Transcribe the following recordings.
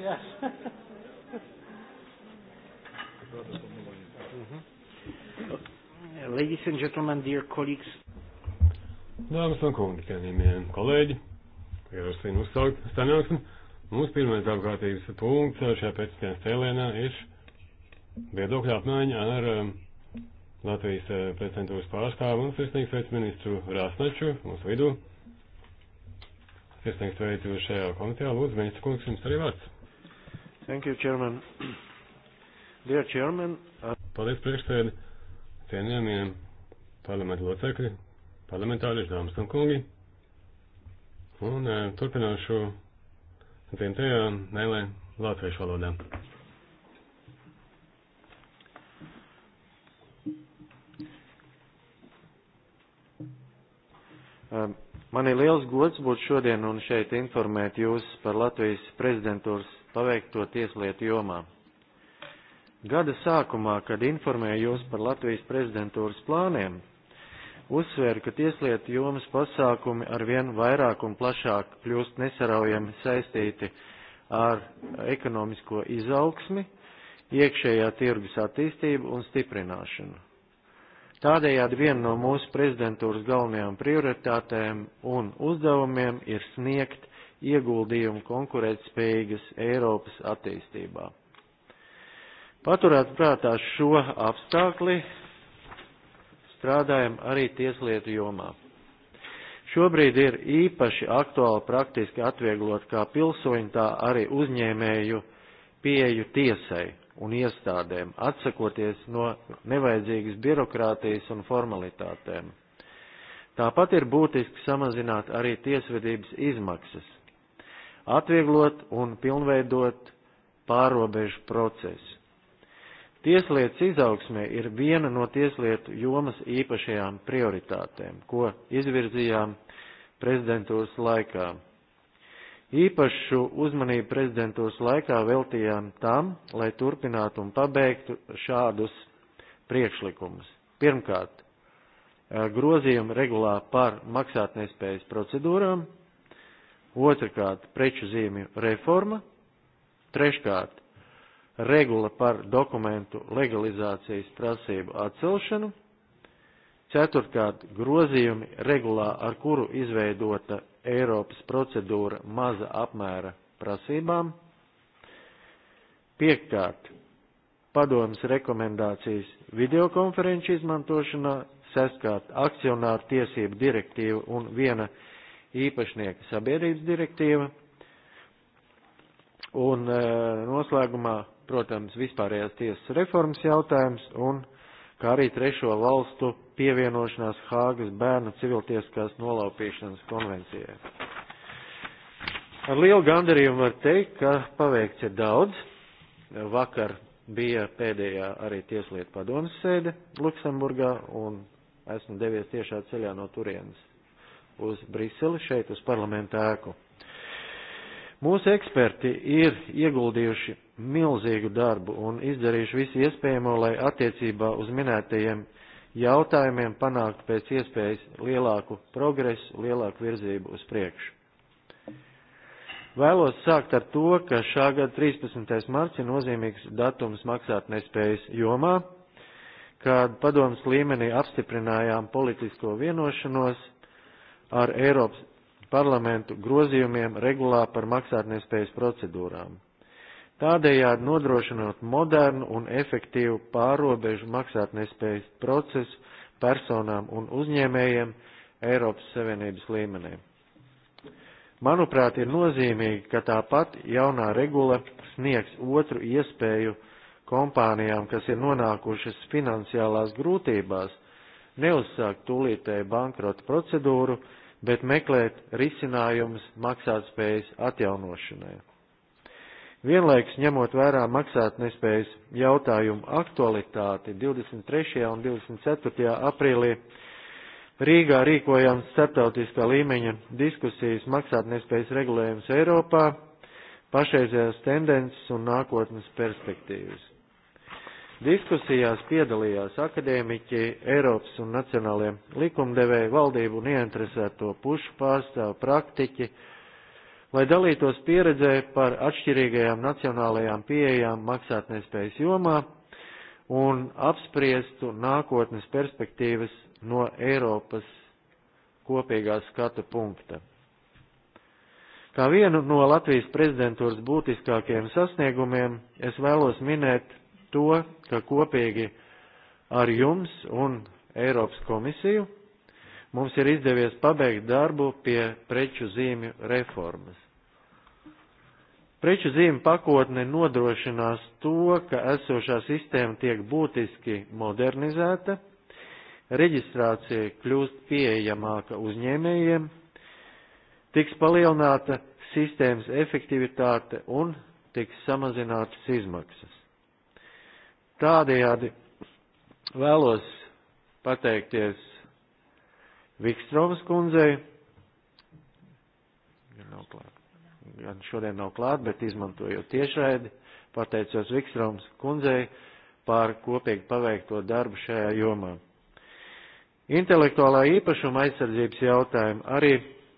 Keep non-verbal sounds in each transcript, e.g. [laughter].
Yes. Mhm. Ladies and gentlemen, dear colleagues. Dāmas un kungi, cienījamie kolēģi, ierosinu uzsākt sanāksmi. Mūsu pirmais apkārtības punkts šajā pēcpusdienas cēlienā ir viedokļa apmaiņa ar um, Latvijas uh, prezidentūras pārstāvu un sirsnīgs veids ministru Rāsnaču mūsu vidū. Sirsnīgs veids šajā komitejā. Lūdzu, ministru kungs, jums arī vārds. Thank you, Chairman. [clears throat] Dear Chairman. Uh... Paldies, priekšsēdi, cienījamie parlamentu locekļi, parlamentārieši, dāmas un kungi. Un uh, turpināšu dzimtajā mēlē latviešu valodā. Um, man ir liels gods būt šodien un šeit informēt jūs par Latvijas prezidentūras paveikto tieslietu jomā. Gada sākumā, kad informēju jūs par Latvijas prezidentūras plāniem, uzsvēru, ka tieslietu jomas pasākumi ar vien vairāk un plašāk kļūst nesaraujami saistīti ar ekonomisko izaugsmi, iekšējā tirgus attīstību un stiprināšanu. Tādējādi viena no mūsu prezidentūras galvenajām prioritātēm un uzdevumiem ir sniegt ieguldījumu konkurētspējīgas Eiropas attīstībā. Paturēt prātā šo apstākli, strādājam arī tieslietu jomā. Šobrīd ir īpaši aktuāli praktiski atvieglot kā pilsoņu, tā arī uzņēmēju pieju tiesai un iestādēm, atsakoties no nevajadzīgas birokrātijas un formalitātēm. Tāpat ir būtiski samazināt arī tiesvedības izmaksas, atvieglot un pilnveidot pārobežu procesu. Tieslietas izaugsme ir viena no tieslietu jomas īpašajām prioritātēm, ko izvirzījām prezidentūras laikā. Īpašu uzmanību prezidentūras laikā veltījām tam, lai turpinātu un pabeigtu šādus priekšlikumus. Pirmkārt, eh, grozījumu regulā par maksātnespējas procedūrām, otrkārt preču zīmju reforma, treškārt regula par dokumentu legalizācijas prasību atcelšanu, ceturtkārt grozījumi regulā, ar kuru izveidota Eiropas procedūra maza apmēra prasībām, piektkārt padomas rekomendācijas videokonferenču izmantošanā, sestkārt akcionāru tiesību direktīva un viena īpašnieka sabiedrības direktīva. Un e, noslēgumā, protams, vispārējās tiesas reformas jautājums un kā arī trešo valstu pievienošanās Hāgas bērnu civiltieskās nolaupīšanas konvencijai. Ar lielu gandarījumu var teikt, ka paveikts ir daudz. Vakar bija pēdējā arī tieslietu padomas sēde Luksemburgā un esmu devies tiešā ceļā no turienes uz Briseli, šeit uz parlamentu ēku. Mūsu eksperti ir ieguldījuši milzīgu darbu un izdarījuši visu iespējamo, lai attiecībā uz minētajiem jautājumiem panāktu pēc iespējas lielāku progresu, lielāku virzību uz priekšu. Vēlos sākt ar to, ka šā gada 13. marts ir nozīmīgs datums maksātnespējas jomā, kad padomas līmenī apstiprinājām politisko vienošanos ar Eiropas parlamentu grozījumiem regulā par maksātnespējas procedūrām. Tādējādi nodrošinot modernu un efektīvu pārobežu maksātnespējas procesu personām un uzņēmējiem Eiropas Savienības līmenī. Manuprāt, ir nozīmīgi, ka tāpat jaunā regula sniegs otru iespēju kompānijām, kas ir nonākušas finansiālās grūtībās, neuzsākt tūlītēju bankrota procedūru, bet meklēt risinājumus maksātspējas atjaunošanai. Vienlaiks ņemot vērā maksātnespējas jautājumu aktualitāti 23. un 24. aprīlī Rīgā rīkojām starptautiskā līmeņa diskusijas maksātnespējas regulējums Eiropā, pašreizējās tendences un nākotnes perspektīvas. Diskusijās piedalījās akadēmiķi, Eiropas un nacionālajiem likumdevēju valdību un ieinteresēto pušu pārstāvu praktiķi, lai dalītos pieredzē par atšķirīgajām nacionālajām pieejām maksātnespējas jomā un apspriestu nākotnes perspektīvas no Eiropas kopīgā skatu punkta. Kā vienu no Latvijas prezidentūras būtiskākajiem sasniegumiem es vēlos minēt to, ka kopīgi ar jums un Eiropas komisiju mums ir izdevies pabeigt darbu pie preču zīmju reformas. Preču zīmju pakotne nodrošinās to, ka esošā sistēma tiek būtiski modernizēta, reģistrācija kļūst pieejamāka uzņēmējiem, tiks palielināta sistēmas efektivitāte un tiks samazinātas izmaksas. Tādējādi vēlos pateikties Vikstromas kundzei. Gan nav klāt, gan šodien nav klāt, bet izmantojot tiešraidi, pateicos Vikstromas kundzei par kopīgi paveikto darbu šajā jomā. Intelektuālā īpašuma aizsardzības jautājumi arī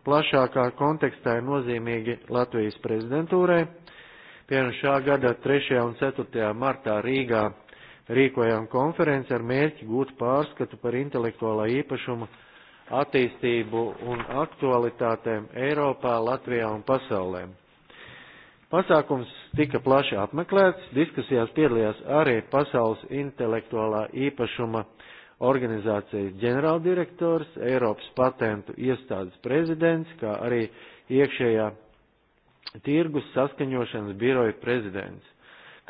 plašākā kontekstā ir nozīmīgi Latvijas prezidentūrai. Piemēram, šā gada 3. un 4. martā Rīgā rīkojām konferenci ar mērķi gūt pārskatu par intelektuālā īpašuma attīstību un aktualitātēm Eiropā, Latvijā un pasaulē. Pasākums tika plaši apmeklēts, diskusijās piedalījās arī Pasaules intelektuālā īpašuma organizācijas ģenerāldirektors, Eiropas patentu iestādes prezidents, kā arī iekšējā tirgus saskaņošanas biroja prezidents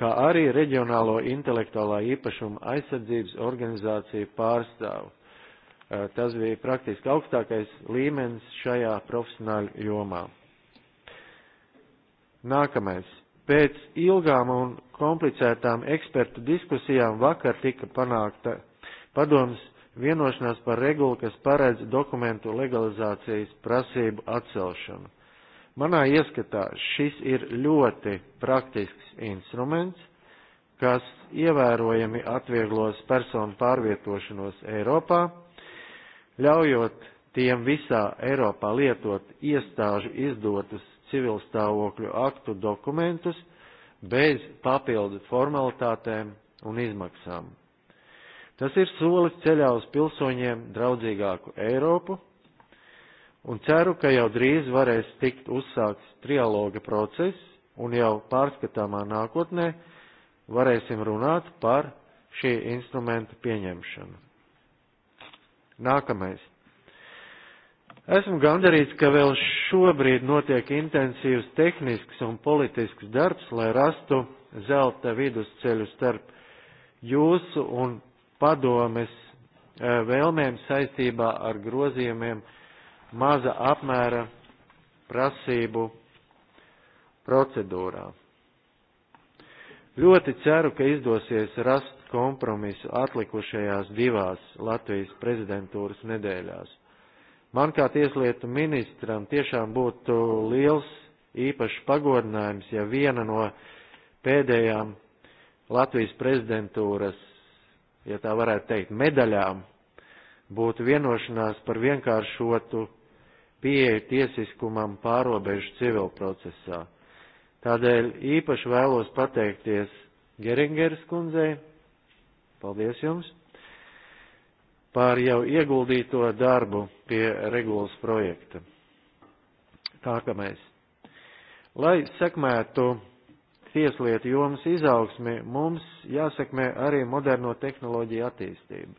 kā arī Reģionālo intelektuālā īpašuma aizsardzības organizāciju pārstāvu. Tas bija praktiski augstākais līmenis šajā profesionāļu jomā. Nākamais. Pēc ilgām un komplicētām ekspertu diskusijām vakar tika panākta padomas vienošanās par regulu, kas paredz dokumentu legalizācijas prasību atcelšanu. Manā ieskatā šis ir ļoti praktisks instruments, kas ievērojami atvieglos personu pārvietošanos Eiropā, ļaujot tiem visā Eiropā lietot iestāžu izdotus civilstāvokļu aktu dokumentus bez papildu formalitātēm un izmaksām. Tas ir solis ceļā uz pilsoņiem draudzīgāku Eiropu, un ceru, ka jau drīz varēs tikt uzsākts trialoga process un jau pārskatāmā nākotnē varēsim runāt par šī instrumenta pieņemšanu. Nākamais. Esmu gandarīts, ka vēl šobrīd notiek intensīvs tehnisks un politisks darbs, lai rastu zelta vidusceļu starp jūsu un padomes eh, vēlmēm saistībā ar grozījumiem maza apmēra prasību procedūrā. Ļoti ceru, ka izdosies rast kompromisu atlikušajās divās Latvijas prezidentūras nedēļās. Man kā tieslietu ministram tiešām būtu liels īpašs pagodinājums, ja viena no pēdējām Latvijas prezidentūras, ja tā varētu teikt, medaļām būtu vienošanās par vienkāršotu pieeja tiesiskumam pārobežu civil procesā. Tādēļ īpaši vēlos pateikties Geringeras kundzei, paldies jums, par jau ieguldīto darbu pie regulas projekta. Nākamais. Lai sekmētu tieslietu jomas izaugsmi, mums jāsekmē arī moderno tehnoloģiju attīstību.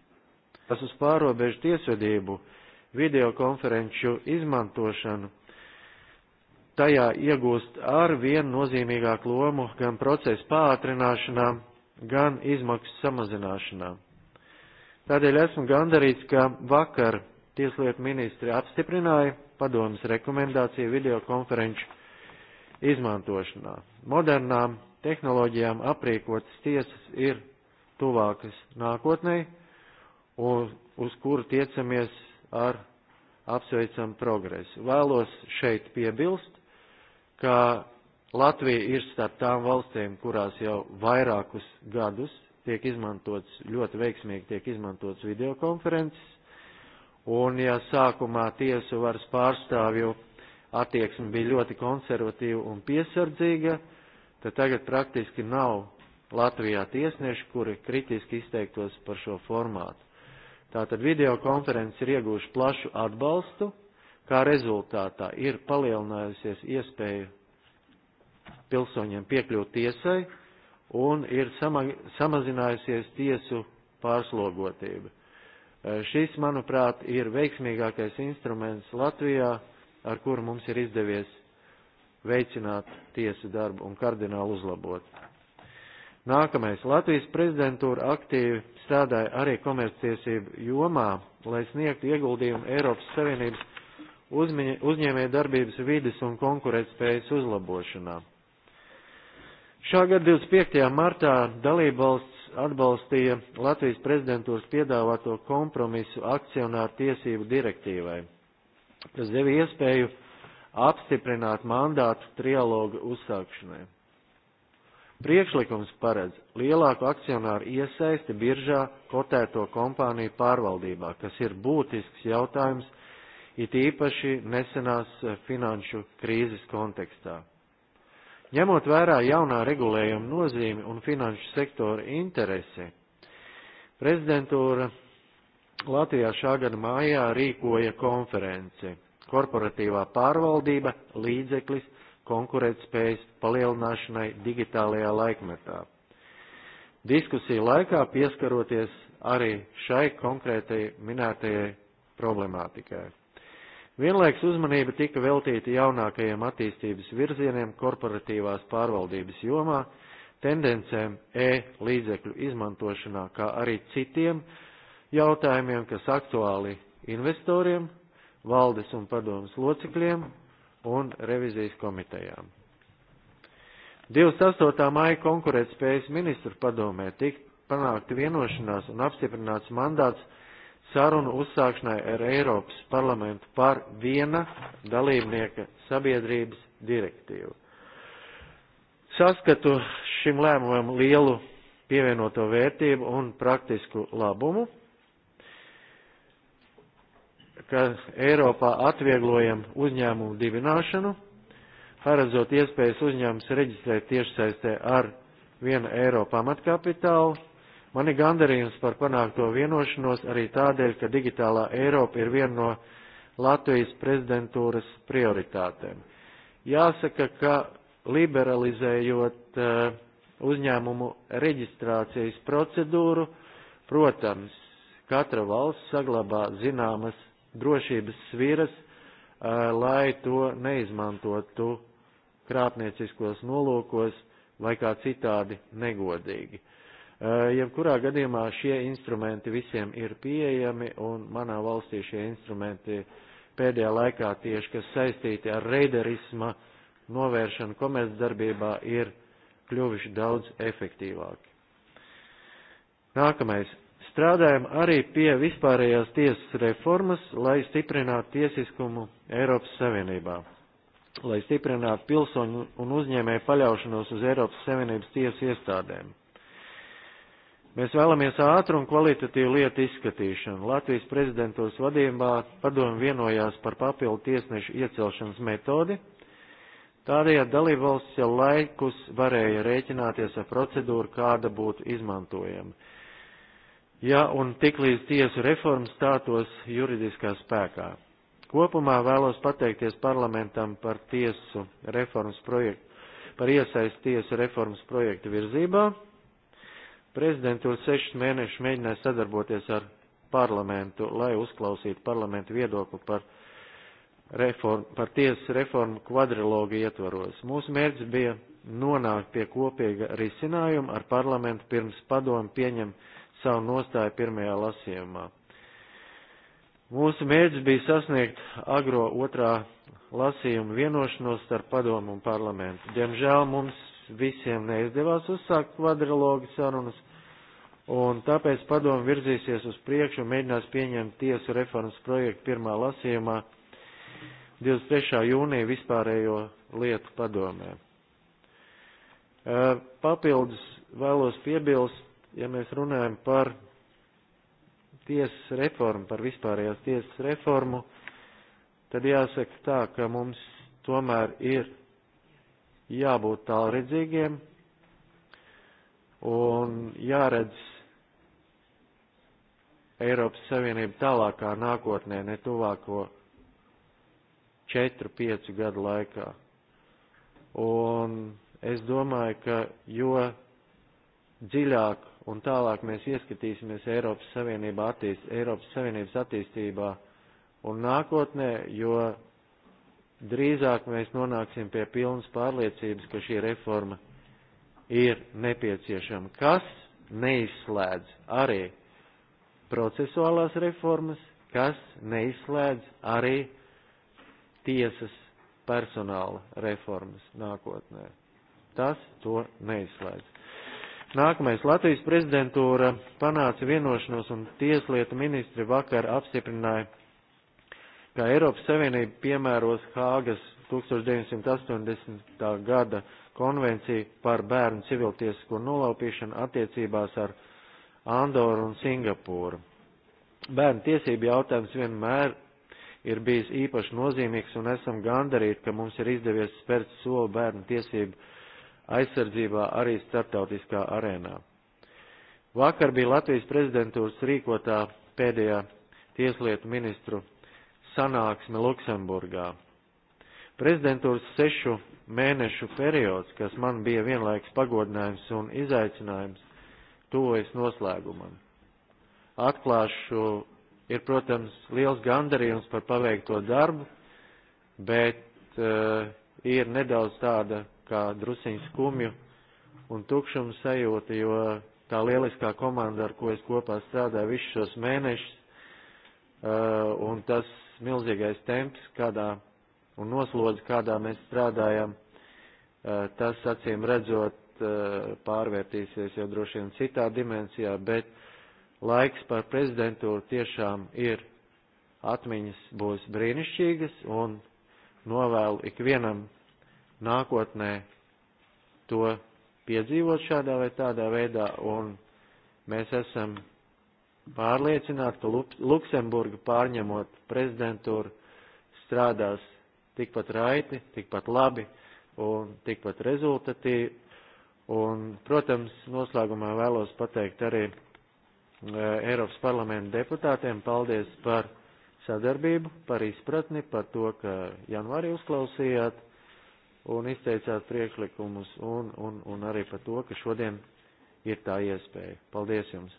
Tas uz pārobežu tiesvedību videokonferenču izmantošanu. Tajā iegūst ar vien nozīmīgāku lomu gan procesu pātrināšanā, gan izmaksu samazināšanā. Tādēļ esmu gandarīts, ka vakar Tieslietu ministri apstiprināja padomas rekomendāciju videokonferenču izmantošanā. Modernām tehnoloģijām aprīkotas tiesas ir tuvākas nākotnē, un uz kuru tiecamies ar apsveicam progresu. Vēlos šeit piebilst, ka Latvija ir starp tām valstīm, kurās jau vairākus gadus tiek izmantots, ļoti veiksmīgi tiek izmantots videokonferences, un ja sākumā tiesu varas pārstāvju attieksme bija ļoti konservatīva un piesardzīga, tad tagad praktiski nav Latvijā tiesnieši, kuri kritiski izteiktos par šo formātu. Tātad videokonferences ir iegūši plašu atbalstu, kā rezultātā ir palielinājusies iespēju pilsoņiem piekļūt tiesai un ir sama, samazinājusies tiesu pārslogotība. Eh, šis, manuprāt, ir veiksmīgākais instruments Latvijā, ar kuru mums ir izdevies veicināt tiesu darbu un kardināli uzlabot. Nākamais Latvijas prezidentūra aktīvi strādāja arī komerctiesību jomā, lai sniegtu ieguldījumu Eiropas Savienības uzņēmē darbības vides un konkurētspējas uzlabošanā. Šā gada 25. martā dalībvalsts atbalstīja Latvijas prezidentūras piedāvāto kompromisu akcionāru tiesību direktīvai, kas deva iespēju apstiprināt mandātu trialogu uzsākšanai. Priekšlikums paredz lielāku akcionāru iesaisti biržā kotēto kompāniju pārvaldībā, kas ir būtisks jautājums it īpaši nesenās eh, finanšu krīzes kontekstā. Ņemot vērā jaunā regulējuma nozīmi un finanšu sektora interesi, prezidentūra Latvijā šā gada mājā rīkoja konferenci Korporatīvā pārvaldība līdzeklis konkurētspējas palielināšanai digitālajā laikmetā. Diskusiju laikā pieskaroties arī šai konkrētai minētajai problemātikai. Vienlaiks uzmanība tika veltīta jaunākajiem attīstības virzieniem korporatīvās pārvaldības jomā, tendencēm e-līdzekļu izmantošanā, kā arī citiem jautājumiem, kas aktuāli investoriem, valdes un padomas locekļiem, un revizijas komitejām. 28. māja konkurētspējas ministru padomē tik panākta vienošanās un apstiprināts mandāts sarunu uzsākšanai ar Eiropas parlamentu par viena dalībnieka sabiedrības direktīvu. Saskatu šim lēmumam lielu pievienoto vērtību un praktisku labumu ka Eiropā atvieglojam uzņēmumu dibināšanu, paredzot iespējas uzņēmums reģistrēt tiešsaistē ar 1 eiro pamatkapitālu. Man ir gandarījums par panākto vienošanos arī tādēļ, ka digitālā Eiropa ir viena no Latvijas prezidentūras prioritātēm. Jāsaka, ka liberalizējot uh, uzņēmumu reģistrācijas procedūru, protams, katra valsts saglabā zināmas drošības sviras, lai to neizmantotu krāpnieciskos nolūkos vai kā citādi negodīgi. Jebkurā gadījumā šie instrumenti visiem ir pieejami, un manā valstī šie instrumenti pēdējā laikā tieši, kas saistīti ar reiderisma novēršanu komercdarbībā, ir kļuvuši daudz efektīvāki. Nākamais Strādājam arī pie vispārējās tiesas reformas, lai stiprinātu tiesiskumu Eiropas Savienībā, lai stiprinātu pilsoņu un uzņēmēju paļaušanos uz Eiropas Savienības tiesu iestādēm. Mēs vēlamies ātru un kvalitatīvu lietu izskatīšanu. Latvijas prezidentos vadībā padomu vienojās par papildu tiesnešu iecelšanas metodi. Tādējādi dalībvalsts jau laikus varēja rēķināties ar procedūru, kāda būtu izmantojama ja un tiklīdz tiesu reforma stātos juridiskā spēkā. Kopumā vēlos pateikties parlamentam par tiesu reformas projektu, par iesaist tiesu reformas projektu virzībā. Prezidentūra sešus mēnešus mēģināja sadarboties ar parlamentu, lai uzklausītu parlamentu viedokli par, reform, par tiesu reformu kvadrilogu ietvaros. Mūsu mērķis bija nonākt pie kopīga risinājuma ar parlamentu pirms padomu pieņemt savu nostāju pirmajā lasījumā. Mūsu mērķis bija sasniegt agro otrā lasījuma vienošanos starp padomu un parlamentu. Diemžēl mums visiem neizdevās uzsākt kvadrilogu sarunas, un tāpēc padomu virzīsies uz priekšu un mēģinās pieņemt tiesu reformas projektu pirmā lasījumā 23. jūnija vispārējo lietu padomē. Papildus vēlos piebilst, ja mēs runājam par tiesas reformu, par vispārējās tiesas reformu, tad jāsaka tā, ka mums tomēr ir jābūt tālredzīgiem un jāredz Eiropas Savienība tālākā nākotnē, ne tuvāko 4-5 gadu laikā. Un es domāju, ka jo dziļāk un tālāk mēs ieskatīsimies Eiropas, Savienībā attīst, Eiropas Savienības attīstībā un nākotnē, jo drīzāk mēs nonāksim pie pilnas pārliecības, ka šī reforma ir nepieciešama, kas neizslēdz arī procesuālās reformas, kas neizslēdz arī tiesas personāla reformas nākotnē. Tas to neizslēdz. Nākamais Latvijas prezidentūra panāca vienošanos un tieslietu ministri vakar apstiprināja, ka Eiropas Savienība piemēros Hāgas 1980. gada konvenciju par bērnu civiltiesisko nolaupīšanu attiecībās ar Andoru un Singapūru. Bērnu tiesību jautājums vienmēr ir bijis īpaši nozīmīgs un esam gandarīti, ka mums ir izdevies spērt soli bērnu tiesību aizsardzībā arī starptautiskā arēnā. Vakar bija Latvijas prezidentūras rīkotā pēdējā tieslietu ministru sanāksme Luksemburgā. Prezidentūras sešu mēnešu periods, kas man bija vienlaiks pagodinājums un izaicinājums, tuvojas noslēgumam. Atklāšu ir, protams, liels gandarījums par paveikto darbu, bet uh, ir nedaudz tāda kā drusiņu skumju un tukšumu sajūta, jo tā lieliskā komanda, ar ko es kopā strādāju visus šos mēnešus, uh, un tas milzīgais temps, kādā un noslodzi, kādā mēs strādājam, uh, tas acīm redzot uh, pārvērtīsies jau droši vien citā dimensijā, bet laiks par prezidentūru tiešām ir atmiņas būs brīnišķīgas un novēlu ikvienam nākotnē to piedzīvot šādā vai tādā veidā, un mēs esam pārliecināti, ka Luksemburga pārņemot prezidentūru strādās tikpat raiti, tikpat labi un tikpat rezultatīvi. Un, protams, noslēgumā vēlos pateikt arī eh, Eiropas parlamenta deputātiem paldies par sadarbību, par izpratni, par to, ka janvārī uzklausījāt un izteicāt priekšlikumus un, un, un arī par to, ka šodien ir tā iespēja. Paldies jums!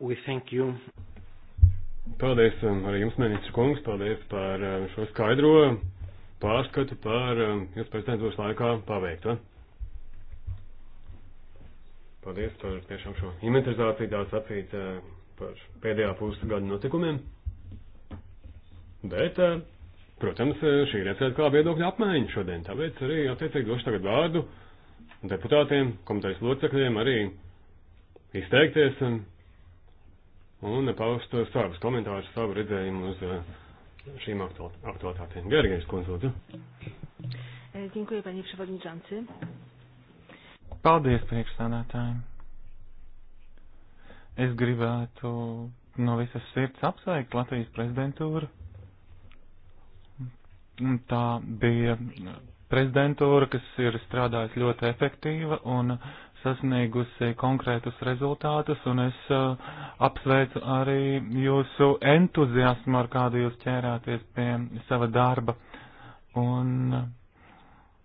We thank you. Paldies um, arī jums, ministra kungs, paldies par um, šo skaidro pārskatu par um, iespējas nedošu laikā paveikto. Paldies par tiešām šo inventarizāciju, tās acīt eh, par pēdējā pusgada notikumiem. Bet, eh, protams, eh, šī ir atcēta kā viedokļa apmaiņa šodien, tāpēc arī attiecīgi došu tagad vārdu deputātiem, komitejas locekļiem arī izteikties un, un paust savus komentārus, savu redzējumu uz šīm aktualitātēm. Gergais konsultu. Dziękuję, panie przewodniczący. Paldies priekšstādātājiem! Es gribētu no visas sirds apsveikt Latvijas prezidentūru. Tā bija prezidentūra, kas ir strādājusi ļoti efektīva un sasniegusi konkrētus rezultātus, un es uh, apsveicu arī jūsu entuziasmu, ar kādu jūs ķērāties pie sava darba. Un, uh,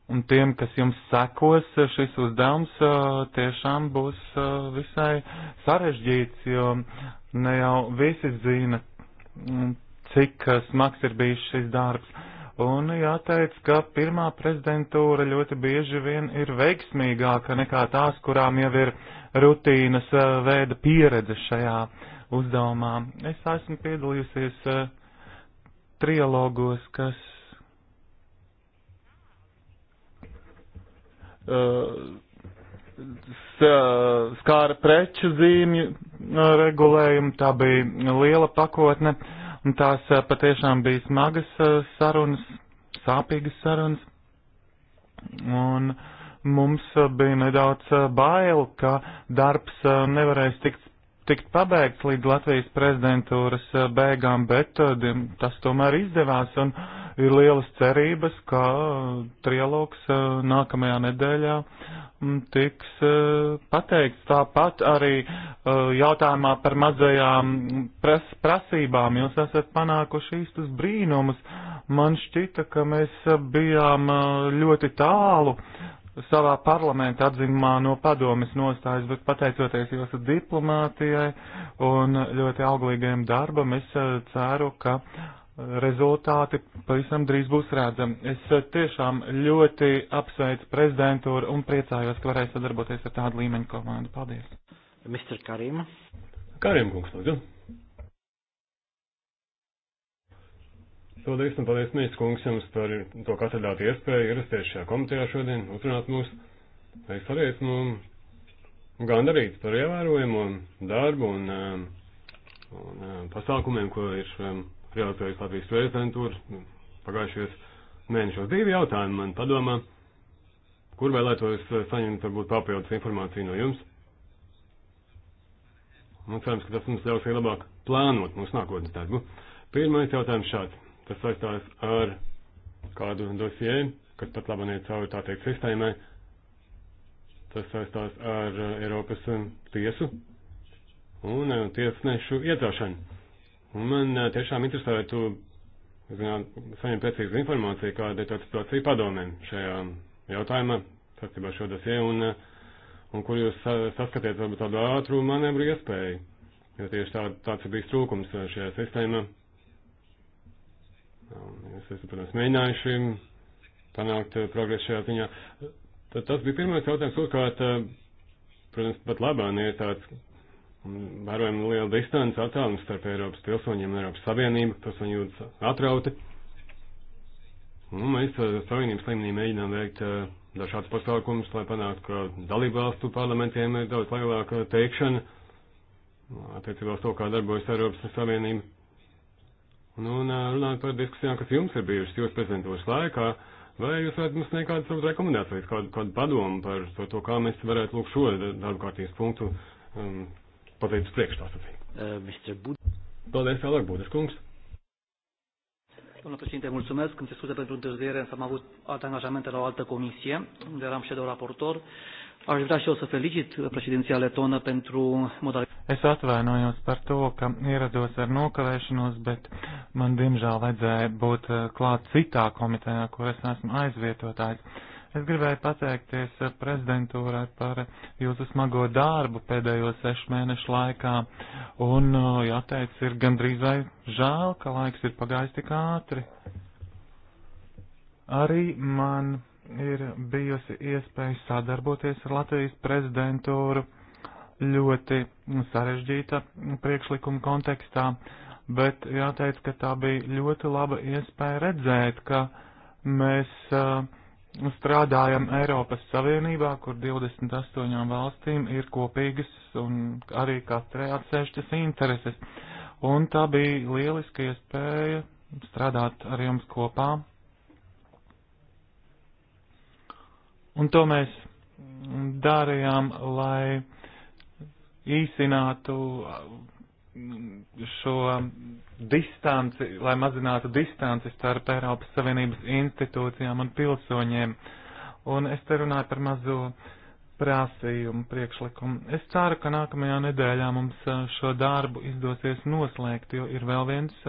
Un tiem, kas jums sekos, šis uzdevums tiešām būs visai sarežģīts, jo ne jau visi zina, mm, cik smags ir bijis šis darbs. Un jāteic, ka pirmā prezidentūra ļoti bieži vien ir veiksmīgāka nekā tās, kurām jau ir rutīnas veida pieredze šajā uzdevumā. Es esmu piedalījusies trialogos, kas skāra preču zīmju regulējumu, tā bija liela pakotne, un tās patiešām bija smagas sarunas, sāpīgas sarunas, un mums bija nedaudz bail, ka darbs nevarēs tikt tikt pabeigts līdz Latvijas prezidentūras eh, beigām, bet eh, tas tomēr izdevās un ir lielas cerības, ka eh, trialogs nākamajā nedēļā mm, tiks pateikts. Tāpat arī jautājumā par mazajām pras prasībām jūs esat panākuši īstus brīnumus. Man šķita, ka mēs bijām ļoti tālu savā parlamenta atzīmumā no padomis nostājas, bet pateicoties jūsu diplomātijai un ļoti auglīgajam darbam, es eh, ceru, ka rezultāti pavisam drīz būs redzami. Es eh, tiešām ļoti apsveicu prezidentūru un priecājos, ka varēju sadarboties ar tādu līmeņu komandu. Paldies! Mr. Karim. Karim, kungs, lūdzu. Paldies, un paldies, Mīs kungs, jums par to, ka atradāt iespēju ierasties šajā komitejā šodien, uzrunāt mūs. Es arī esmu gandarīts par ievērojumu darbu un, um, un um, pasākumiem, ko ir um, realizējusi Latvijas prezidentūra pagājušajos mēnešos. Divi jautājumi man padomā, kur vēlētos uh, saņemt varbūt papildus informāciju no jums. Un cerams, ka tas mums ļaus arī labāk plānot mūsu nākotnes darbu. Pirmais jautājums šāds. Tas saistās ar kādu dosieju, kas pat labam iet cauri tā teikt sistēmai. Tas saistās ar eh, Eiropas eh, tiesu un eh, tiesnešu iecelšanu. Un man tiešām interesētu zināt, saņemt precīzu informāciju, kāda ir tā situācija padomē šajā jautājumā, sastībā šo dosie, un, un kur jūs saskatiet varbūt tādu ātru manevru iespēju, jo tieši tā, tāds ir bijis trūkums šajā sistēmā. Mēs esam, protams, mēģinājuši panākt eh, progresu šajā ziņā. Tad tas bija pirmais jautājums, otrkārt, eh, protams, pat labāk ir tāds mm, vērojami liela distance attālums starp Eiropas pilsoņiem un Eiropas Savienību, pilsoņi jūtas atrauti. Nu, mēs eh, Savienības līmenī mēģinām veikt dažādas pasākumus, lai panāktu, ka dalību valstu parlamentiem ir daudz lielāka teikšana attiecībā uz to, kā darbojas Eiropas Savienība. Nu, un uh, runājot par diskusijām, kas jums ir bijušas jūsu prezentūras laikā, vai jūs varat mums nekādas savas rekomendācijas, kādu, kādu padomu par to, to, kā mēs varētu lūk šo darbu kārtības punktu um, pateikt uz priekšu tā sacīt? Uh, Paldies, Alek Būdas kungs. Domnule președinte, mulțumesc. Îmi se scuze pentru întârziere, însă am avut alte angajamente la o altă comisie, unde eram shadow raportor. Uh, Aș vrea și eu să felicit președinția letonă pentru modalitatea. Es atvainojos par to, ka ierados ar nokavēšanos, bet man diemžēl vajadzēja būt eh, klāt citā komitejā, kur es esmu aizvietotājs. Es gribēju pateikties eh, prezidentūrai par jūsu smago darbu pēdējo sešu mēnešu laikā, un eh, jāteic, ir gandrīz vai žēl, ka laiks ir pagājis tik ātri. Arī man ir bijusi iespēja sadarboties ar Latvijas prezidentūru ļoti sarežģīta priekšlikuma kontekstā, bet jāteic, ka tā bija ļoti laba iespēja redzēt, ka mēs uh, strādājam Eiropas Savienībā, kur 28 valstīm ir kopīgas un arī katrai atsevišķas intereses. Un tā bija lieliska iespēja strādāt ar jums kopā Un to mēs darījām, lai īsinātu šo distanci, lai mazinātu distanci starp Eiropas Savienības institūcijām un pilsoņiem. Un es te runāju par mazo prasījumu priekšlikumu. Es ceru, ka nākamajā nedēļā mums šo darbu izdosies noslēgt, jo ir vēl viens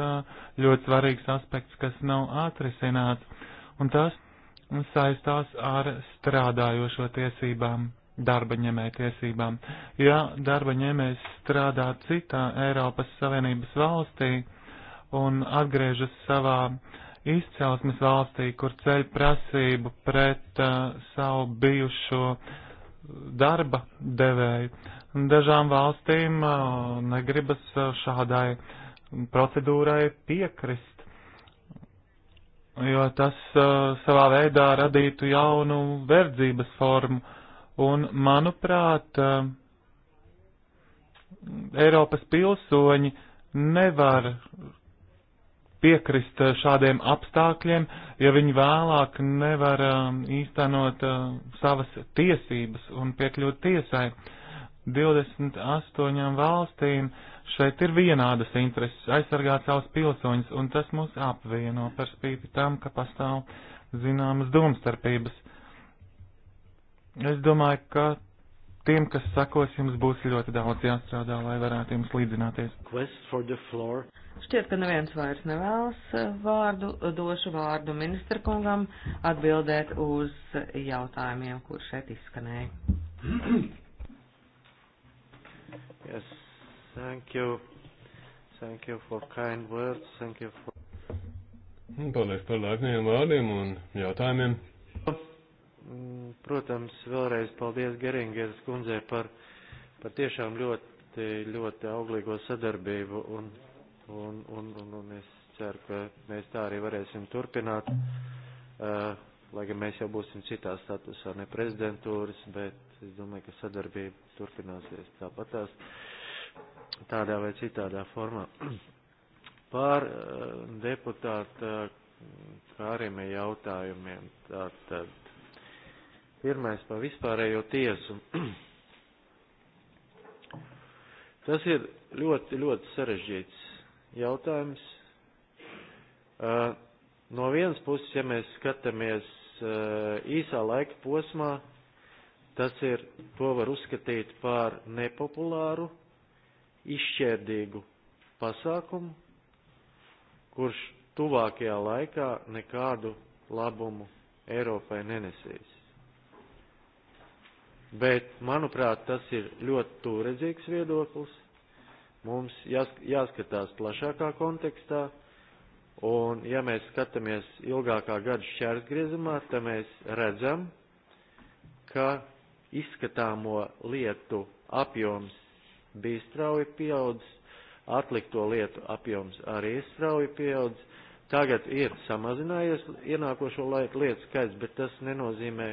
ļoti svarīgs aspekts, kas nav atrisināts. Un tas un saistās ar strādājošo tiesībām, darba ņemēja tiesībām. Ja darba ņēmējs strādā citā Eiropas Savienības valstī un atgriežas savā izcelsmes valstī, kur ceļ prasību pret uh, savu bijušo darba devēju, dažām valstīm uh, negribas uh, šādai procedūrai piekrist jo tas uh, savā veidā radītu jaunu verdzības formu. Un, manuprāt, uh, Eiropas pilsoņi nevar piekrist uh, šādiem apstākļiem, ja viņi vēlāk nevar uh, īstenot uh, savas tiesības un piekļūt tiesai. 28 valstīm uh, Šeit ir vienādas intereses aizsargāt savus pilsoņus, un tas mūs apvieno par spīti tam, ka pastāv zināmas domstarpības. Es domāju, ka tiem, kas sakos, jums būs ļoti daudz jāstrādā, lai varētu jums līdzināties. Šķiet, ka neviens vairs nevēlas vārdu, došu vārdu ministra kungam atbildēt uz jautājumiem, kur šeit izskanēja. [clears throat] yes. Thank you. Thank you for kind words. Thank you for. Nu, paldies par laipniem vārdiem un jautājumiem. Mm, protams, vēlreiz paldies Geringieras kundzei par, par tiešām ļoti, ļoti auglīgo sadarbību un, un, un, un, un es ceru, ka mēs tā arī varēsim turpināt, uh, lai gan mēs jau būsim citā statusā, ne prezidentūras, bet es domāju, ka sadarbība turpināsies tāpatās. Uh, tādā vai citādā formā. [clears throat] Pār eh, deputāta eh, Kārime jautājumiem. Tātad pirmais par vispārējo tiesu. [clears throat] Tas ir ļoti, ļoti sarežģīts jautājums. Eh, no vienas puses, ja mēs skatāmies īsā laika posmā, tas ir, to var uzskatīt par nepopulāru izšķērdīgu pasākumu, kurš tuvākajā laikā nekādu labumu Eiropai nenesīs. Bet, manuprāt, tas ir ļoti tūredzīgs viedoklis. Mums jāskatās plašākā kontekstā, un ja mēs skatāmies ilgākā gada šķērsgriezumā, tad mēs redzam, ka izskatāmo lietu apjoms bija strauji pieaudzis, atlikto lietu apjoms arī ir strauji pieaudzis. Tagad ir samazinājies ienākošo laiku lietu skaits, bet tas nenozīmē,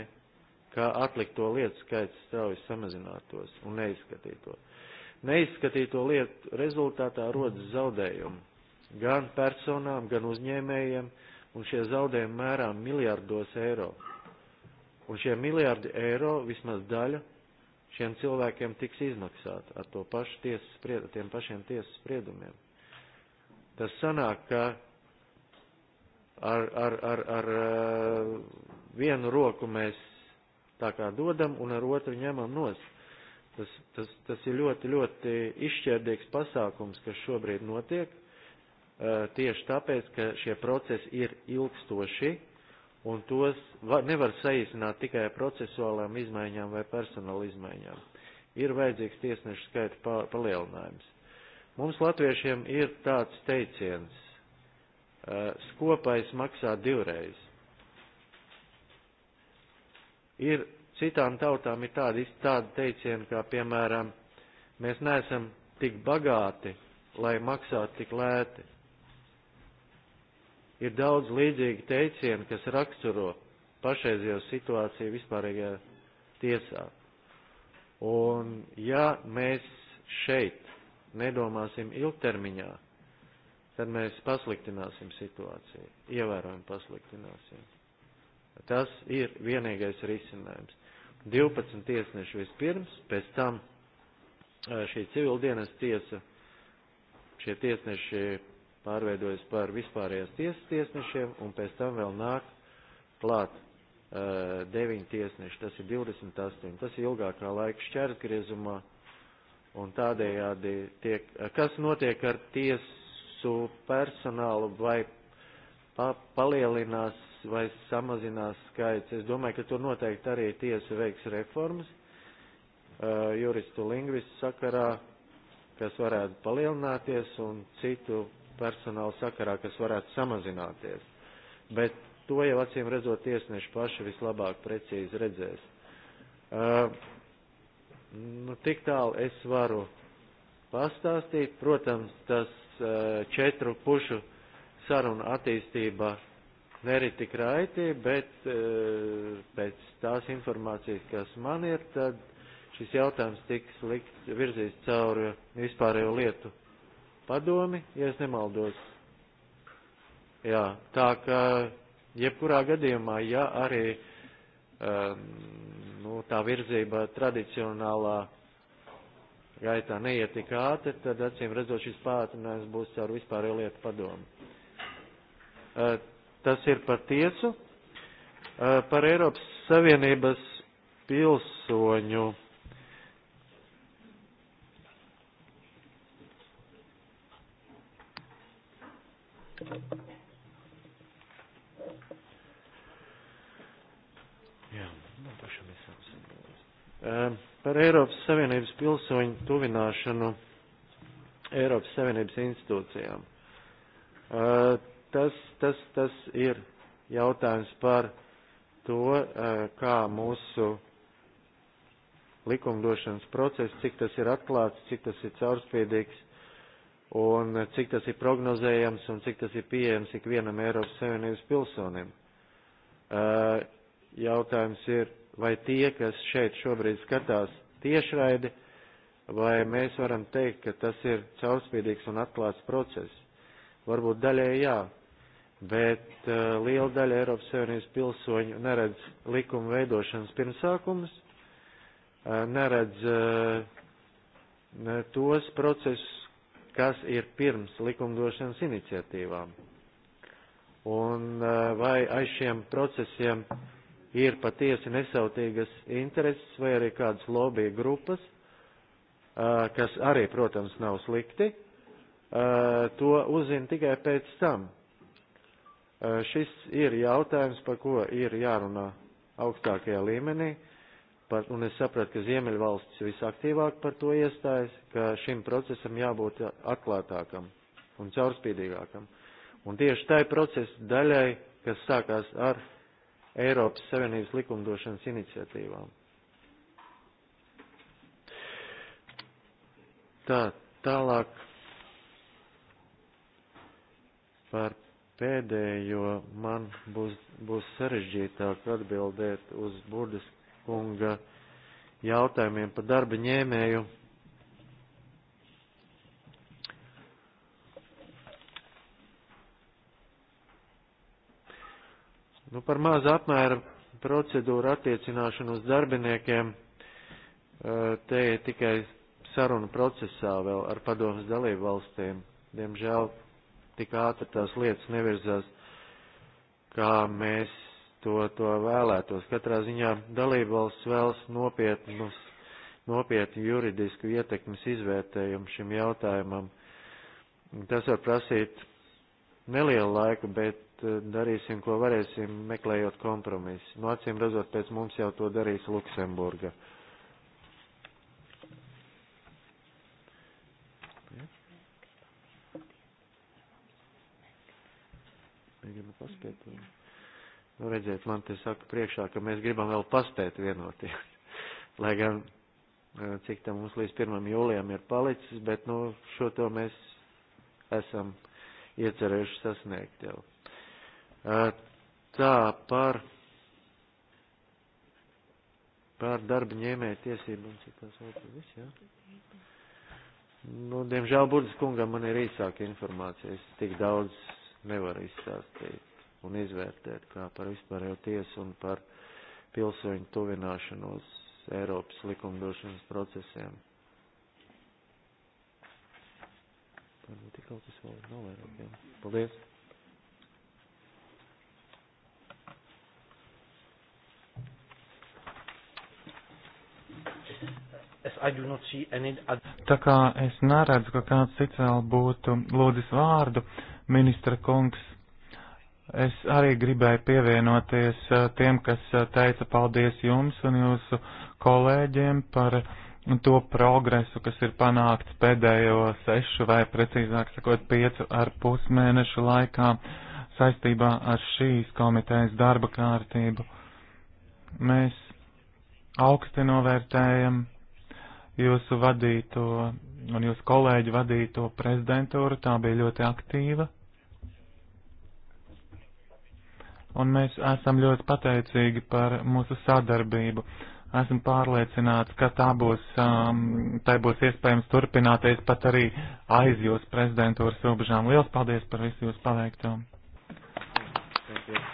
ka atlikto lietu skaits strauji samazinātos un neizskatītos. Neizskatīto lietu rezultātā rodas zaudējumi gan personām, gan uzņēmējiem, un šie zaudējumi mērām miljardos eiro. Un šie miljardi eiro vismaz daļa šiem cilvēkiem tiks izmaksāta ar to pašu tiesas spriedu, tiem pašiem tiesas spriedumiem. Tas sanāk, ka ar, ar, ar, ar eh, vienu roku mēs tā kā dodam un ar otru ņemam nos. Tas, tas, tas ir ļoti, ļoti izšķērdīgs pasākums, kas šobrīd notiek, eh, tieši tāpēc, ka šie procesi ir ilgstoši, un tos var, nevar saīsināt tikai ar procesuālām izmaiņām vai personāla izmaiņām. Ir vajadzīgs tiesnešu skaita palielinājums. Mums latviešiem ir tāds teiciens eh, - skopais maksā divreiz. Ir citām tautām ir tādi, tādi teicieni, kā piemēram, mēs neesam tik bagāti, lai maksātu tik lēti Ir daudz līdzīgi teicieni, kas raksturo pašreizējo situāciju vispārējā tiesā. Un ja mēs šeit nedomāsim ilgtermiņā, tad mēs pasliktināsim situāciju, ievērojami pasliktināsim. Tas ir vienīgais risinājums. 12 tiesneši vispirms, pēc tam eh, šī civildienas tiesa, šie tiesneši pārveidojas par vispārējās tiesas tiesnešiem, un pēc tam vēl nāk klāt uh, 9 tiesneši, tas ir 28. Tas ir ilgākā laika šķērtgriezumā, un tādējādi tiek, kas notiek ar tiesu personālu vai pa, palielinās vai samazinās skaits. Es domāju, ka tur noteikti arī tiesa veiks reformas uh, juristu lingvistu sakarā, kas varētu palielināties un citu personāla sakarā, kas varētu samazināties. Bet to jau acīm redzot tiesneši paši vislabāk precīzi redzēs. Uh, nu, tik tālu es varu pastāstīt. Protams, tas uh, četru pušu saruna attīstība nereti tik raiti, bet uh, pēc tās informācijas, kas man ir, tad šis jautājums tiks likt, virzīts cauri vispārējo lietu padomi, ja es nemaldos. Jā, tā ka jebkurā gadījumā, ja arī um, nu, tā virzība tradicionālā gaitā neiet tik ātri, tad acīm redzot šis pātrinājums būs caur vispārējo lietu padomu. Uh, e, tas ir par tiesu, uh, par Eiropas Savienības pilsoņu Jā, nu, pašam esam sagatavojis. Ehm, par Eiropas Savienības pilsoņu tuvināšanu Eiropas Savienības institūcijām. Ehm, tas, tas, tas ir jautājums par to, ehm, kā mūsu likumdošanas process, cik tas ir atklāts, cik tas ir caurspīdīgs, un eh, cik tas ir prognozējams un cik tas ir pieejams ikvienam Eiropas Savienības pilsonim. Eh, jautājums ir, vai tie, kas šeit šobrīd skatās tiešraidi, vai mēs varam teikt, ka tas ir caurspīdīgs un atklāts process. Varbūt daļēji jā, bet uh, liela daļa Eiropas Savienības pilsoņu neredz likuma veidošanas pirmsākumus, uh, neredz uh, ne tos procesus, kas ir pirms likumdošanas iniciatīvām. Un vai aiz šiem procesiem ir patiesi nesautīgas intereses vai arī kādas lobby grupas, kas arī, protams, nav slikti, to uzzina tikai pēc tam. Šis ir jautājums, par ko ir jārunā augstākajā līmenī. Uh, par, un es sapratu, ka Ziemeļvalstis visaktīvāk par to iestājas, ka šim procesam jābūt atklātākam un caurspīdīgākam. Un tieši tai procesa daļai, kas sākās ar Eiropas Savienības likumdošanas iniciatīvām. Tā, tālāk par pēdējo man būs, būs sarežģītāk atbildēt uz burdiski kunga jautājumiem par darba ņēmēju. Nu, par maza apmēra procedūru attiecināšanu uz darbiniekiem te ir tikai sarunu procesā vēl ar padomus dalību valstīm. Diemžēl tik ātri tās lietas nevirzās, kā mēs to, to vēlētos. Katrā ziņā dalībvalsts vēlas nopietnus, nopietnu juridisku ietekmes izvērtējumu šim jautājumam. Tas var prasīt nelielu laiku, bet e, darīsim, ko varēsim, meklējot kompromisu. No nu, acīm redzot, pēc mums jau to darīs Luksemburga. Negribu paspēt. Mm -hmm. Nu, redziet, man te saka priekšā, ka mēs gribam vēl paspēt vienoties. [laughs] Lai gan, e, cik tam mums līdz 1. jūlijam ir palicis, bet, nu, šo to mēs esam iecerējuši sasniegt jau. E, tā par, par darba ņēmēja tiesībām, cik tās vēl tas viss, jā? Ja? Nu, diemžēl Burdas kungam man ir īsāka informācija, es tik daudz nevaru izstāstīt un izvērtēt kā par vispārējo tiesu un par pilsoņu tuvināšanos Eiropas likumdošanas procesiem. Varbūt ir kaut kas vēl nav vairāk. Jā. Paldies! Tā kā es neredzu, ka kāds cits vēl būtu lūdzis vārdu, ministra kungs, Es arī gribēju pievienoties tiem, kas teica paldies jums un jūsu kolēģiem par to progresu, kas ir panākts pēdējo sešu vai precīzāk sakot piecu ar pusmēnešu laikā saistībā ar šīs komitejas darba kārtību. Mēs augsti novērtējam jūsu vadīto un jūsu kolēģi vadīto prezidentūru, tā bija ļoti aktīva un mēs esam ļoti pateicīgi par mūsu sadarbību. Esmu pārliecināts, ka tā būs, um, tā būs iespējams turpināties pat arī aiz jūsu prezidentūras robežām. Lielas paldies par visu jūsu paveikto! Thank you.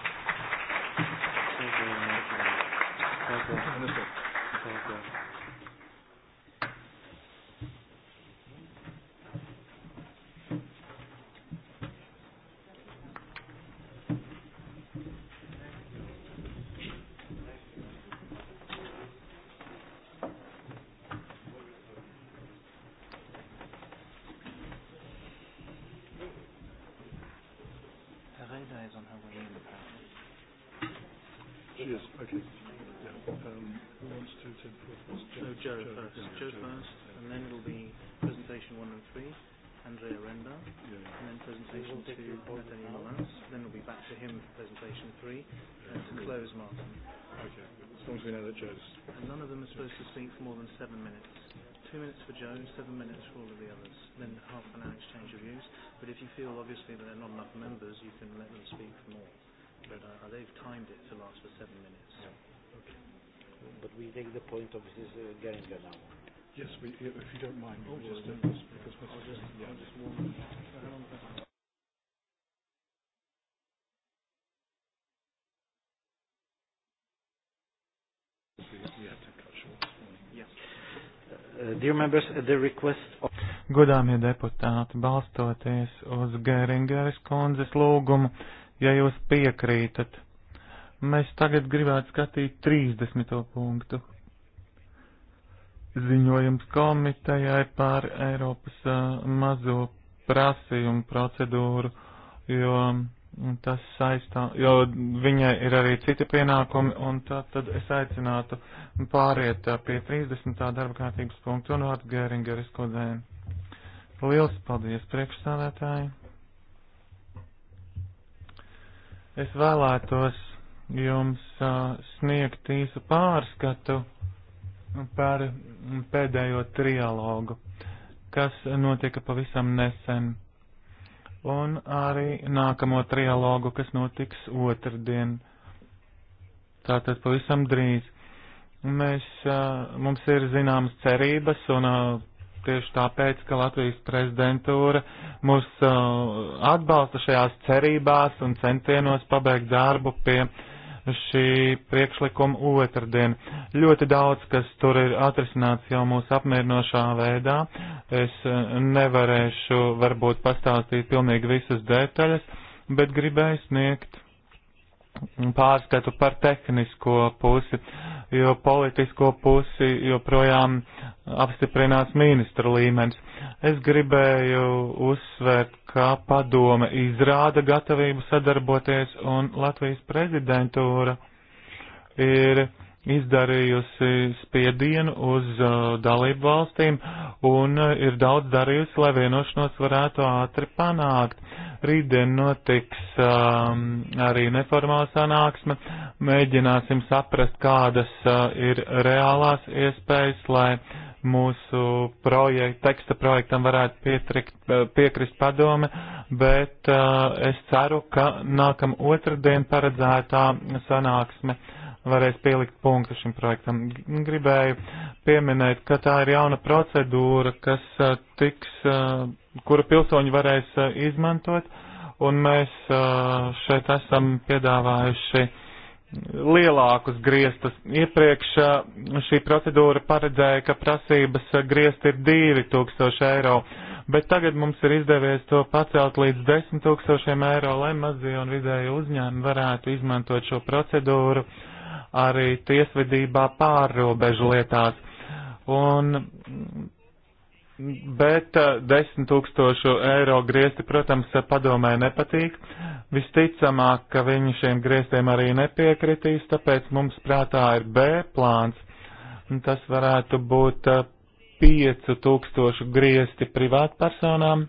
seven minutes for all of the others, then half an hour exchange of views. But if you feel obviously that there are not enough members, you can let them speak for more. But uh, they've timed it to last for seven minutes. Yeah. Okay. But we take the point of Mrs. Uh, Geringer now. Yes, we, if you don't mind, we'll oh, just do this because Mrs. Geringer. Yeah. Uh, dear members, at the request of... Godāmie deputāti, balstoties uz Gēringeres kundzes lūgumu, ja jūs piekrītat, mēs tagad gribētu skatīt 30. punktu. Ziņojums komitejai par Eiropas uh, mazo prasījumu procedūru, jo Tas saistā, jo viņai ir arī citi pienākumi, un tā, tad es aicinātu pāriet pie 30. darba kārtības punktu un vārdu Gēringeris kodēm. Liels paldies priekšsādātāji! Es vēlētos jums uh, sniegt īsu pārskatu par pēdējo trialogu, kas notika pavisam nesen un arī nākamo trialogu, kas notiks otrdien. Tātad pavisam drīz. Mēs, mums ir zināmas cerības un tieši tāpēc, ka Latvijas prezidentūra mūs atbalsta šajās cerībās un centienos pabeigt darbu pie uh, šī priekšlikuma otrdien. Ļoti daudz, kas tur ir atrisināts jau mūsu apmierinošā veidā. Es nevarēšu varbūt pastāstīt pilnīgi visas detaļas, bet gribēju sniegt pārskatu par tehnisko pusi, jo politisko pusi joprojām apstiprinās ministru līmenis. Es gribēju uzsvērt, ka padome izrāda gatavību sadarboties un Latvijas prezidentūra ir izdarījusi spiedienu uz uh, dalību valstīm un uh, ir daudz darījusi, lai vienošanos varētu ātri panākt. Rītdien notiks um, arī neformāla sanāksme. Mēģināsim saprast, kādas uh, ir reālās iespējas, lai mūsu projekt, teksta projektam varētu pietrikt, uh, piekrist padome, bet uh, es ceru, ka nākam otrdien paredzētā sanāksme uh, varēs pielikt punktu šim projektam. Gribēju pieminēt, ka tā ir jauna procedūra, kas tiks, kura pilsoņi varēs izmantot, un mēs šeit esam piedāvājuši lielākus griestus. Iepriekš šī procedūra paredzēja, ka prasības griezti ir 2000 eiro, bet tagad mums ir izdevies to pacelt līdz 10 000 eiro, lai mazie un vidēji uzņēmumi varētu izmantot šo procedūru. Uh, arī tiesvedībā pārrobežu lietās. Un, bet 10 eh, tūkstošu eiro griesti, protams, eh, padomē nepatīk. Visticamāk, ka viņi šiem griestiem arī nepiekritīs, tāpēc mums prātā ir B plāns. Un tas varētu būt 5000 eh, griesti privātpersonām,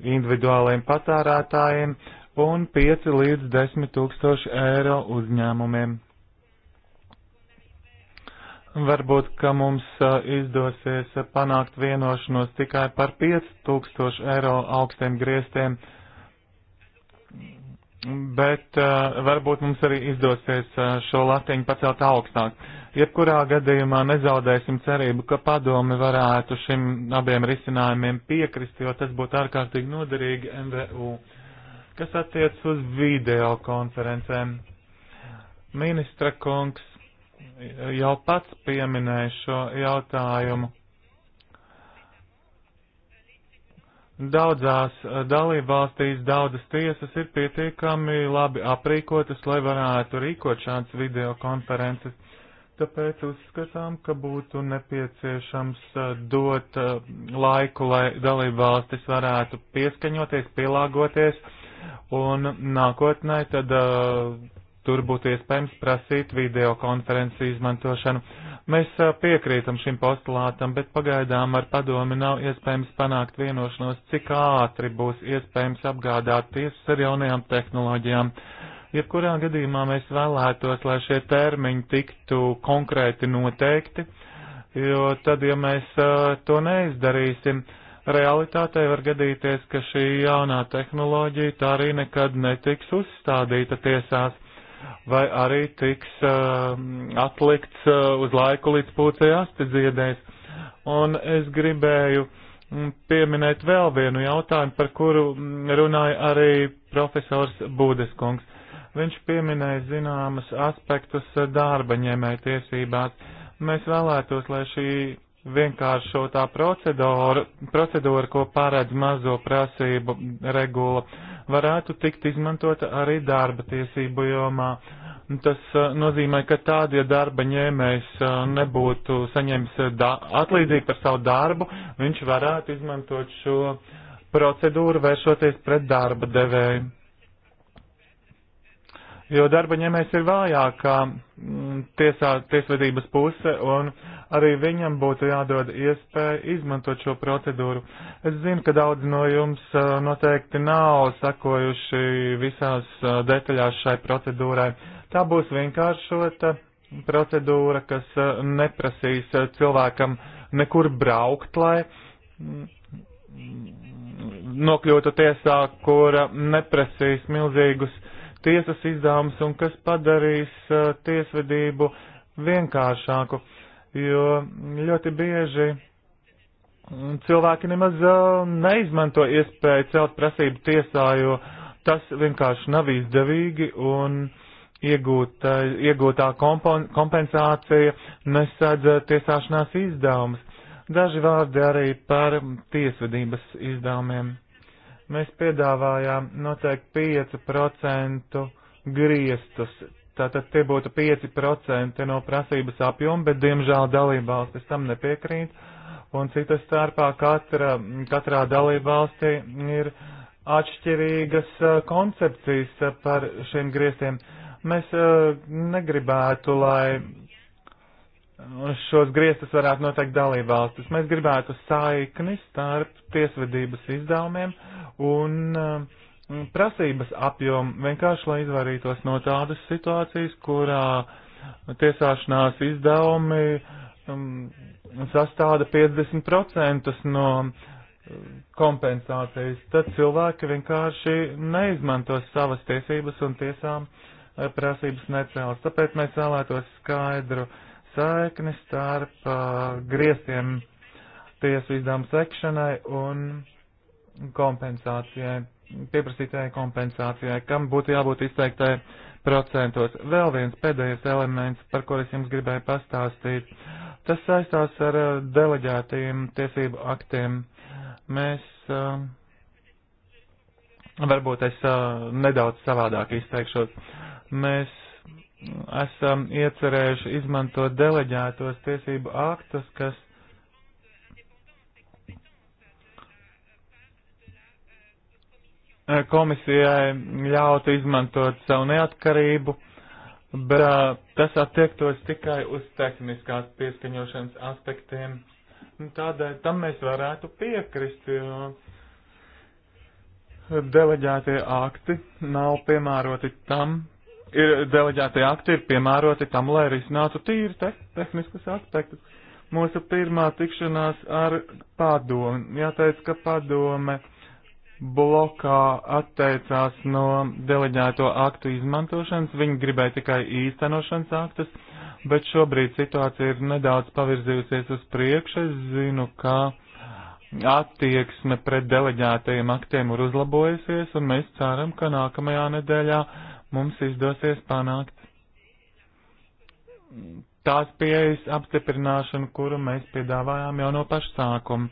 individuāliem patērētājiem un 5 līdz 10 tūkstoši eiro uzņēmumiem. Varbūt, ka mums izdosies panākt vienošanos tikai par 5000 eiro augstiem griestiem, bet varbūt mums arī izdosies šo latiņu pacelt augstāk. Jebkurā gadījumā nezaudēsim cerību, ka padomi varētu šim abiem risinājumiem piekrist, jo tas būtu ārkārtīgi noderīgi MVU. Kas attiec uz video konferencēm? Ministra kungs jau pats pieminēja šo jautājumu. Daudzās eh, dalībvalstīs daudzas tiesas ir pietiekami labi aprīkotas, lai varētu rīkot šādas videokonferences. Tāpēc uzskatām, ka būtu nepieciešams eh, dot eh, laiku, lai dalībvalstis varētu pieskaņoties, pielāgoties, un nākotnē tad Tur būtu iespējams prasīt videokonferenci izmantošanu. Mēs piekrītam šim postulātam, bet pagaidām ar padomi nav iespējams panākt vienošanos, cik ātri būs iespējams apgādāt tiesas ar jaunajām tehnoloģijām. Jebkurā gadījumā mēs vēlētos, lai šie termiņi tiktu konkrēti noteikti, jo tad, ja mēs to neizdarīsim, realitātei var gadīties, ka šī jaunā tehnoloģija tā arī nekad netiks uzstādīta tiesās vai arī tiks uh, atlikts uh, uz laiku līdz pūcei asti dziedēs. Un es gribēju mm, pieminēt vēl vienu jautājumu, par kuru mm, runāja arī profesors Būdeskungs. Viņš pieminēja zināmas aspektus uh, darba ņēmēja tiesībās. Mēs vēlētos, lai šī vienkāršotā procedūra, procedūra, ko paredz mazo prasību regula, varētu tikt izmantota arī darba tiesību jomā. Tas uh, nozīmē, ka tādi, ja darba ņēmējs uh, nebūtu saņēmis uh, atlīdzību par savu darbu, viņš varētu izmantot šo procedūru vēršoties pret darba devēju jo darba ņēmējs ir vājākā mm, tiesā, tiesvedības puse, un arī viņam būtu jādod iespēja izmantot šo procedūru. Es zinu, ka daudz no jums noteikti nav sakojuši visās detaļās šai procedūrai. Tā būs vienkāršota procedūra, kas neprasīs cilvēkam nekur braukt, lai mm, nokļūtu tiesā, kura neprasīs milzīgus uh, tiesas izdevumus un kas padarīs uh, tiesvedību vienkāršāku, jo ļoti bieži cilvēki nemaz uh, neizmanto iespēju celt prasību tiesā, jo tas vienkārši nav izdevīgi un iegūt, uh, iegūtā kompensācija nesadz tiesāšanās izdevumus. Daži vārdi arī par tiesvedības izdevumiem. Mēs piedāvājām noteikti 5% griestus. Tātad tie būtu 5% no prasības apjoma, bet diemžēl dalībvalstis tam nepiekrīt. Un citas starpā katra, katrā dalībvalstī ir atšķirīgas eh, koncepcijas par šiem griestiem. Mēs eh, negribētu, lai šos griestus varētu noteikt dalībvalstis. Mēs gribētu saikni starp tiesvedības izdevumiem un uh, prasības apjomu, vienkārši lai izvairītos no tādas situācijas, kurā tiesāšanās izdevumi um, sastāda 50% no um, kompensācijas, tad cilvēki vienkārši neizmantos savas tiesības un tiesām uh, prasības necēlas. Tāpēc mēs vēlētos skaidru uh, saikni starp uh, griestiem tiesu izdevumu sekšanai un kompensācijai, pieprasītājai kompensācijai, kam būtu jābūt izteiktai procentos. Vēl viens pēdējais elements, par kur es jums gribēju pastāstīt, tas saistās ar uh, deleģētajiem tiesību aktiem. Mēs, uh, varbūt es uh, nedaudz savādāk izteikšos, mēs esam iecerējuši izmantot deleģētos tiesību aktus, kas komisijai ļautu izmantot savu neatkarību, bet tas attiektos tikai uz tehniskās pieskaņošanas aspektiem. Tādēļ tam mēs varētu piekrist, jo deleģētie akti nav piemēroti tam, ir deleģētie akti ir piemēroti tam, lai risinātu tīri te tehniskus aspektus. Mūsu pirmā tikšanās ar padomi, jāteic, ka padome blokā atteicās no deleģēto aktu izmantošanas, viņi gribēja tikai īstenošanas aktus, bet šobrīd situācija ir nedaudz pavirzījusies uz priekšu. Es zinu, ka attieksme pret deleģētajiem aktiem ir uzlabojusies, un mēs ceram, ka nākamajā nedēļā mums izdosies panākt tās pieejas apstiprināšanu, kuru mēs piedāvājām jau no paša sākuma.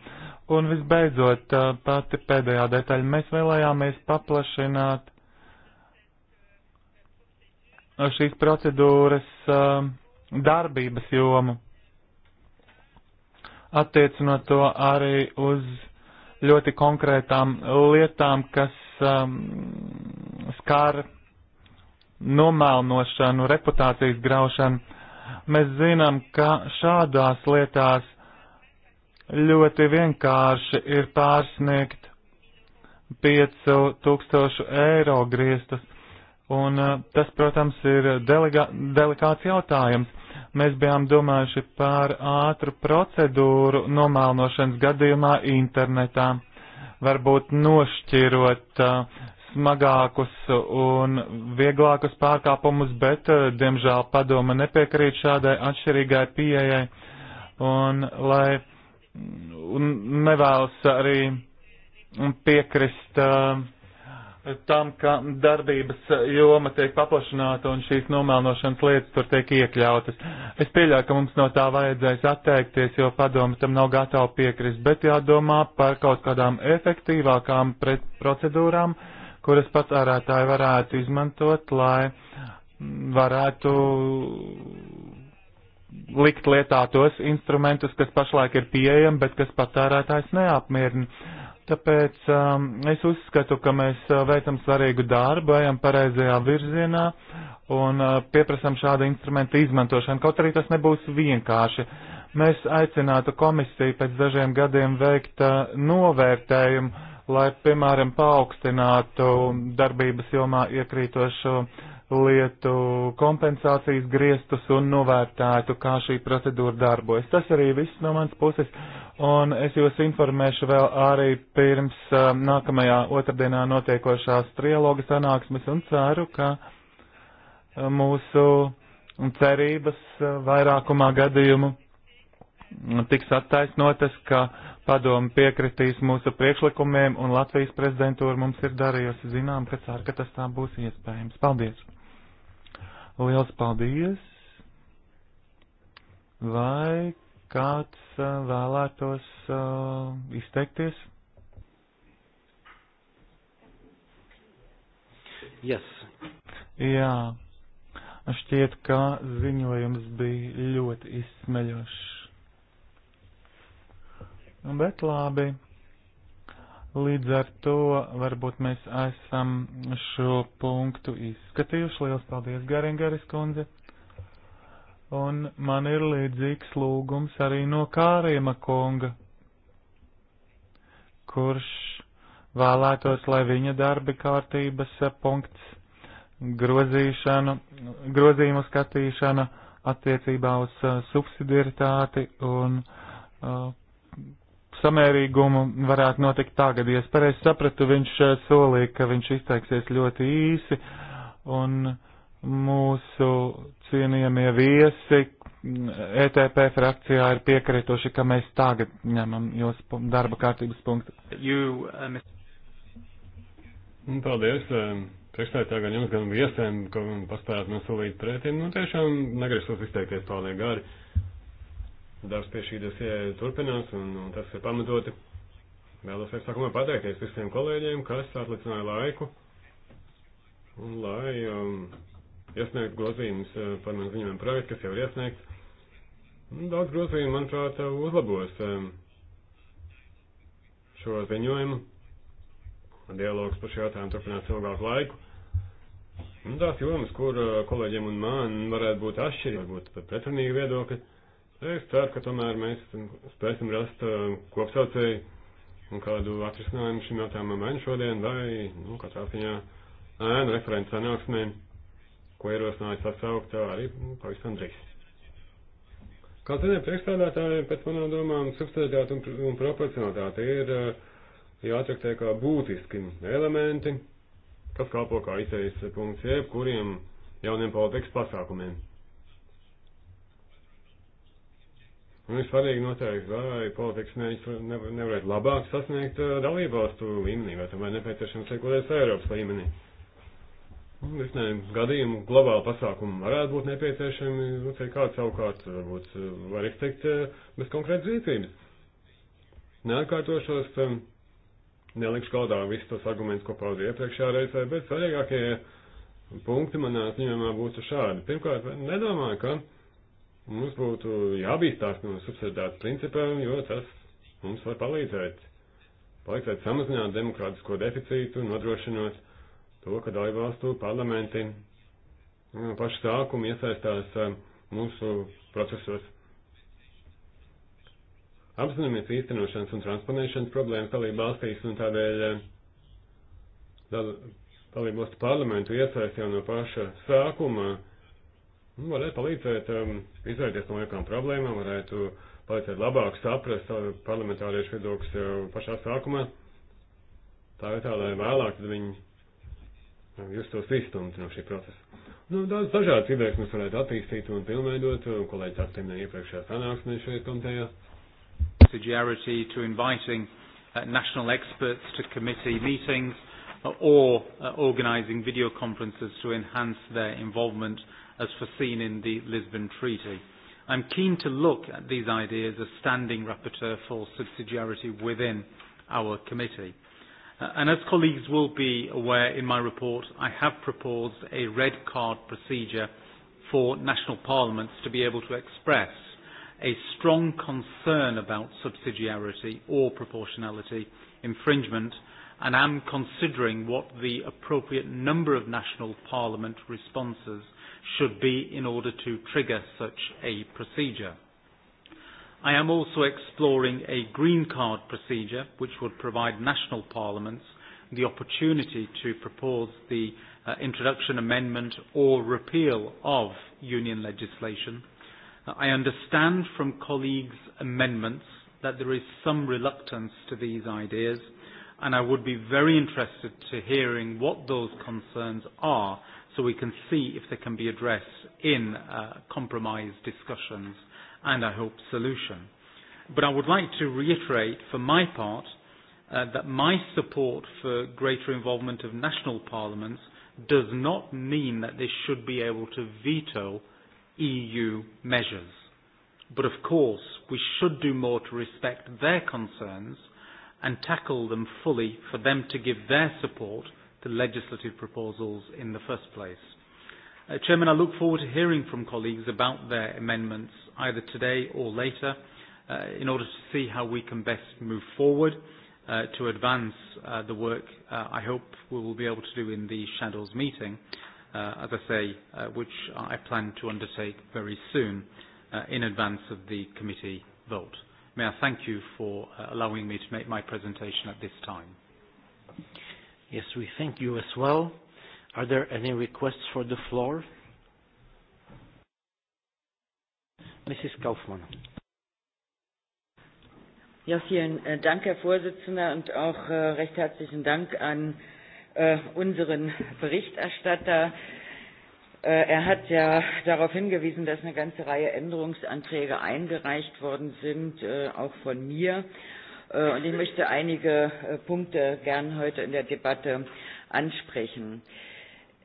Un visbeidzot, pati pēdējā detaļa, mēs vēlējāmies paplašināt šīs procedūras darbības jomu, attiecinot to arī uz ļoti konkrētām lietām, kas um, skar nomēlnošanu, reputācijas graušanu. Mēs zinām, ka šādās lietās ļoti vienkārši ir pārsniegt 5000 eiro griestus. Un eh, tas, protams, ir delega, delikāts jautājums. Mēs bijām domājuši par ātru procedūru nomēlnošanas gadījumā internetā, varbūt nošķirot uh, smagākus un vieglākus pārkāpumus, bet, eh, diemžēl, padoma nepiekrīt šādai atšķirīgai pieejai un lai un nevēlas arī piekrist uh, tam, ka darbības joma tiek paplašināta un šīs nomēlošanas lietas tur tiek iekļautas. Es pieļauju, ka mums no tā vajadzēs atteikties, jo padomu tam nav gatava piekrist, bet jādomā par kaut kādām efektīvākām procedūrām, uh, kuras patērētāji varētu izmantot, lai varētu likt lietā tos instrumentus, kas pašlaik ir pieejami, bet kas patērētājs neapmierina. Tāpēc um, es uzskatu, ka mēs uh, veicam svarīgu darbu, ejam pareizajā virzienā un uh, pieprasam šādu instrumentu izmantošanu, kaut arī tas nebūs vienkārši. Mēs aicinātu komisiju pēc dažiem gadiem veikt uh, novērtējumu lai, piemēram, paaugstinātu darbības jomā iekrītošo lietu kompensācijas griestus un novērtētu, kā šī procedūra darbojas. Tas arī viss no manas puses, un es jūs informēšu vēl arī pirms um, nākamajā otrdienā notiekošās trialoga sanāksmes un ceru, ka um, mūsu cerības uh, vairākumā gadījumu tiks attaisnotas, ka uh, Padomu piekritīs mūsu priekšlikumiem, un Latvijas prezidentūra mums ir darījusi zinām, ka cer, ka tas tā būs iespējams. Paldies! Liels paldies! Vai kāds uh, vēlētos uh, izteikties? Yes. Jā, šķiet, ka ziņojums bija ļoti izsmeļošs. Bet labi, līdz ar to varbūt mēs esam šo punktu izskatījuši. Lielas paldies, Garingaris kundze! Un man ir līdzīgs lūgums arī no Kārima kunga, kurš vēlētos, lai viņa darba kārtības punkts grozīšanu, grozījumu skatīšana attiecībā uz uh, subsidiaritāti un uh, samērīgumu varētu notikt tagad. Ja es pareizi sapratu, viņš eh, solīja, ka viņš izteiksies ļoti īsi, un mūsu cienījamie viesi mm, ETP frakcijā ir piekritoši, ka mēs tagad ņemam jūs darba kārtības punktu. You, uh, um... Paldies. Um priekšstādā gan jums, gan viesiem, ka paspējāt man solīt pretim. Nu, tiešām negrasos izteikties pārlieku gari. Darbs pie šī dosie turpinās, un, un tas ir pamatoti. Vēlos arī sākumā pateikties visiem kolēģiem, kas atlicināja laiku, un lai um, iesniegtu grozījumus uh, par man ziņojumu projektu, kas jau ir iesniegts. Daudz grozījumu, manuprāt, uh, uzlabos um, šo ziņojumu. Dialogs par šo jautājumu turpinās ilgāku laiku. Un tās jomas, kur uh, kolēģiem un man varētu būt atšķirīgi, varbūt pat pretrunīgi viedokļi Es ceru, ka tomēr mēs spēsim rast uh, kopsaucēju un kādu atrisinājumu šim jautājumam vai nu šodien, vai, nu, katrā ziņā ēnu referents sanāksmē, ko ierosināja sasaukt arī nu, pavisam drīz. Kā zinām, priekšstādātāji pēc manām domām subsidiāta un, un proporcionalitāte ir uh, jāatraktē kā būtiski elementi, kas kalpo kā izējas punkts jebkuriem jauniem politikas pasākumiem. Un ir svarīgi noteikti, vai politikas mērķis nevarētu labāk sasniegt uh, dalībvalstu līmenī, vai tomēr nepieciešams rīkoties Eiropas līmenī. Un, es nezinu, gadījumu globāla pasākuma varētu būt nepieciešami, nu, te kāds savukārt uh, varbūt uh, var izteikt bez konkrētas rīcības. Neatkārtošos, um, nelikšu galdā visus tos argumentus, ko paudu iepriekšējā reizē, bet svarīgākie punkti manā ziņojumā būtu šādi. Pirmkārt, nedomāju, ka Mums būtu jābīstās no subsidētas principiem, jo tas mums var palīdzēt. Palīdzēt samazināt demokrātisko deficītu, nodrošinot to, ka dalībvalstu parlamenti nu, pašu sākumu iesaistās um, mūsu procesos. Apzināmies īstenošanas un transponēšanas problēmas dalībvalstīs un tādēļ um, dalībvalstu parlamentu iesaist jau no paša sākuma Un nu, varētu palīdzēt um, izvairīties no jebkām problēmām, varētu palīdzēt labāk saprast uh, parlamentāriešu viedokļus jau uh, pašā sākumā. Tā vietā, lai vēlāk viņi uh, justos izstumti no šī procesa. Nu, daudz dažādas idejas mēs varētu attīstīt un pilnveidot, un kolēģis atzīmēja iepriekšējā sanāksmē šajā komitejā. Subsidiarity to inviting uh, national experts to committee meetings or uh, organizing video conferences to enhance their involvement uh, as foreseen in the Lisbon Treaty. I'm keen to look at these ideas as standing rapporteur for subsidiarity within our committee. Uh, and as colleagues will be aware in my report, I have proposed a red card procedure for national parliaments to be able to express a strong concern about subsidiarity or proportionality infringement and am considering what the appropriate number of national parliament responses should be in order to trigger such a procedure. I am also exploring a green card procedure which would provide national parliaments the opportunity to propose the uh, introduction, amendment or repeal of union legislation. Uh, I understand from colleagues' amendments that there is some reluctance to these ideas and I would be very interested to hearing what those concerns are so we can see if they can be addressed in uh, compromise discussions and I hope solution. But I would like to reiterate for my part uh, that my support for greater involvement of national parliaments does not mean that they should be able to veto EU measures. But of course, we should do more to respect their concerns and tackle them fully for them to give their support to legislative proposals in the first place. Uh, Chairman, I look forward to hearing from colleagues about their amendments either today or later uh, in order to see how we can best move forward uh, to advance uh, the work uh, I hope we will be able to do in the Shadows meeting, uh, as I say, uh, which I plan to undertake very soon uh, in advance of the committee vote. May I thank you for uh, allowing me to make my presentation at this time. Yes, we thank you as well. Are there any requests for the floor? Mrs. Kaufmann. Ja, vielen äh, Dank, Herr Vorsitzender, und auch äh, recht herzlichen Dank an äh, unseren Berichterstatter. Äh, er hat ja darauf hingewiesen, dass eine ganze Reihe Änderungsanträge eingereicht worden sind, äh, auch von mir. Äh, Äh, und ich möchte einige äh, Punkte gern heute in der Debatte ansprechen.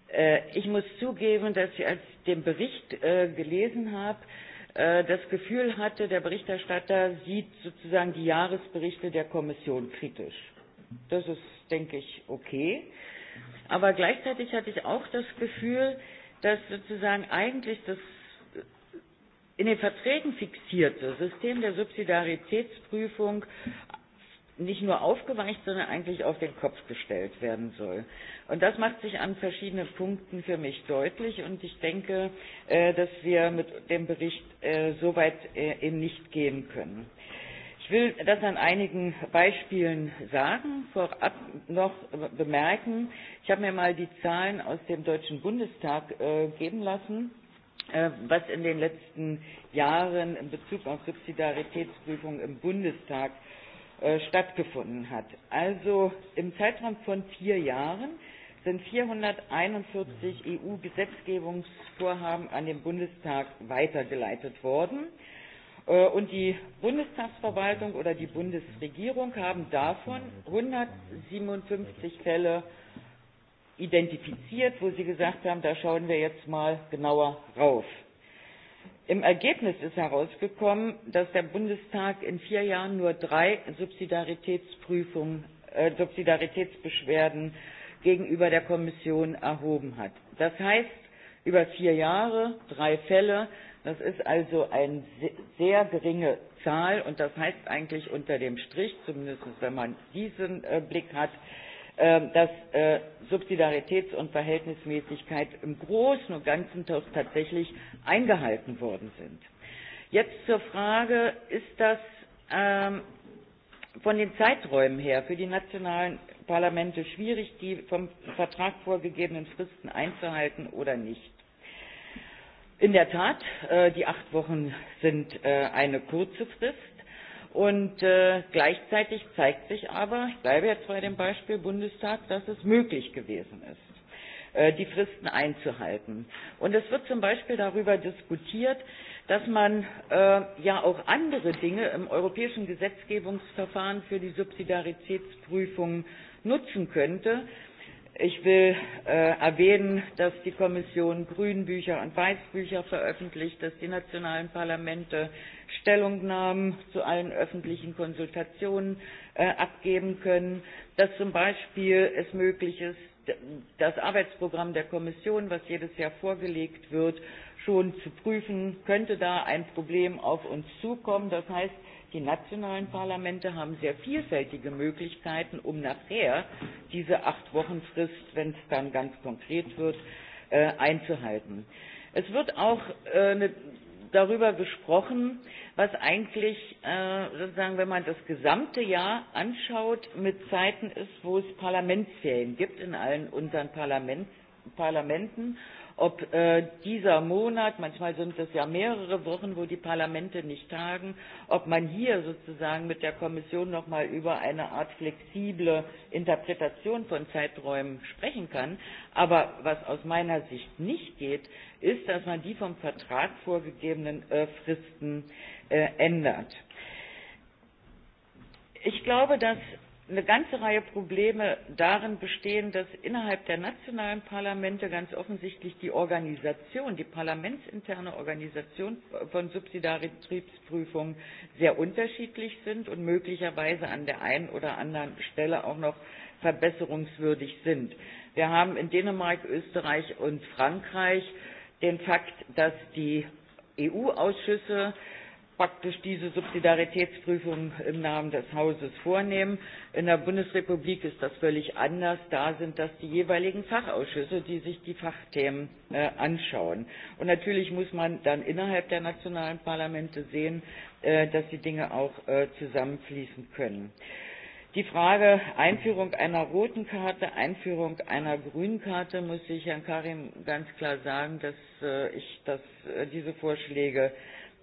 Äh, ich muss zugeben, dass ich als den Bericht gelesen habe, das Gefühl hatte, der Berichterstatter sieht sozusagen die Jahresberichte der Kommission kritisch. Das ist, denke ich, okay. Aber gleichzeitig hatte ich auch das Gefühl, dass sozusagen eigentlich das in den Verträgen fixierte System der Subsidiaritätsprüfung nicht nur aufgeweicht, sondern eigentlich auf den Kopf gestellt werden soll. Und das macht sich an verschiedenen Punkten für mich deutlich. Und ich denke, äh, dass wir mit dem Bericht äh, so weit äh, eben nicht gehen können. Ich will das an einigen Beispielen sagen, vorab noch bemerken. Ich habe mir mal die Zahlen aus dem Deutschen Bundestag geben lassen Äh, was in den letzten Jahren in Bezug auf Subsidiaritätsprüfung im Bundestag äh, stattgefunden hat. Also im Zeitraum von vier Jahren sind 441 EU-Gesetzgebungsvorhaben an den Bundestag weitergeleitet worden. Äh, und die Bundestagsverwaltung oder die Bundesregierung haben davon 157 Fälle identifiziert, wo Sie gesagt haben, da schauen wir jetzt mal genauer rauf. Im Ergebnis ist herausgekommen, dass der Bundestag in vier Jahren nur drei Subsidiaritätsprüfungen, äh, Subsidiaritätsbeschwerden gegenüber der Kommission erhoben hat. Das heißt, über vier Jahre drei Fälle. Das ist also eine sehr geringe Zahl und das heißt eigentlich unter dem Strich, zumindest wenn man diesen äh, Blick hat, äh, Ähm, dass äh, Subsidiaritäts- und Verhältnismäßigkeit im Großen und Ganzen tatsächlich eingehalten worden sind. Jetzt zur Frage, ist das ähm, von den Zeiträumen her für die nationalen Parlamente schwierig, die vom Vertrag vorgegebenen Fristen einzuhalten oder nicht? In der Tat, äh, die acht Wochen sind äh, eine kurze Frist. Und äh, gleichzeitig zeigt sich aber, ich bleibe jetzt bei dem Beispiel Bundestag, dass es möglich gewesen ist, äh, die Fristen einzuhalten. Und es wird zum Beispiel darüber diskutiert, dass man äh, ja auch andere Dinge im europäischen Gesetzgebungsverfahren für die Subsidiaritätsprüfung nutzen könnte. Äh, Ich will äh, erwähnen, dass die Kommission Grünbücher und Weißbücher veröffentlicht, dass die nationalen Parlamente Stellungnahmen zu allen öffentlichen Konsultationen äh, abgeben können, dass zum Beispiel es möglich ist, das Arbeitsprogramm der Kommission, was jedes Jahr vorgelegt wird, schon zu prüfen, könnte da ein Problem auf uns zukommen. Das heißt, Die nationalen Parlamente haben sehr vielfältige Möglichkeiten, um nachher diese acht Wochen Frist, wenn es dann ganz konkret wird, äh, einzuhalten. Es wird auch äh, ne, darüber gesprochen, was eigentlich, äh, sozusagen, wenn man das gesamte Jahr anschaut, mit Zeiten ist, wo es Parlamentsferien gibt in allen unseren Parlaments Parlamenten ob äh, dieser Monat, manchmal sind es ja mehrere Wochen, wo die Parlamente nicht tagen, ob man hier sozusagen mit der Kommission nochmal über eine Art flexible Interpretation von Zeiträumen sprechen kann. Aber was aus meiner Sicht nicht geht, ist, dass man die vom Vertrag vorgegebenen äh, Fristen äh, ändert. Ich glaube, dass eine ganze Reihe Probleme darin bestehen, dass innerhalb der nationalen Parlamente ganz offensichtlich die Organisation, die parlamentsinterne Organisation von Subsidiaritätsprüfungen sehr unterschiedlich sind und möglicherweise an der einen oder anderen Stelle auch noch verbesserungswürdig sind. Wir haben in Dänemark, Österreich und Frankreich den Fakt, dass die EU-Ausschüsse praktisch diese Subsidiaritätsprüfung im Namen des Hauses vornehmen. In der Bundesrepublik ist das völlig anders. Da sind das die jeweiligen Fachausschüsse, die sich die Fachthemen äh, anschauen. Und natürlich muss man dann innerhalb der nationalen Parlamente sehen, äh, dass die Dinge auch äh, zusammenfließen können. Die Frage Einführung einer roten Karte, Einführung einer grünen Karte, muss ich Herrn Karim ganz klar sagen, dass äh, ich das, äh, diese Vorschläge äh,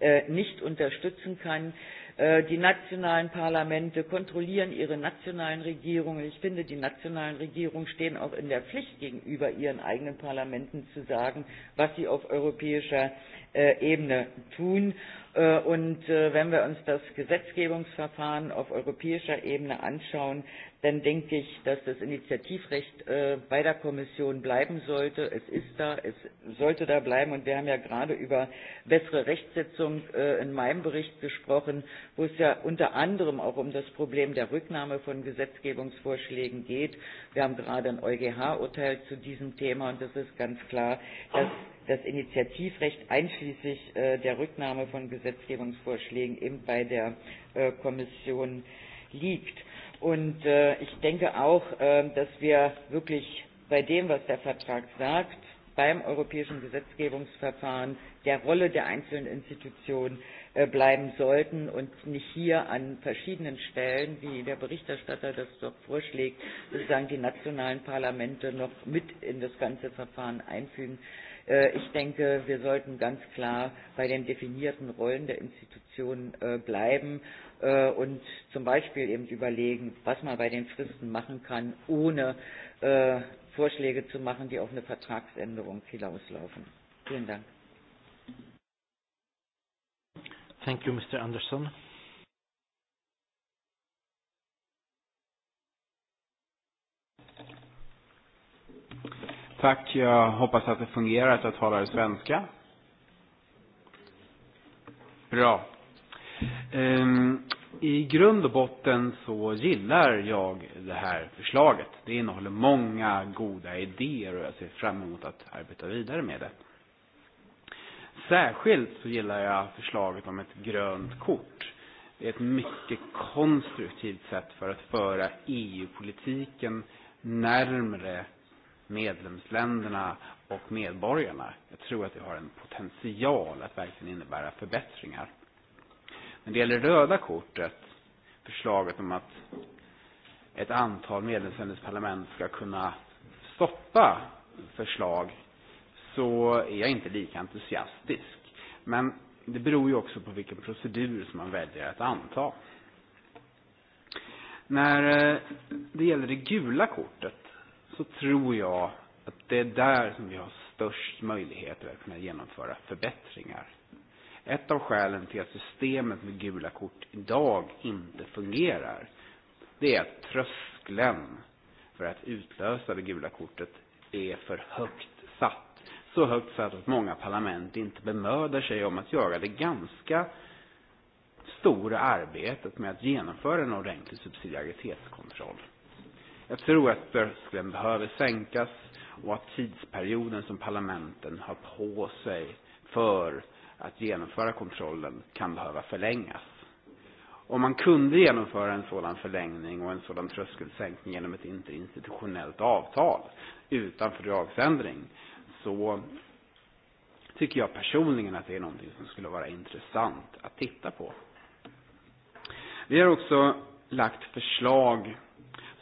Äh, nicht unterstützen kann. Äh, die nationalen Parlamente kontrollieren ihre nationalen Regierungen. Ich finde, die nationalen Regierungen stehen auch in der Pflicht gegenüber ihren eigenen Parlamenten zu sagen, was sie auf europäischer äh, Ebene tun. Äh, und äh, wenn wir uns das Gesetzgebungsverfahren auf europäischer Ebene anschauen, dann denke ich, dass das Initiativrecht äh, bei der Kommission bleiben sollte. Es ist da, es sollte da bleiben. Und wir haben ja gerade über bessere Rechtsetzung in meinem Bericht gesprochen, wo es ja unter anderem auch um das Problem der Rücknahme von Gesetzgebungsvorschlägen geht. Wir haben gerade ein EuGH-Urteil zu diesem Thema. Und das ist ganz klar, dass das Initiativrecht einschließlich äh, der Rücknahme von Gesetzgebungsvorschlägen eben bei der äh, Kommission liegt. Und äh, ich denke auch, äh, dass wir wirklich bei dem, was der Vertrag sagt, beim europäischen Gesetzgebungsverfahren der Rolle der einzelnen Institutionen äh, bleiben sollten und nicht hier an verschiedenen Stellen, wie der Berichterstatter das doch vorschlägt, sozusagen die nationalen Parlamente noch mit in das ganze Verfahren einfügen. Äh, Äh, ich denke, wir sollten ganz klar bei den definierten Rollen der Institutionen äh, bleiben äh, und zum Beispiel eben überlegen, was man bei den Fristen machen kann, ohne Vorschläge zu machen, die auf eine Vertragsänderung hinauslaufen. Vielen Dank. Thank you, Mr. Anderson. Tack. Jag hoppas att det fungerar att jag talar svenska. Bra. Ehm, I grund och botten så gillar jag det här förslaget. Det innehåller många goda idéer och jag ser fram emot att arbeta vidare med det. Särskilt så gillar jag förslaget om ett grönt kort. Det är ett mycket konstruktivt sätt för att föra EU-politiken närmre medlemsländerna och medborgarna. Jag tror att det har en potential att verkligen innebära förbättringar. När det gäller röda kortet, förslaget om att ett antal medlemsländers parlament ska kunna stoppa förslag, så är jag inte lika entusiastisk. Men det beror ju också på vilken procedur som man väljer att anta. När eh, det gäller det gula kortet så tror jag att det är där som vi har störst möjligheter att kunna genomföra förbättringar. Ett av skälen till att systemet med gula kort idag inte fungerar, det är att tröskeln för att utlösa det gula kortet är för högt satt. Så högt satt att många parlament inte bemödar sig om att göra det ganska stora arbetet med att genomföra en ordentlig subsidiaritetskontroll. Jag tror att tröskeln behöver sänkas och att tidsperioden som parlamenten har på sig för att genomföra kontrollen kan behöva förlängas. Om man kunde genomföra en sådan förlängning och en sådan tröskelsänkning genom ett interinstitutionellt avtal utan fördragsändring så tycker jag personligen att det är någonting som skulle vara intressant att titta på. Vi har också lagt förslag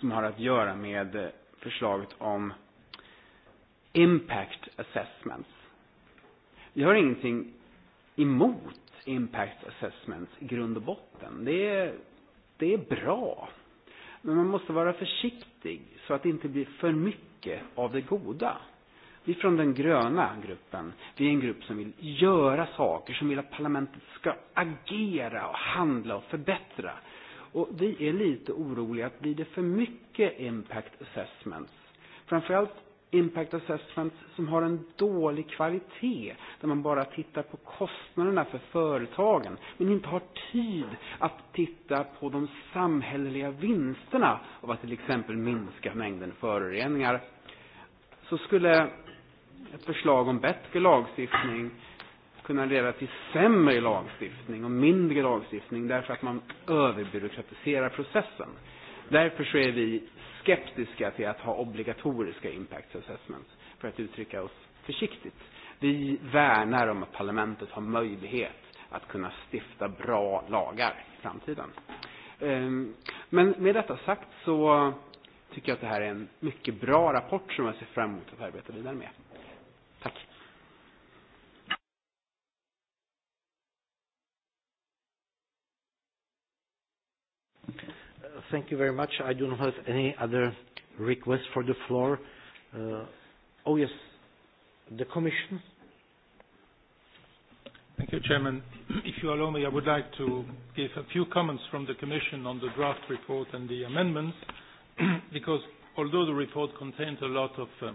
som har att göra med förslaget om impact assessments. Vi har ingenting emot impact assessments i grund och botten. Det är, det är bra. Men man måste vara försiktig så att det inte blir för mycket av det goda. Vi från den gröna gruppen, vi är en grupp som vill göra saker, som vill att parlamentet ska agera och handla och förbättra. Och vi är lite oroliga att blir det för mycket impact assessments, framförallt impact assessments som har en dålig kvalitet, där man bara tittar på kostnaderna för företagen, men inte har tid att titta på de samhälleliga vinsterna av att till exempel minska mängden föroreningar, så skulle ett förslag om bättre lagstiftning kunna leda till sämre lagstiftning och mindre lagstiftning därför att man överbyråkratiserar processen. Därför så är vi skeptiska till att ha obligatoriska impact assessments, för att uttrycka oss försiktigt. Vi värnar om att parlamentet har möjlighet att kunna stifta bra lagar i framtiden. Ehm, men med detta sagt så tycker jag att det här är en mycket bra rapport som jag ser fram emot att arbeta vidare med. Tack. thank you very much. I do not have any other request for the floor. Uh, oh, yes, the Commission. Thank you, Chairman. [clears throat] If you allow me, I would like to give a few comments from the Commission on the draft report and the amendments, [clears throat] because although the report contains a lot of uh,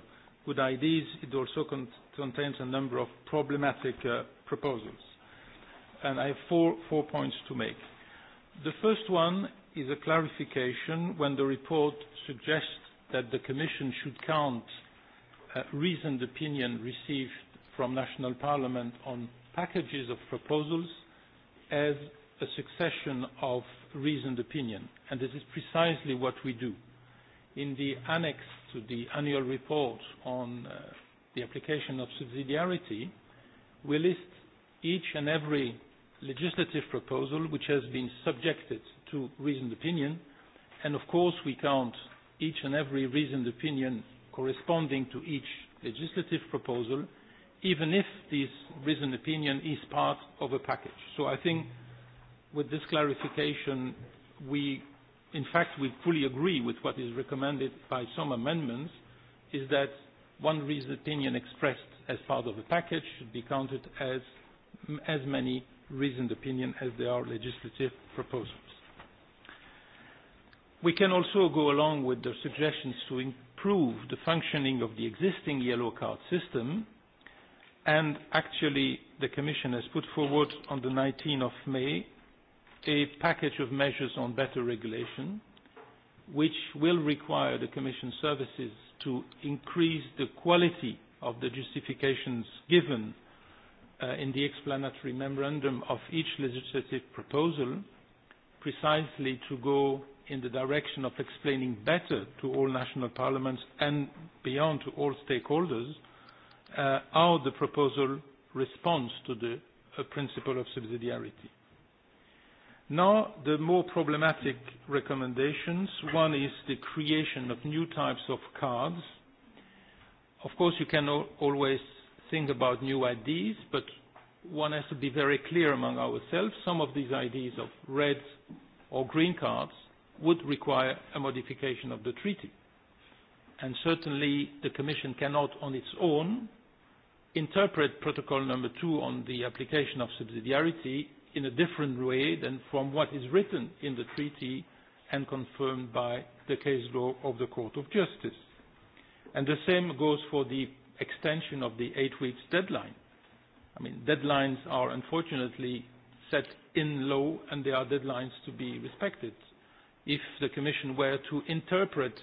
good ideas, it also con contains a number of problematic uh, proposals. And I have four, four points to make. The first one is a clarification when the report suggests that the Commission should count uh, reasoned opinion received from national parliament on packages of proposals as a succession of reasoned opinion. And this is precisely what we do. In the annex to the annual report on uh, the application of subsidiarity, we list each and every legislative proposal which has been subjected to reasoned opinion. And of course, we count each and every reasoned opinion corresponding to each legislative proposal, even if this reasoned opinion is part of a package. So I think with this clarification, we, in fact, we fully agree with what is recommended by some amendments, is that one reasoned opinion expressed as part of a package should be counted as as many reasoned opinion as there are legislative proposals. We can also go along with the suggestions to improve the functioning of the existing yellow card system, and actually the Commission has put forward on the 19th of May a package of measures on better regulation, which will require the Commission services to increase the quality of the justifications given uh, in the explanatory memorandum of each legislative proposal, precisely to go in the direction of explaining better to all national parliaments and beyond to all stakeholders uh, how the proposal responds to the uh, principle of subsidiarity. Now, the more problematic recommendations. One is the creation of new types of cards. Of course, you can al always think about new ideas, but one has to be very clear among ourselves. Some of these ideas of red or green cards would require a modification of the treaty. And certainly the Commission cannot on its own interpret protocol number two on the application of subsidiarity in a different way than from what is written in the treaty and confirmed by the case law of the Court of Justice. And the same goes for the extension of the eight weeks deadline. I mean, deadlines are unfortunately set in law and they are deadlines to be respected if the Commission were to interpret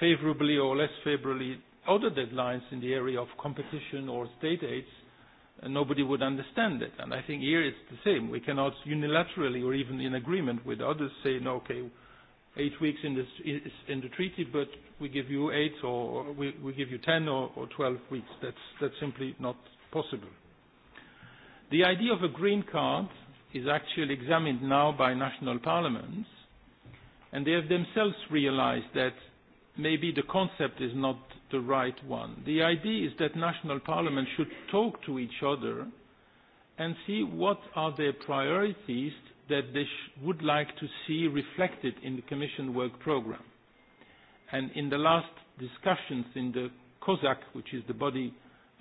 favorably or less favorably other deadlines in the area of competition or state aids, uh, nobody would understand it. And I think here it's the same. We cannot unilaterally or even in agreement with others say, no, okay, eight weeks in, this, is in the treaty, but we give you eight or we, we give you 10 or, or 12 weeks. That's, that's simply not possible. The idea of a green card is actually examined now by national parliaments and they have themselves realized that maybe the concept is not the right one. The idea is that national parliaments should talk to each other and see what are their priorities that they sh would like to see reflected in the Commission work programme. And in the last discussions in the COSAC, which is the body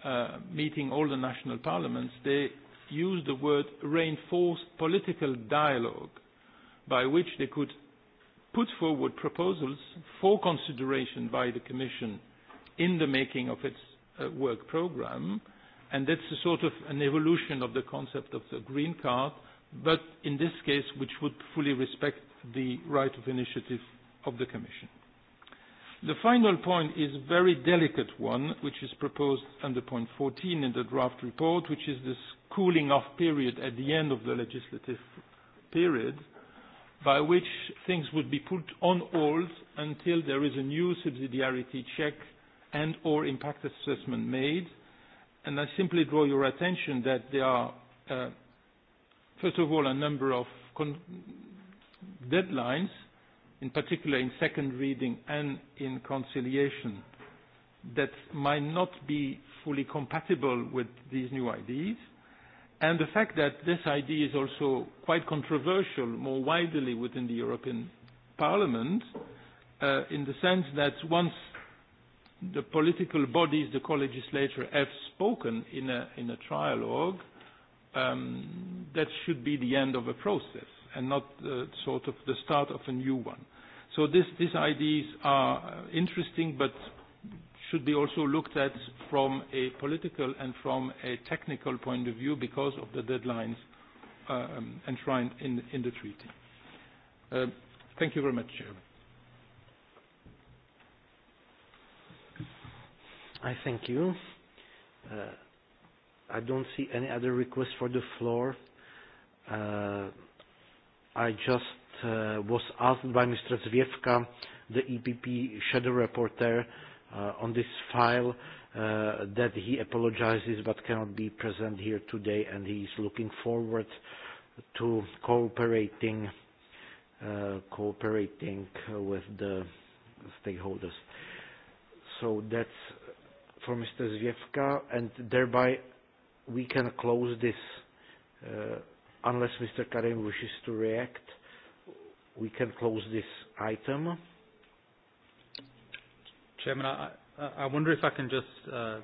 uh, meeting all the national parliaments, they used the word reinforced political dialogue by which they could put forward proposals for consideration by the Commission in the making of its uh, work programme, and that's a sort of an evolution of the concept of the green card, but in this case which would fully respect the right of initiative of the Commission. The final point is a very delicate one, which is proposed under point 14 in the draft report, which is this cooling off period at the end of the legislative period. Uh, by which things would be put on hold until there is a new subsidiarity check and/or impact assessment made. And I simply draw your attention that there are, uh, first of all, a number of con deadlines, in particular in second reading and in conciliation, that might not be fully compatible with these new ideas. Uh, and the fact that this idea is also quite controversial more widely within the European Parliament, uh, in the sense that once the political bodies, the co-legislator, have spoken in a, in a trialogue, um, that should be the end of a process and not uh, sort of the start of a new one. So this, these ideas are interesting, but should be also looked at from a political and from a technical point of view because of the deadlines uh, um, enshrined in, in the treaty. Uh, thank you very much, Chairman. I thank you. Uh, I don't see any other request for the floor. Uh, I just uh, was asked by Mr. Zwiefka, the EPP shadow rapporteur, uh, on this file uh, that he apologizes but cannot be present here today and he is looking forward to cooperating uh, cooperating with the stakeholders. So that's for Mr. Zwiefka and thereby we can close this uh, unless Mr. Karim wishes to react. We can close this item. Chairman, I, I wonder if I can just uh, uh,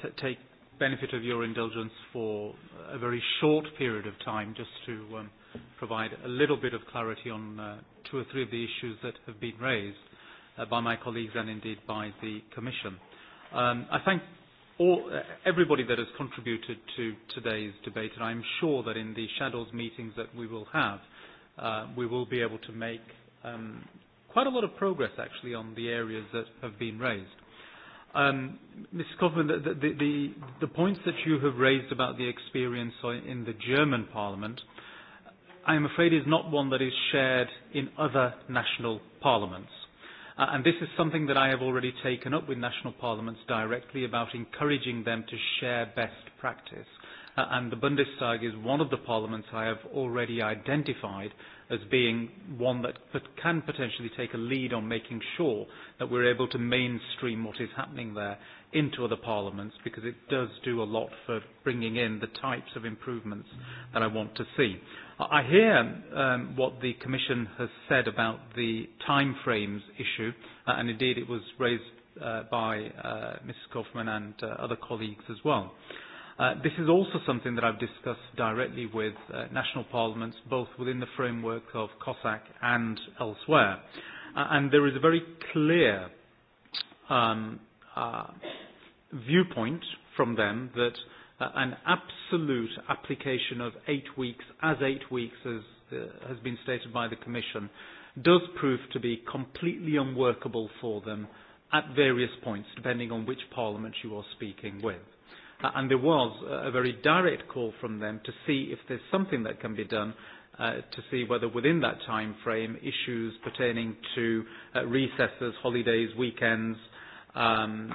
t take benefit of your indulgence for a very short period of time just to um, provide a little bit of clarity on uh, two or three of the issues that have been raised uh, by my colleagues and indeed by the Commission. Um, I thank all, uh, everybody that has contributed to today's debate, and I'm sure that in the shadows meetings that we will have, uh, we will be able to make um, quite a lot of progress actually on the areas that have been raised. Um, Mrs. Kaufmann, the, the, the, the points that you have raised about the experience in the German Parliament, I am afraid is not one that is shared in other national parliaments. Uh, and this is something that I have already taken up with national parliaments directly about encouraging them to share best practice uh, and the Bundestag is one of the parliaments I have already identified as being one that can potentially take a lead on making sure that we're able to mainstream what is happening there into other parliaments because it does do a lot for bringing in the types of improvements that I want to see. I hear um, what the Commission has said about the timeframes issue, uh, and indeed it was raised uh, by uh, Mrs. Kaufman and uh, other colleagues as well. Uh, Uh, this is also something that I've discussed directly with uh, national parliaments, both within the framework of COSAC and elsewhere. Uh, and there is a very clear um, uh, viewpoint from them that uh, an absolute application of eight weeks as eight weeks, as uh, has been stated by the Commission, does prove to be completely unworkable for them at various points, depending on which parliament you are speaking with uh, and there was a very direct call from them to see if there's something that can be done uh, to see whether within that time frame issues pertaining to uh, recesses, holidays, weekends, um,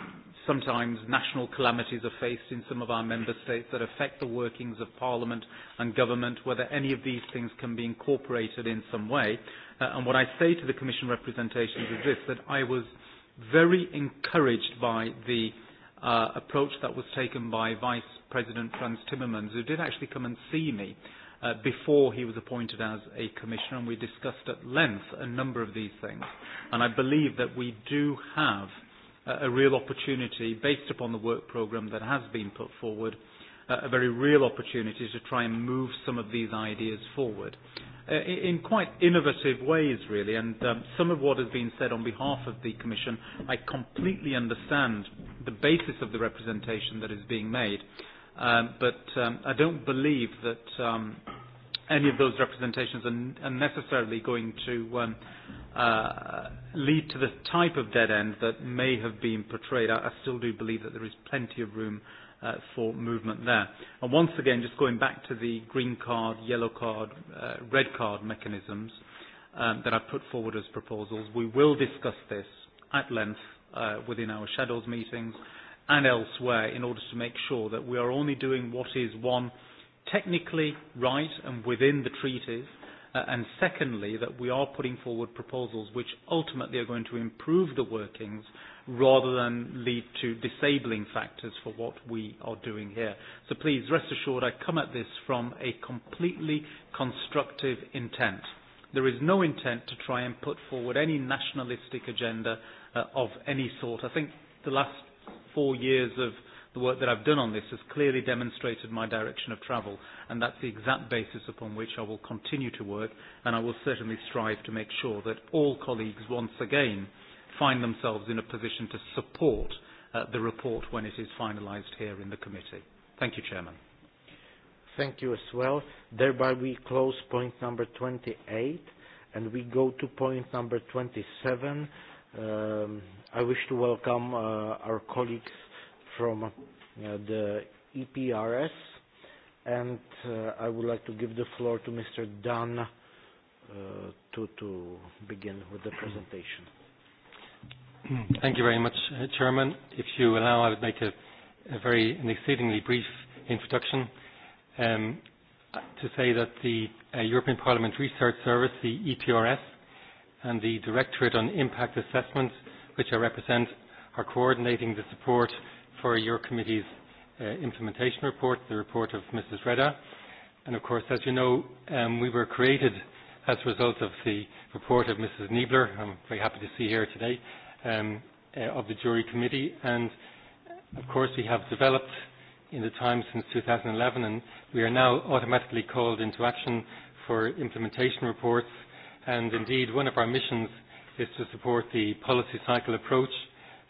sometimes national calamities are faced in some of our member states that affect the workings of parliament and government, whether any of these things can be incorporated in some way. Uh, and what I say to the Commission representations is this, that I was very encouraged by the uh, uh, approach that was taken by Vice President Franz Timmermans, who did actually come and see me uh, before he was appointed as a commissioner, and we discussed at length a number of these things. And I believe that we do have a, a real opportunity, based upon the work programme that has been put forward, uh, a very real opportunity to try and move some of these ideas forward. Uh, in quite innovative ways, really. And um, some of what has been said on behalf of the Commission, I completely understand the basis of the representation that is being made. Um, but um, I don't believe that um, any of those representations are, are necessarily going to um, uh, lead to the type of dead end that may have been portrayed. I, I still do believe that there is plenty of room uh, for movement there. And once again, just going back to the green card, yellow card, uh, red card mechanisms um, that I've put forward as proposals, we will discuss this at length uh, within our shadows meetings and elsewhere in order to make sure that we are only doing what is, one, technically right and within the treaties, uh, and secondly, that we are putting forward proposals which ultimately are going to improve the workings rather than lead to disabling factors for what we are doing here. So please, rest assured, I come at this from a completely constructive intent. There is no intent to try and put forward any nationalistic agenda uh, of any sort. I think the last four years of the work that I've done on this has clearly demonstrated my direction of travel, and that's the exact basis upon which I will continue to work, and I will certainly strive to make sure that all colleagues once again uh, find themselves in a position to support uh, the report when it is finalised here in the committee. Thank you, Chairman. Thank you as well. Thereby we close point number 28 and we go to point number 27. Um, I wish to welcome uh, our colleagues from uh, the EPRS and uh, I would like to give the floor to Mr. Dunn uh, to, to begin with the presentation. Thank you very much, uh, Chairman. If you allow, I would make a, a very an exceedingly brief introduction um, to say that the uh, European Parliament Research Service, the EPRS, and the Directorate on Impact Assessment, which I represent, are coordinating the support for your committee's uh, implementation report, the report of Mrs. Reda. And of course, as you know, um, we were created as a result of the report of Mrs. Niebler, I'm very happy to see here today, um, uh, of the jury committee. And of course, we have developed in the time since 2011, and we are now automatically called into action for implementation reports. And indeed, one of our missions is to support the policy cycle approach.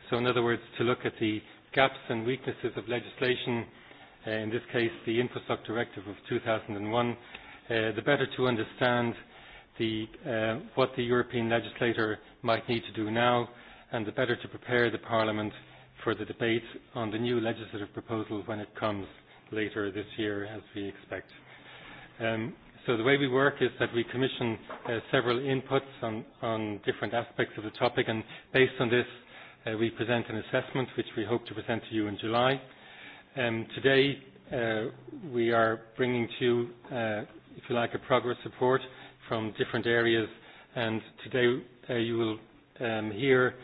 So, in other words, to look at the gaps and weaknesses of legislation, uh, in this case, the Infrastructure Directive of 2001, uh, the better to understand the, uh, what the European legislator might need to do now and the better to prepare the Parliament for the debate on the new legislative proposal when it comes later this year, as we expect. Um, so the way we work is that we commission uh, several inputs on, on different aspects of the topic, and based on this, uh, we present an assessment, which we hope to present to you in July. Um, today, uh, we are bringing to you, uh, if you like, a progress report from different areas, and today uh, you will um, hear uh,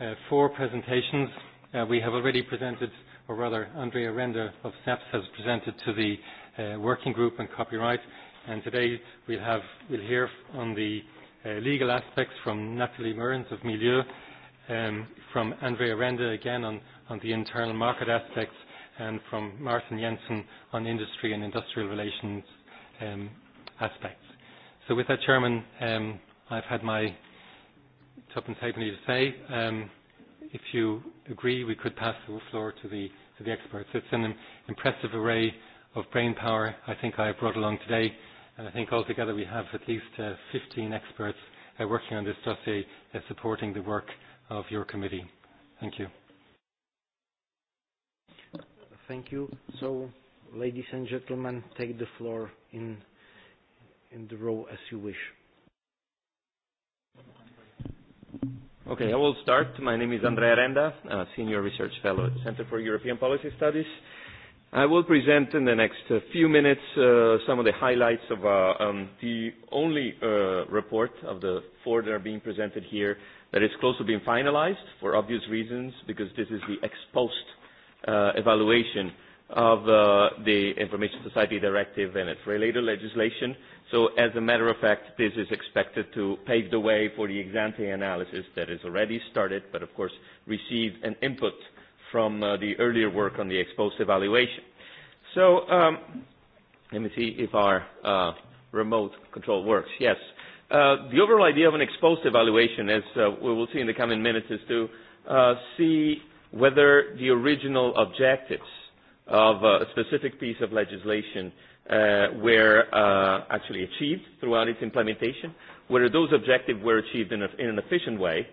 uh, four presentations. Uh, we have already presented, or rather, Andrea Render of SEPS has presented to the uh, working group on copyright, and today we'll, have, we'll hear on the uh, legal aspects from Natalie Murrens of Milieu, um, from Andrea Render again on, on the internal market aspects, and from Martin Jensen on industry and industrial relations um, aspects. So with that, Chairman, um, I've had my Tuppence Halfpenny to say. Um, if you agree, we could pass the floor to the, to the experts. It's an impressive array of brain power I think I have brought along today, and I think altogether we have at least uh, 15 experts uh, working on this dossier uh, supporting the work of your committee. Thank you. Thank you. So, ladies and gentlemen, take the floor in, in the row as you wish. Okay, I will start. My name is Andrea Renda, uh, Senior Research Fellow at the Center for European Policy Studies. I will present in the next uh, few minutes uh, some of the highlights of uh, um, the only uh, report of the four that are being presented here that is close to being finalized for obvious reasons because this is the ex post uh, evaluation of uh, the Information Society Directive and its related legislation So as a matter of fact, this is expected to pave the way for the ex-ante analysis that is already started, but of course received an input from uh, the earlier work on the exposed evaluation. So um, let me see if our uh, remote control works. Yes. Uh, the overall idea of an exposed evaluation, as uh, we will see in the coming minutes, is to uh, see whether the original objectives of a specific piece of legislation uh, were uh, actually achieved throughout its implementation, whether those objectives were achieved in, a, in an efficient way,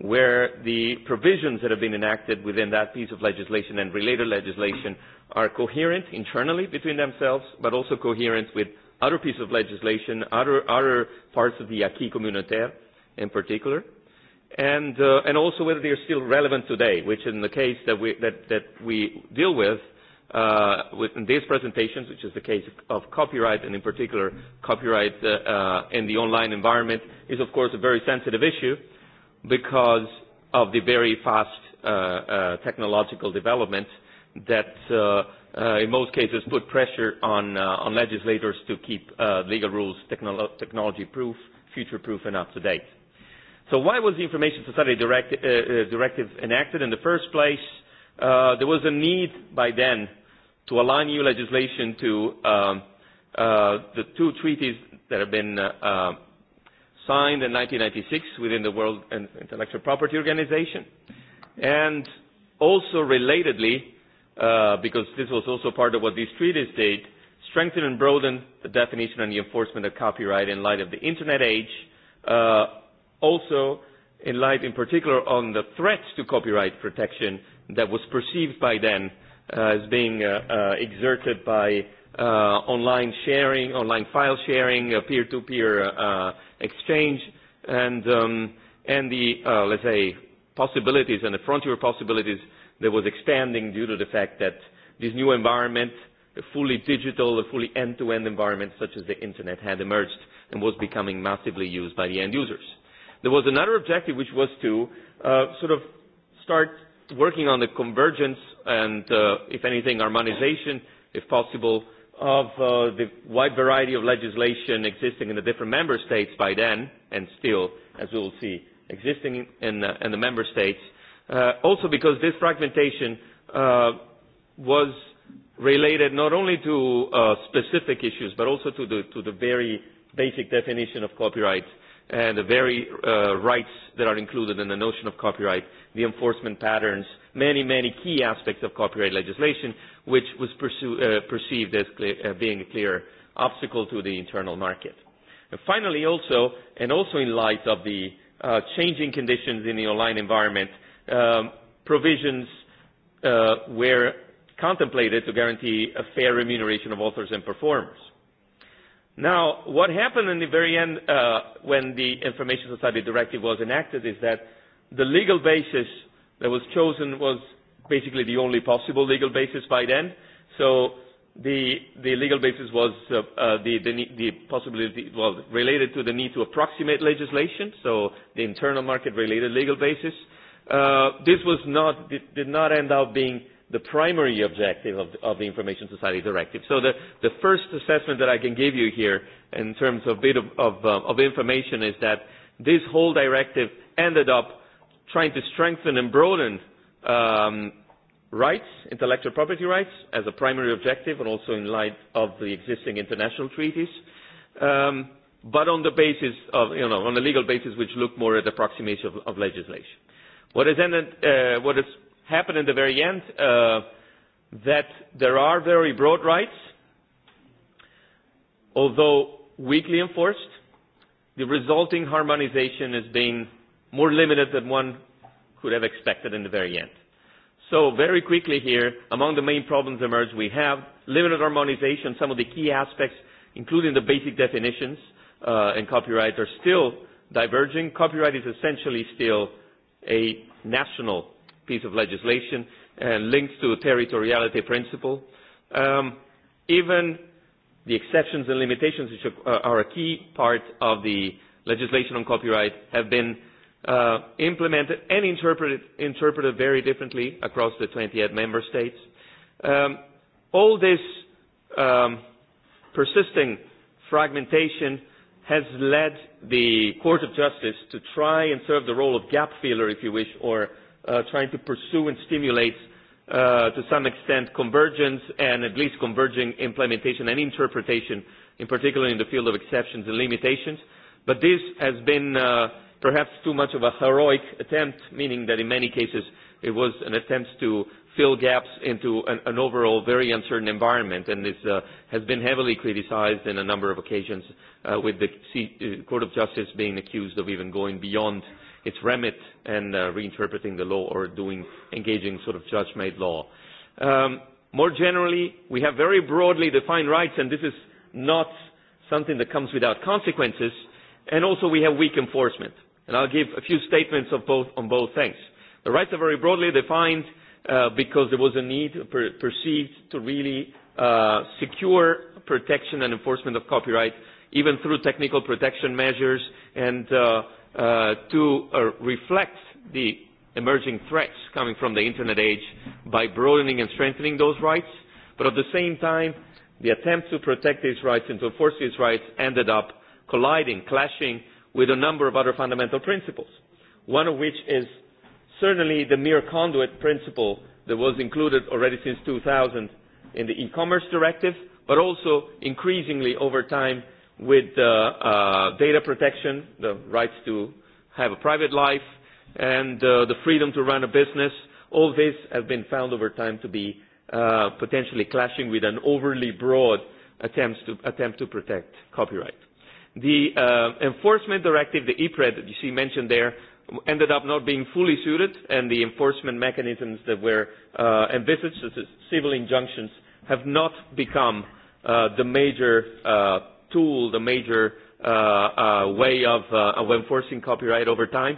where the provisions that have been enacted within that piece of legislation and related legislation are coherent internally between themselves, but also coherent with other pieces of legislation, other, other parts of the acquis communautaire in particular, and, uh, and also whether they are still relevant today, which in the case that we, that, that we deal with uh, within these presentations, which is the case of copyright, and in particular copyright uh, uh, in the online environment, is of course a very sensitive issue because of the very fast uh, uh, technological developments that uh, uh, in most cases put pressure on, uh, on legislators to keep uh, legal rules technolo technology-proof, future-proof, and up-to-date. So why was the Information Society direct, uh, uh, Directive enacted in the first place? Uh, there was a need by then to align EU legislation to um, uh, the two treaties that have been uh, uh, signed in 1996 within the World Intellectual Property Organization, and also relatedly, uh, because this was also part of what these treaties did, strengthen and broaden the definition and the enforcement of copyright in light of the Internet age, uh, also in light in particular on the threats to copyright protection that was perceived by then uh, uh, is being uh, uh, exerted by uh, online sharing, online file sharing, uh, peer-to-peer -peer, uh, exchange, and, um, and the, uh, let's say, possibilities and the frontier possibilities that was expanding due to the fact that this new environment, a fully digital, a fully end-to-end -end environment such as the Internet had emerged and was becoming massively used by the end users. There was another objective which was to uh, sort of start working on the convergence and, uh, if anything, harmonization, if possible, of uh, the wide variety of legislation existing in the different member states by then, and still, as we will see, existing in, uh, in the member states. Also because this fragmentation was related not only to uh, specific issues but also to the, to the very basic definition of copyright and the very uh, rights that are included in the notion of copyright, the enforcement patterns, many, many key aspects of copyright legislation, which was pursue, uh, perceived as clear, uh, being a clear obstacle to the internal market. And finally, also, and also in light of the uh, changing conditions in the online environment, um, provisions uh, were contemplated to guarantee a fair remuneration of authors and performers. Now, what happened in the very end uh, when the Information Society Directive was enacted is that the legal basis that was chosen was basically the only possible legal basis by then. So the, the legal basis was uh, uh, the, the, the possibility, well, related to the need to approximate legislation, so the internal market-related legal basis. Uh, this was not, did, did not end up being the primary objective of, of the Information Society Directive. So the, the first assessment that I can give you here in terms of bit of, of, uh, of information is that this whole directive ended up trying to strengthen and broaden um, rights, intellectual property rights, as a primary objective and also in light of the existing international treaties, um, but on the basis of, you know, on a legal basis which looked more at approximation of, of legislation. What has, ended, uh, what has happened in the very end, uh, that there are very broad rights, although weakly enforced, the resulting harmonization has been more limited than one could have expected in the very end. So very quickly here, among the main problems emerged, we have limited harmonization. Some of the key aspects, including the basic definitions uh, and copyright, are still diverging. Copyright is essentially still a national piece of legislation and links to a territoriality principle. Um, even the exceptions and limitations, which are, uh, are a key part of the legislation on copyright, have been uh, uh, implemented and interpreted, interpreted very differently across the 28 member states. Um, all this um, persisting fragmentation has led the Court of Justice to try and serve the role of gap filler, if you wish, or uh, trying to pursue and stimulate uh, to some extent convergence and at least converging implementation and interpretation, in particular in the field of exceptions and limitations. But this has been uh, perhaps too much of a heroic attempt, meaning that in many cases it was an attempt to fill gaps into an, an overall very uncertain environment, and this uh, has been heavily criticized in a number of occasions, uh, with the C uh, Court of Justice being accused of even going beyond its remit and uh, reinterpreting the law or doing engaging sort of judge-made law. Um, more generally, we have very broadly defined rights, and this is not something that comes without consequences, and also we have weak enforcement and I'll give a few statements of both, on both things. The rights are very broadly defined uh, because there was a need per perceived to really uh, secure protection and enforcement of copyright, even through technical protection measures, and uh, uh, to uh, reflect the emerging threats coming from the Internet age by broadening and strengthening those rights. But at the same time, the attempt to protect these rights and to enforce these rights ended up colliding, clashing with a number of other fundamental principles, one of which is certainly the mere conduit principle that was included already since 2000 in the e-commerce directive, but also increasingly over time with uh, uh, data protection, the rights to have a private life, and uh, the freedom to run a business. All this has been found over time to be uh, potentially clashing with an overly broad attempt to, attempt to protect copyright. The uh, enforcement directive, the EPRED that you see mentioned there, ended up not being fully suited, and the enforcement mechanisms that were uh, envisaged, such as civil injunctions, have not become uh, the major uh, tool, the major uh, uh, way of, uh, of enforcing copyright over time.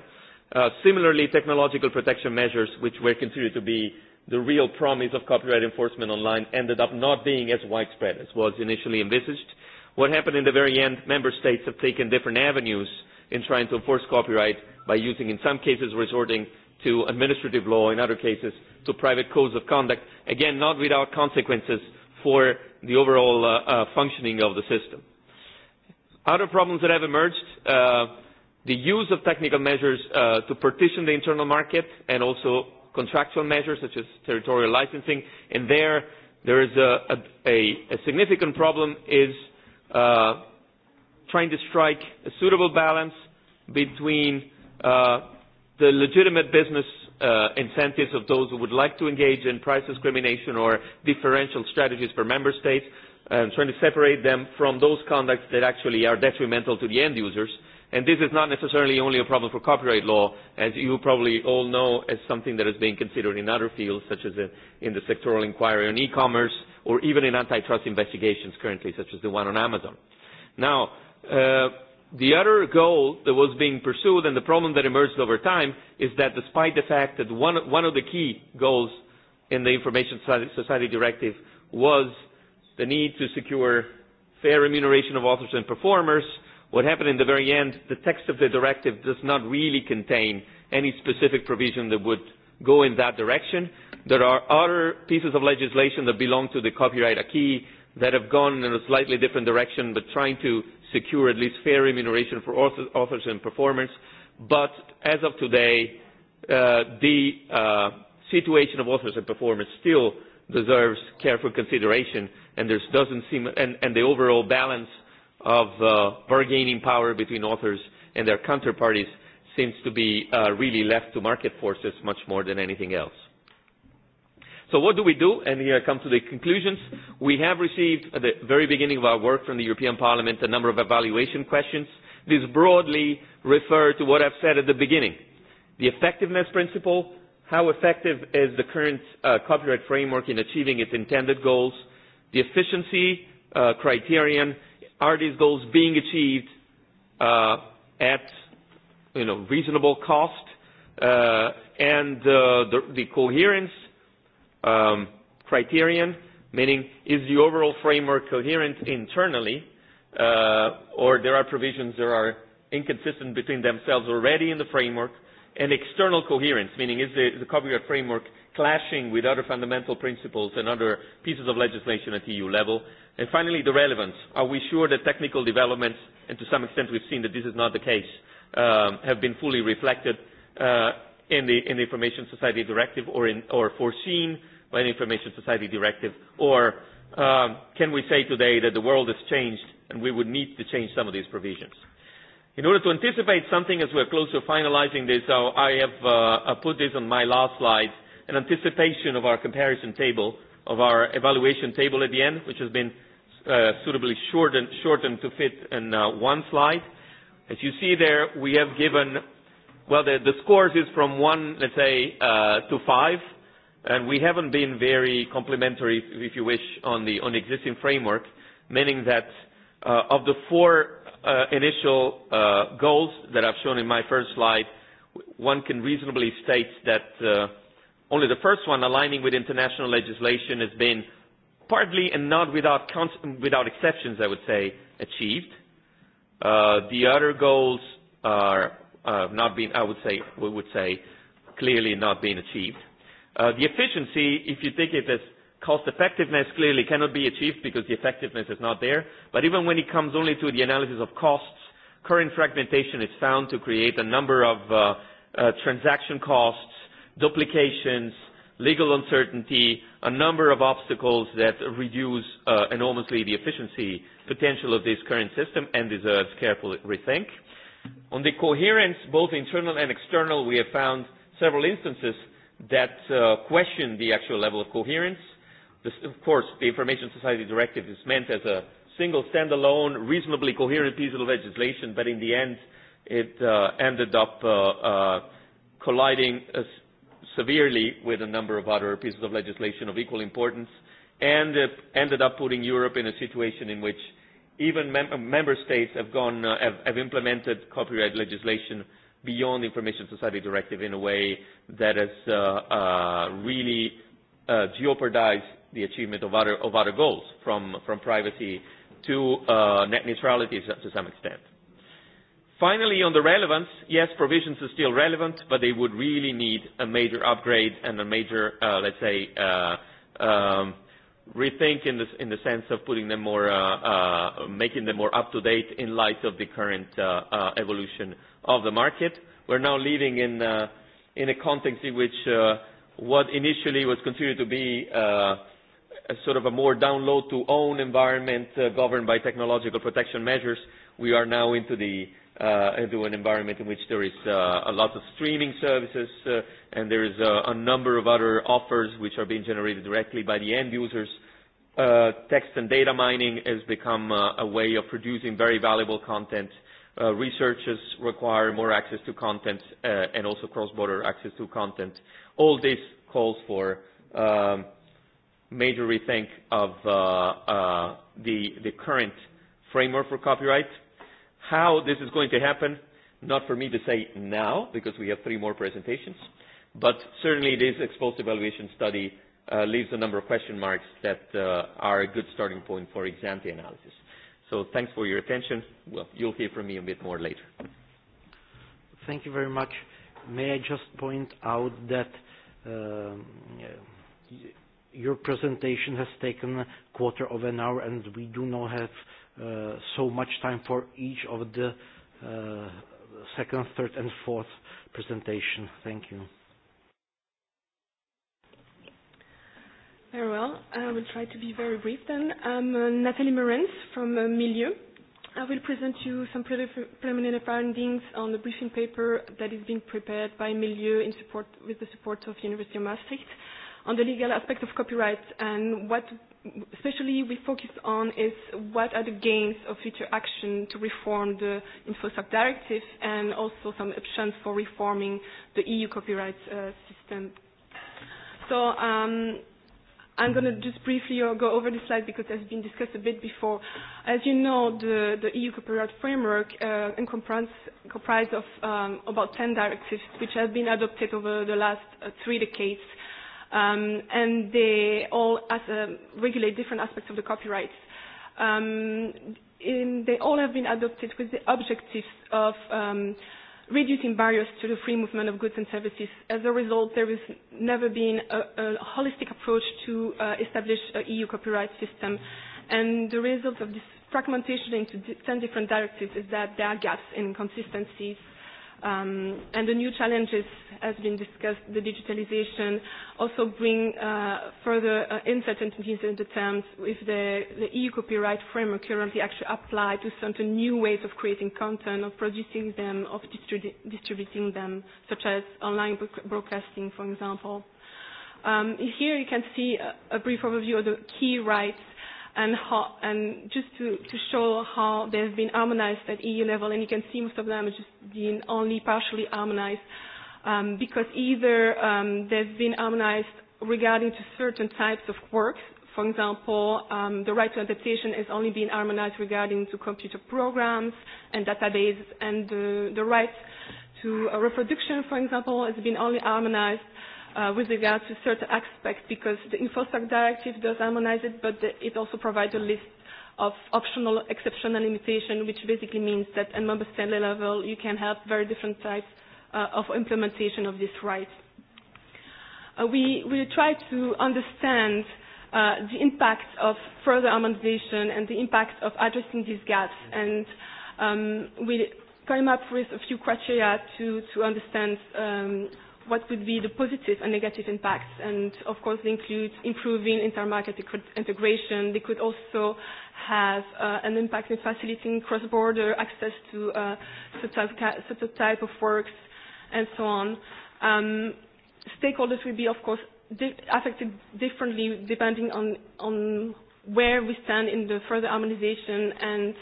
Uh, similarly, technological protection measures, which were considered to be the real promise of copyright enforcement online, ended up not being as widespread as was initially envisaged. What happened in the very end, member states have taken different avenues in trying to enforce copyright by using, in some cases, resorting to administrative law, in other cases, to private codes of conduct, again, not without consequences for the overall uh, uh, functioning of the system. Other problems that have emerged, uh, the use of technical measures uh, to partition the internal market and also contractual measures such as territorial licensing. And there, there is a, a, a, a significant problem is uh, uh, trying to strike a suitable balance between uh, the legitimate business uh, incentives of those who would like to engage in price discrimination or differential strategies for member states, and trying to separate them from those conducts that actually are detrimental to the end users, And this is not necessarily only a problem for copyright law, as you probably all know, as something that is being considered in other fields, such as in the sectoral inquiry on e-commerce, or even in antitrust investigations currently, such as the one on Amazon. Now, uh, the other goal that was being pursued and the problem that emerged over time is that despite the fact that one, one of the key goals in the Information Society Directive was the need to secure fair remuneration of authors and performers – What happened in the very end, the text of the directive does not really contain any specific provision that would go in that direction. There are other pieces of legislation that belong to the copyright acquis that have gone in a slightly different direction, but trying to secure at least fair remuneration for authors, authors and performers. But as of today, uh, the uh, situation of authors and performers still deserves careful consideration, and there doesn't seem, and, and the overall balance uh, of uh, bargaining power between authors and their counterparties seems to be uh, really left to market forces much more than anything else. So what do we do? And here I come to the conclusions. We have received, at the very beginning of our work from the European Parliament, a number of evaluation questions. These broadly refer to what I've said at the beginning. The effectiveness principle, how effective is the current uh, copyright framework in achieving its intended goals, the efficiency uh, criterion, are these goals being achieved uh, at you know, reasonable cost? Uh, and uh, the, the coherence um, criterion, meaning is the overall framework coherent internally, uh, or there are provisions that are inconsistent between themselves already in the framework, an external coherence, meaning is the, the copyright framework clashing with other fundamental principles and other pieces of legislation at EU level? And finally, the relevance. Are we sure that technical developments, and to some extent we've seen that this is not the case, um, have been fully reflected uh, in, the, in the Information Society Directive or, in, or foreseen by the Information Society Directive? Or um, can we say today that the world has changed and we would need to change some of these provisions? In order to anticipate something as we're close to finalizing this, I have uh, uh, put this on my last slide, an anticipation of our comparison table, of our evaluation table at the end, which has been uh, suitably shortened to fit in one slide. As you see there, we have given Well, the scores is from one, let's say, to five, and we haven't been very complimentary, if you wish, on the existing framework, meaning that of the four uh, initial uh, goals that I've shown in my first slide, one can reasonably state that uh, only the first one, aligning with international legislation, has been partly and not without, without exceptions, I would say, achieved. Uh, the other goals are uh, not being, I would say, we would say, clearly not being achieved. Uh, the efficiency, if you take it as Cost effectiveness clearly cannot be achieved because the effectiveness is not there. But even when it comes only to the analysis of costs, current fragmentation is found to create a number of uh, uh, transaction costs, duplications, legal uncertainty, a number of obstacles that reduce uh, enormously the efficiency potential of this current system and deserves careful rethink. On the coherence, both internal and external, we have found several instances that uh, question the actual level of coherence. This, of course, the Information Society Directive is meant as a single, standalone, reasonably coherent piece of legislation, but in the end, it uh, ended up uh, uh, colliding uh, severely with a number of other pieces of legislation of equal importance, and it uh, ended up putting Europe in a situation in which even mem- member states have gone uh, have, have implemented copyright legislation beyond the Information Society Directive in a way that has uh, uh, really uh, uh, jeopardize the achievement of other, of other goals, from, from privacy to uh, net neutrality to some extent. Finally, on the relevance, yes, provisions are still relevant, but they would really need a major upgrade and a major, uh, let's say, uh, um, rethink in the, in the sense of putting them more, uh, uh, making them more up to date in light of the current uh, uh, evolution of the market. We're now living in, uh, in a context in which uh, what initially was considered to be uh, a sort of a more download to own environment uh, governed by technological protection measures, we are now into the uh, into an environment in which there is uh, a lot of streaming services uh, and there is uh, a number of other offers which are being generated directly by the end users. Uh, text and data mining has become uh, a way of producing very valuable content. Uh, researchers require more access to content uh, and also cross-border access to content. Uh, All this calls for um, major rethink of uh, uh, the, the current framework for copyright. How this is going to happen, not for me to say now, because we have three more presentations, but certainly this exposed evaluation study uh, leaves a number of question marks that uh, are a good starting point for ex-ante analysis. So thanks for your attention. Well, you'll hear from me a bit more later. Thank you very much. May I just point out that Uh, your presentation has taken a quarter of an hour, and we do not have uh, so much time for each of the uh, second, third, and fourth presentation. Thank you. Very well. I will try to be very brief then. I'm Nathalie Meurens from Milieu. I will present you some preliminary findings on the briefing paper that is being prepared by Milieu in support, with the support of University of Maastricht on the legal aspect of copyright and what especially we focus on is what are the gains of future action to reform the InfoSoc directive and also some options for reforming the EU copyright uh, system. So um, I'm going to just briefly uh, go over this slide because it's been discussed a bit before. As you know, the, the EU copyright framework uh, encompasses comprised of um, about 10 directives which have been adopted over the last uh, three decades. Um, and they all as, uh, regulate different aspects of the copyrights. Um, in, they all have been adopted with the objectives of um, uh, reducing barriers to the free movement of goods and services. As a result, there has never been a, a holistic approach to uh, establish an EU copyright system. And the result of this fragmentation into 10 different directives is that there are gaps in consistencies Um, and the new challenges, as been discussed, the digitalization also bring uh, further uh, uncertainties in the terms if the, the EU copyright framework currently actually apply to certain new ways of creating content, of producing them, of distribu distributing them, such as online broadcasting, for example. Um, here you can see a, a brief overview of the key rights and, how, and just to, to show how they've been harmonized at EU level, and you can see most of them are just being only partially harmonized, um, because either um, they've been harmonized regarding to certain types of works, for example, um, the right to adaptation is only being harmonized regarding to computer programs and databases, and the, the right to uh, reproduction, for example, has been only harmonized uh, uh, with regard to certain aspects because the InfoSoc directive does harmonize it, but the, it also provides a list of optional exception and limitation, which basically means that at member state level you can have very different types uh, of implementation of this right. Uh, we, we try to understand uh, the impact of further harmonization and the impact of addressing these gaps. And um, we came up with a few criteria to, to understand um, what would be the positive and negative impacts. And of course, they include improving intermarket integration. They could also have uh, an impact in facilitating cross-border access to uh, certain type of works and so on. Um, stakeholders will be, of course, di affected differently depending on, on where we stand in the further harmonization and uh,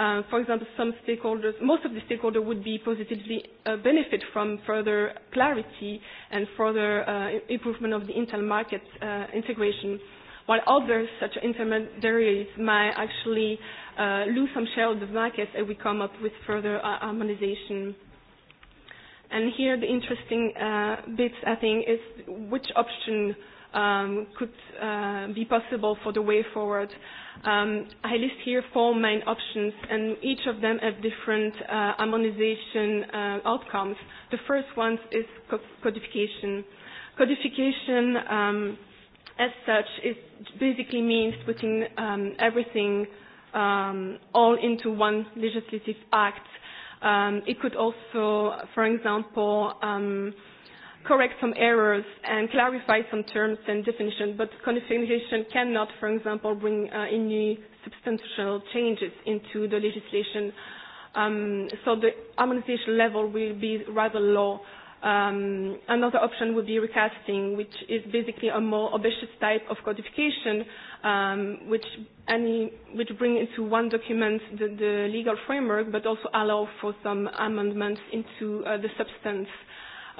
Uh, for example, some stakeholders, most of the stakeholders would be positively uh, benefit from further clarity and further uh, improvement of the Intel market uh, integration, while others, such intermediaries, might actually uh, lose some share of the market and we come up with further uh, harmonization. And here the interesting uh, bit, I think, is which option um, could uh, be possible for the way forward. Uh, Um, I list here four main options, and each of them have different uh, harmonization uh, outcomes. The first one is codification. Codification, um, as such, is basically means putting um, everything um, all into one legislative act. Um, it could also, for example, um, correct some errors and clarify some terms and definitions, but codification cannot, for example, bring uh, any substantial changes into the legislation. Um, so the harmonization level will be rather low. Um, another option would be recasting, which is basically a more ambitious type of codification, um, which, any, which bring into one document the, the legal framework, but also allow for some amendments into uh, the substance. Uh,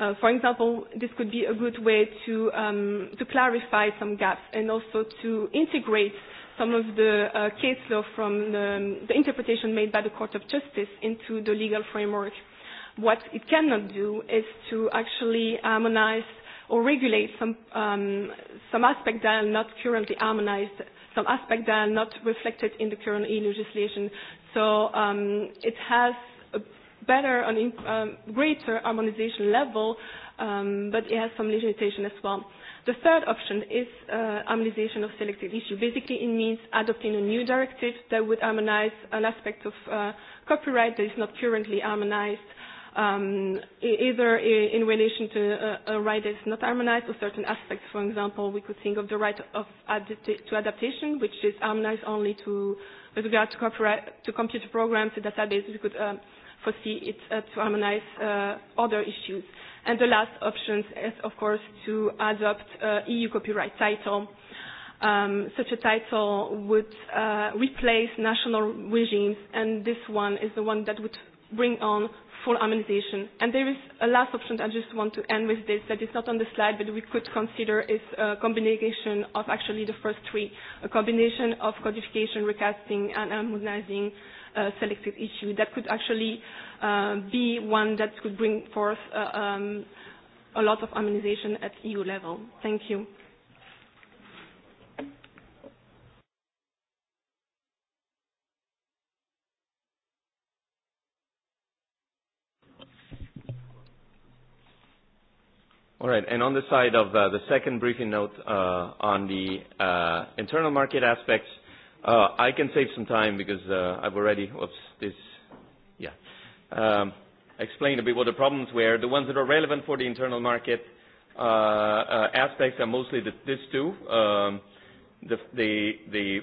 Uh, for example, this could be a good way to, um, to clarify some gaps and also to integrate some of the uh, case law from the, um, the interpretation made by the Court of Justice into the legal framework. What it cannot do is to actually harmonize or regulate some, um, some aspects that are not currently harmonized, some aspects that are not reflected in the current EU legislation. So um, it has better on in, um, greater harmonization level, um, but it has some limitation as well. The third option is uh, harmonization of selected issue. Basically, it means adopting a new directive that would harmonize an aspect of uh, copyright that is not currently harmonized, um, e-, either in relation to a, a right that is not harmonized or certain aspects. For example, we could think of the right of adapta- to adaptation, which is harmonized only to with regard to, copyright, to computer programs and databases. We could um, uh, foresee it uh, to harmonize uh, other issues. And the last option is, of course, to adopt uh, EU copyright title. Um, such a title would uh, replace national regimes, and this one is the one that would bring on full harmonization. And there is a last option I just want to end with this that is not on the slide, but we could consider is a combination of actually the first three, a combination of codification, recasting, and harmonizing. Um, uh, selected issue. That could actually uh, be one that could bring forth uh, um, a lot of harmonization at EU level. Thank you. All right. And on the side of uh, the second briefing note uh, on the uh, internal market aspects, Uh, I can save some time because uh, I've already oops, this, yeah, um, explained a bit what the problems were. The ones that are relevant for the internal market uh, uh, aspects are mostly the, these two. Um, the, the, the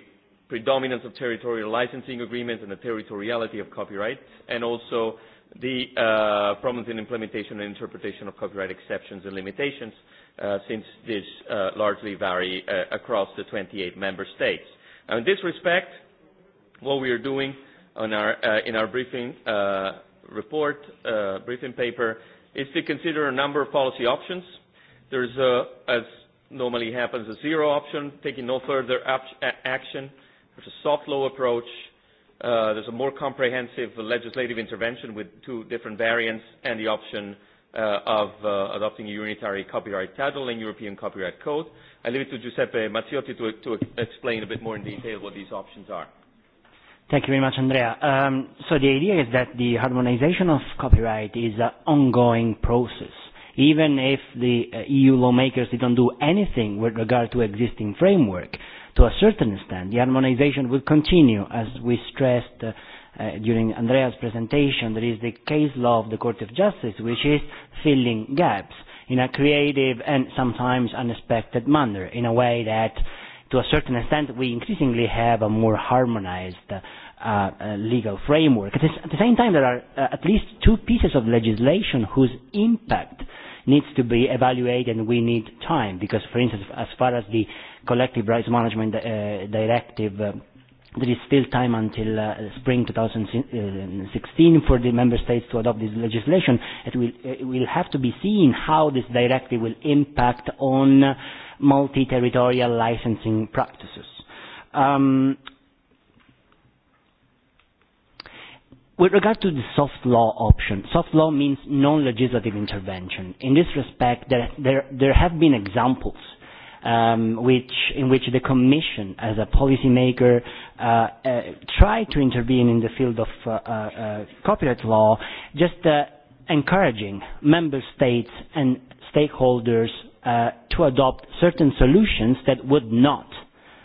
predominance of territorial licensing agreements and the territoriality of copyright, and also the uh, problems in implementation and interpretation of copyright exceptions and limitations, uh, since these uh, largely vary uh, across the 28 member states. In this respect, what we are doing our, uh, in our briefing uh, report, uh, briefing paper, is to consider a number of policy options. There's, a, as normally happens, a zero option, taking no further action. There's a soft law approach. Uh, there's a more comprehensive legislative intervention with two different variants, and the option uh, of uh, adopting a unitary copyright title and European Copyright Code. I leave it to Giuseppe Mazziotti to, to explain a bit more in detail what these options are. Thank you very much, Andrea. Um, so the idea is that the harmonization of copyright is an ongoing process. Even if the uh, EU lawmakers don't do anything with regard to existing framework, to a certain extent, the harmonization will continue, as we stressed uh, uh, during Andrea's presentation, there is the case law of the Court of Justice, which is filling gaps in a creative and sometimes unexpected manner, in a way that, to a certain extent, we increasingly have a more harmonized uh, uh, legal framework. At, this, at the same time, there are uh, at least two pieces of legislation whose impact needs to be evaluated and we need time because, for instance, as far as the collective rights management uh, directive uh, there is still time until uh, spring 2016 for the member states to adopt this legislation. It will, it will have to be seen how this directive will impact on multi-territorial licensing practices. Um, With regard to the soft law option, soft law means non-legislative intervention. In this respect, there, there, there have been examples um, which, in which the Commission, as a policymaker, uh, uh, tried to intervene in the field of uh, uh, uh, copyright law, just uh, encouraging member states and stakeholders uh, to adopt certain solutions that would not uh,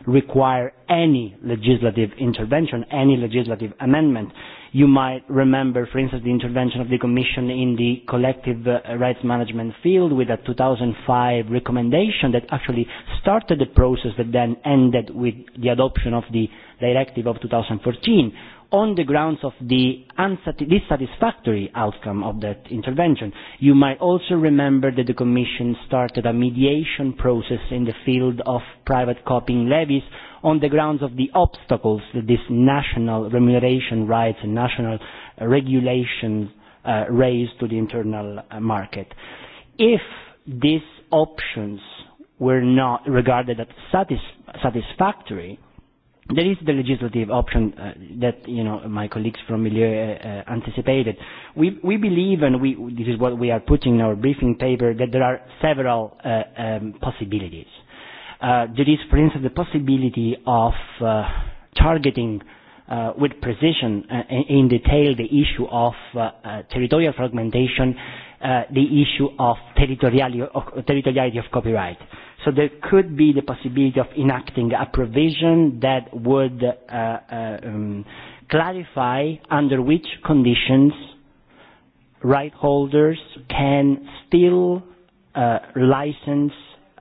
require any legislative intervention, any legislative amendment. You might remember, for instance, the intervention of the Commission in the collective uh, rights management field with a 2005 recommendation that actually started the process that then ended with the adoption of the directive of 2014 on the grounds of the dissatisfactory outcome of that intervention. You might also remember that the Commission started a mediation process in the field of private copying levies on the grounds of the obstacles that these national remuneration rights and national uh, regulations uh, raise to the internal uh, market. If these options were not regarded as satis satisfactory, uh, There is the legislative option uh, that you know my colleagues from Milieu uh, uh, anticipated. We we believe, and we this is what we are putting in our briefing paper, that there are several uh, um, possibilities. Uh, there is, for instance, the possibility of uh, targeting uh, with precision uh, in detail the issue of uh, uh, territorial fragmentation, uh, the issue of territoriality of, territoriality of copyright. Uh, So there could be the possibility of enacting a provision that would uh, uh, um, clarify under which conditions right holders can still uh, license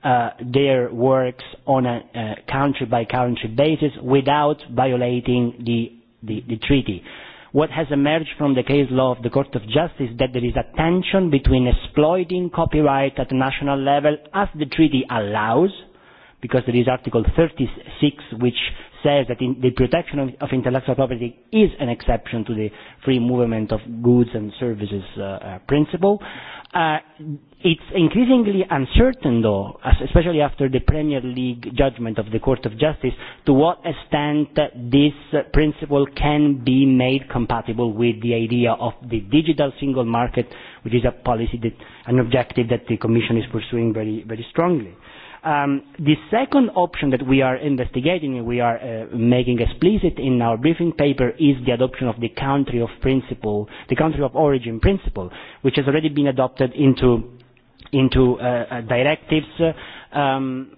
uh, their works on a uh, country-by-country uh, -country basis without violating the, the, the treaty. Uh, What has emerged from the case law of the Court of Justice is that there is a tension between exploiting copyright at national level as the treaty allows, because there is Article 36 which says that in the protection of, of intellectual property is an exception to the free movement of goods and services uh, uh, principle. Uh, it's increasingly uncertain, though, especially after the Premier League judgment of the Court of Justice, to what extent this principle can be made compatible with the idea of the digital single market, which is a policy that, an objective that the Commission is pursuing very, very strongly. Uh, Um, the second option that we are investigating and we are uh, making explicit in our briefing paper is the adoption of the country of principle, the country of origin principle, which has already been adopted into, into uh, uh directives uh, um,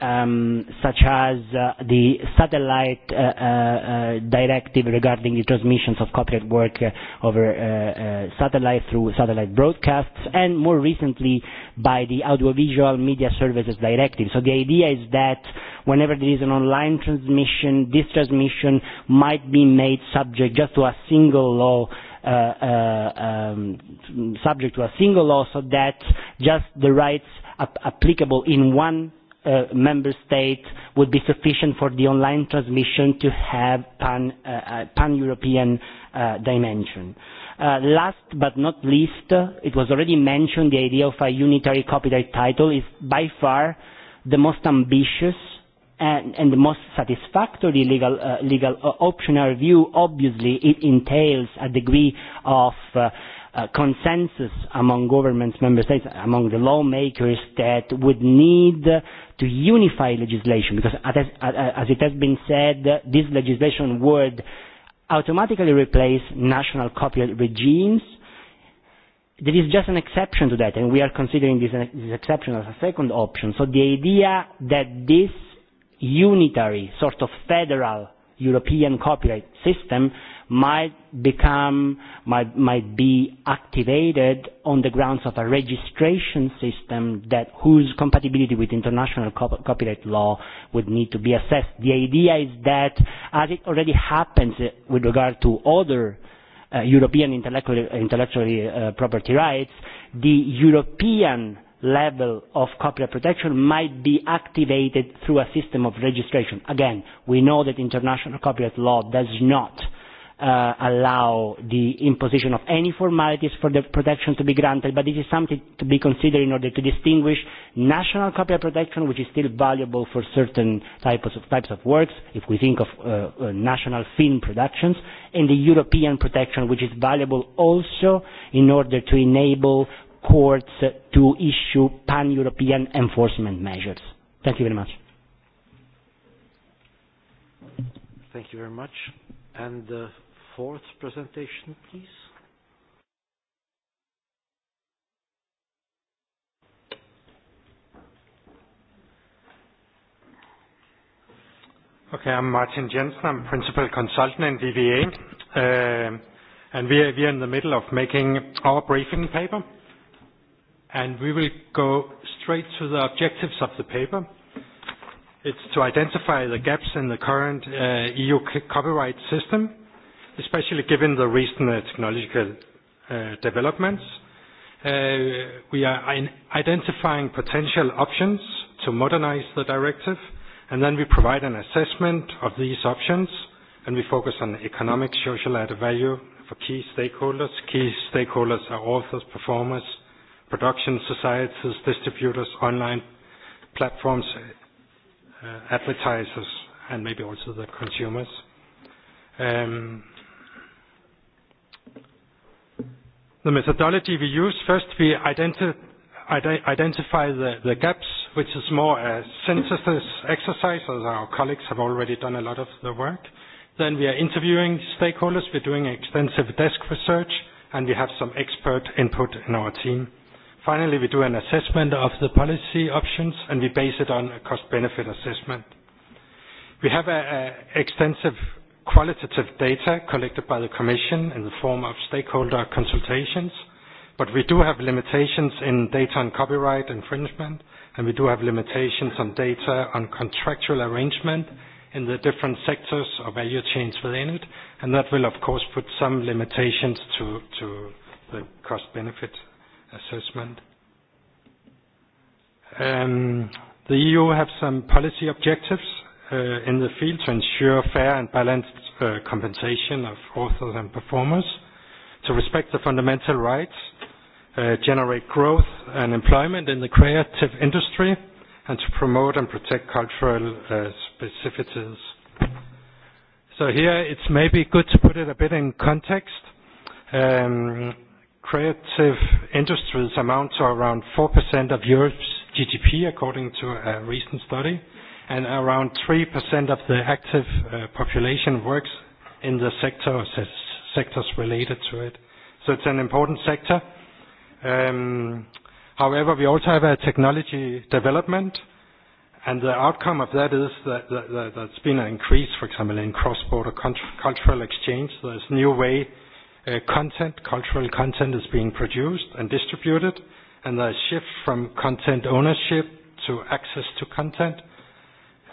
um, such as uh, the satellite uh, uh, uh directive regarding the transmissions of copyright work uh, over uh, uh, satellite through satellite broadcasts, and more recently by the audiovisual media services directive. So the idea is that whenever there is an online transmission, this transmission might be made subject just to a single law uh, uh, um, subject to a single law so that just the rights ap- applicable in one uh, member state would be sufficient for the online transmission to have pan, uh, uh pan-European uh, dimension. Uh, last but not least, uh, it was already mentioned, the idea of a unitary copyright title is by far the most ambitious and, and the most satisfactory legal, uh, legal uh, option. Our view, obviously, it entails a degree of uh, uh, consensus among governments, member states, among the lawmakers that would need uh, to unify legislation because as, as it has been said, this legislation would automatically replace national copyright regimes. There is just an exception to that and we are considering this, this exception as a second option. So the idea that this unitary, sort of federal European copyright system might become might might be activated on the grounds of a registration system that whose compatibility with international co- copyright law would need to be assessed. The idea is that as it already happens with regard to other uh, European intellectual, intellectual uh, property rights, the European level of copyright protection might be activated through a system of registration. Again, we know that international copyright law does not uh, uh, allow the imposition of any formalities for the protection to be granted, but this is something to be considered in order to distinguish national copyright protection, which is still valuable for certain types of, types of works, if we think of uh, uh, national film productions, and the European protection, which is valuable also in order to enable courts to issue pan-European enforcement measures. Thank you very much. Thank you very much. And uh, fourth presentation, please. Okay, I'm Martin Jensen. I'm Principal Consultant in DVA. Uh, and we are, we are in the middle of making our briefing paper, and we will go straight to the objectives of the paper. It's to identify the gaps in the current uh, EU copyright system especially given the recent uh, technological uh, developments. Uh, we are in identifying potential options to modernize the directive, and then we provide an assessment of these options, and we focus on economic, social added value for key stakeholders. Key stakeholders are authors, performers, production societies, distributors, online platforms, uh, advertisers, and maybe also the consumers. Um, The methodology we use, first we identi ident identify the, the gaps, which is more a synthesis exercise, as our colleagues have already done a lot of the work. Then we are interviewing stakeholders, we're doing extensive desk research, and we have some expert input in our team. Finally, we do an assessment of the policy options, and we base it on a cost-benefit assessment. We have an extensive qualitative data collected by the Commission in the form of stakeholder consultations, but we do have limitations in data on copyright infringement, and we do have limitations on data on contractual arrangement in the different sectors or value chains within it, and that will, of course, put some limitations to, to the cost-benefit assessment. Um, the EU have some policy objectives uh, in the field to ensure fair and balanced uh, compensation of authors and performers, to respect the fundamental rights, uh, generate growth and employment in the creative industry, and to promote and protect cultural uh, specificities. So here it's maybe good to put it a bit in context. Um, creative industries amount to around 4% of Europe's GDP, according to a recent study. Uh, and around 3% of the active uh, population works in the sector, sectors related to it. So it's an important sector. Um, however, we also have a technology development, and the outcome of that is that, that, that there's been an increase, for example, in cross-border cultural exchange. There's new way uh, content, cultural content is being produced and distributed, and there's shift from content ownership to access to content. Uh,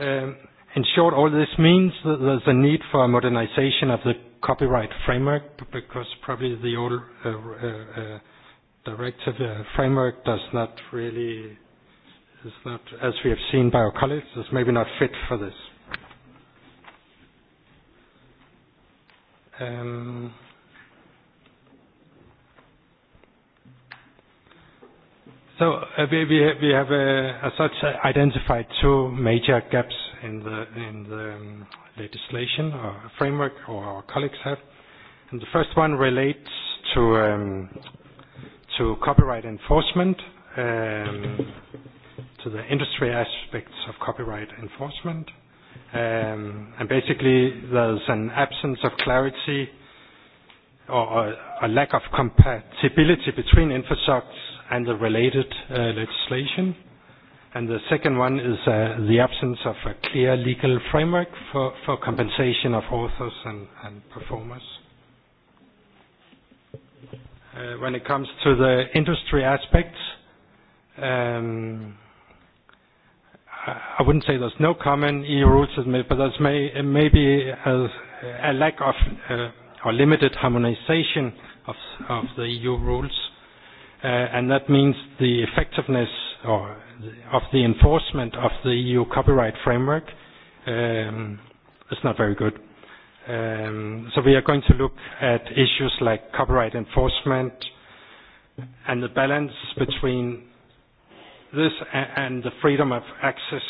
Um, in short, all this means that there's a need for a modernization of the copyright framework because probably the old uh, uh, uh, directive uh, framework does not really, is not, as we have seen by our colleagues, is maybe not fit for this. Um, So uh, we, we, we have, uh, as such, uh, identified two major gaps in the, in the um, legislation or framework, or our colleagues have. And the first one relates to, um, to copyright enforcement, um, to the industry aspects of copyright enforcement. Um, and basically, there's an absence of clarity or a lack of compatibility between INFOSOC's and the related uh, legislation. And the second one is uh, the absence of a clear legal framework for, for compensation of authors and, and performers. Uh, when it comes to the industry aspects, um, I wouldn't say there's no common EU rules, but there's may, maybe a, a lack of uh, or limited harmonization of, of the EU rules uh, and that means the effectiveness or of the enforcement of the EU copyright framework um, is not very good. Um, so we are going to look at issues like copyright enforcement and the balance between this and the freedom of access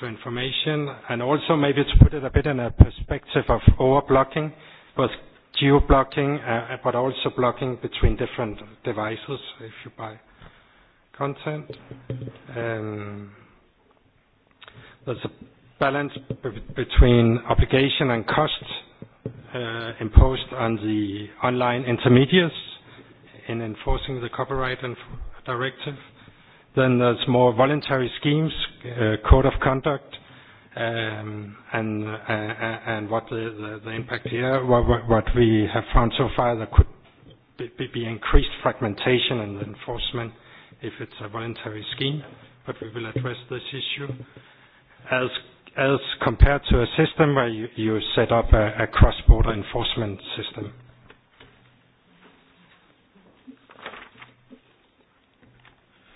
to information, and also maybe to put it a bit in a perspective of overblocking, both geo-blocking, uh, uh, but also blocking between different devices if you buy content. Um, there's a balance b between obligation and cost uh, imposed on the online intermediaries in enforcing the copyright and directive. Then there's more voluntary schemes, uh, code of conduct, um, and, uh, and what the, the, the impact here. What, what, what we have found so far, there could be, be increased fragmentation and enforcement if it's a voluntary scheme, but we will address this issue. As, as compared to a system where you, you set up a, a cross-border enforcement system.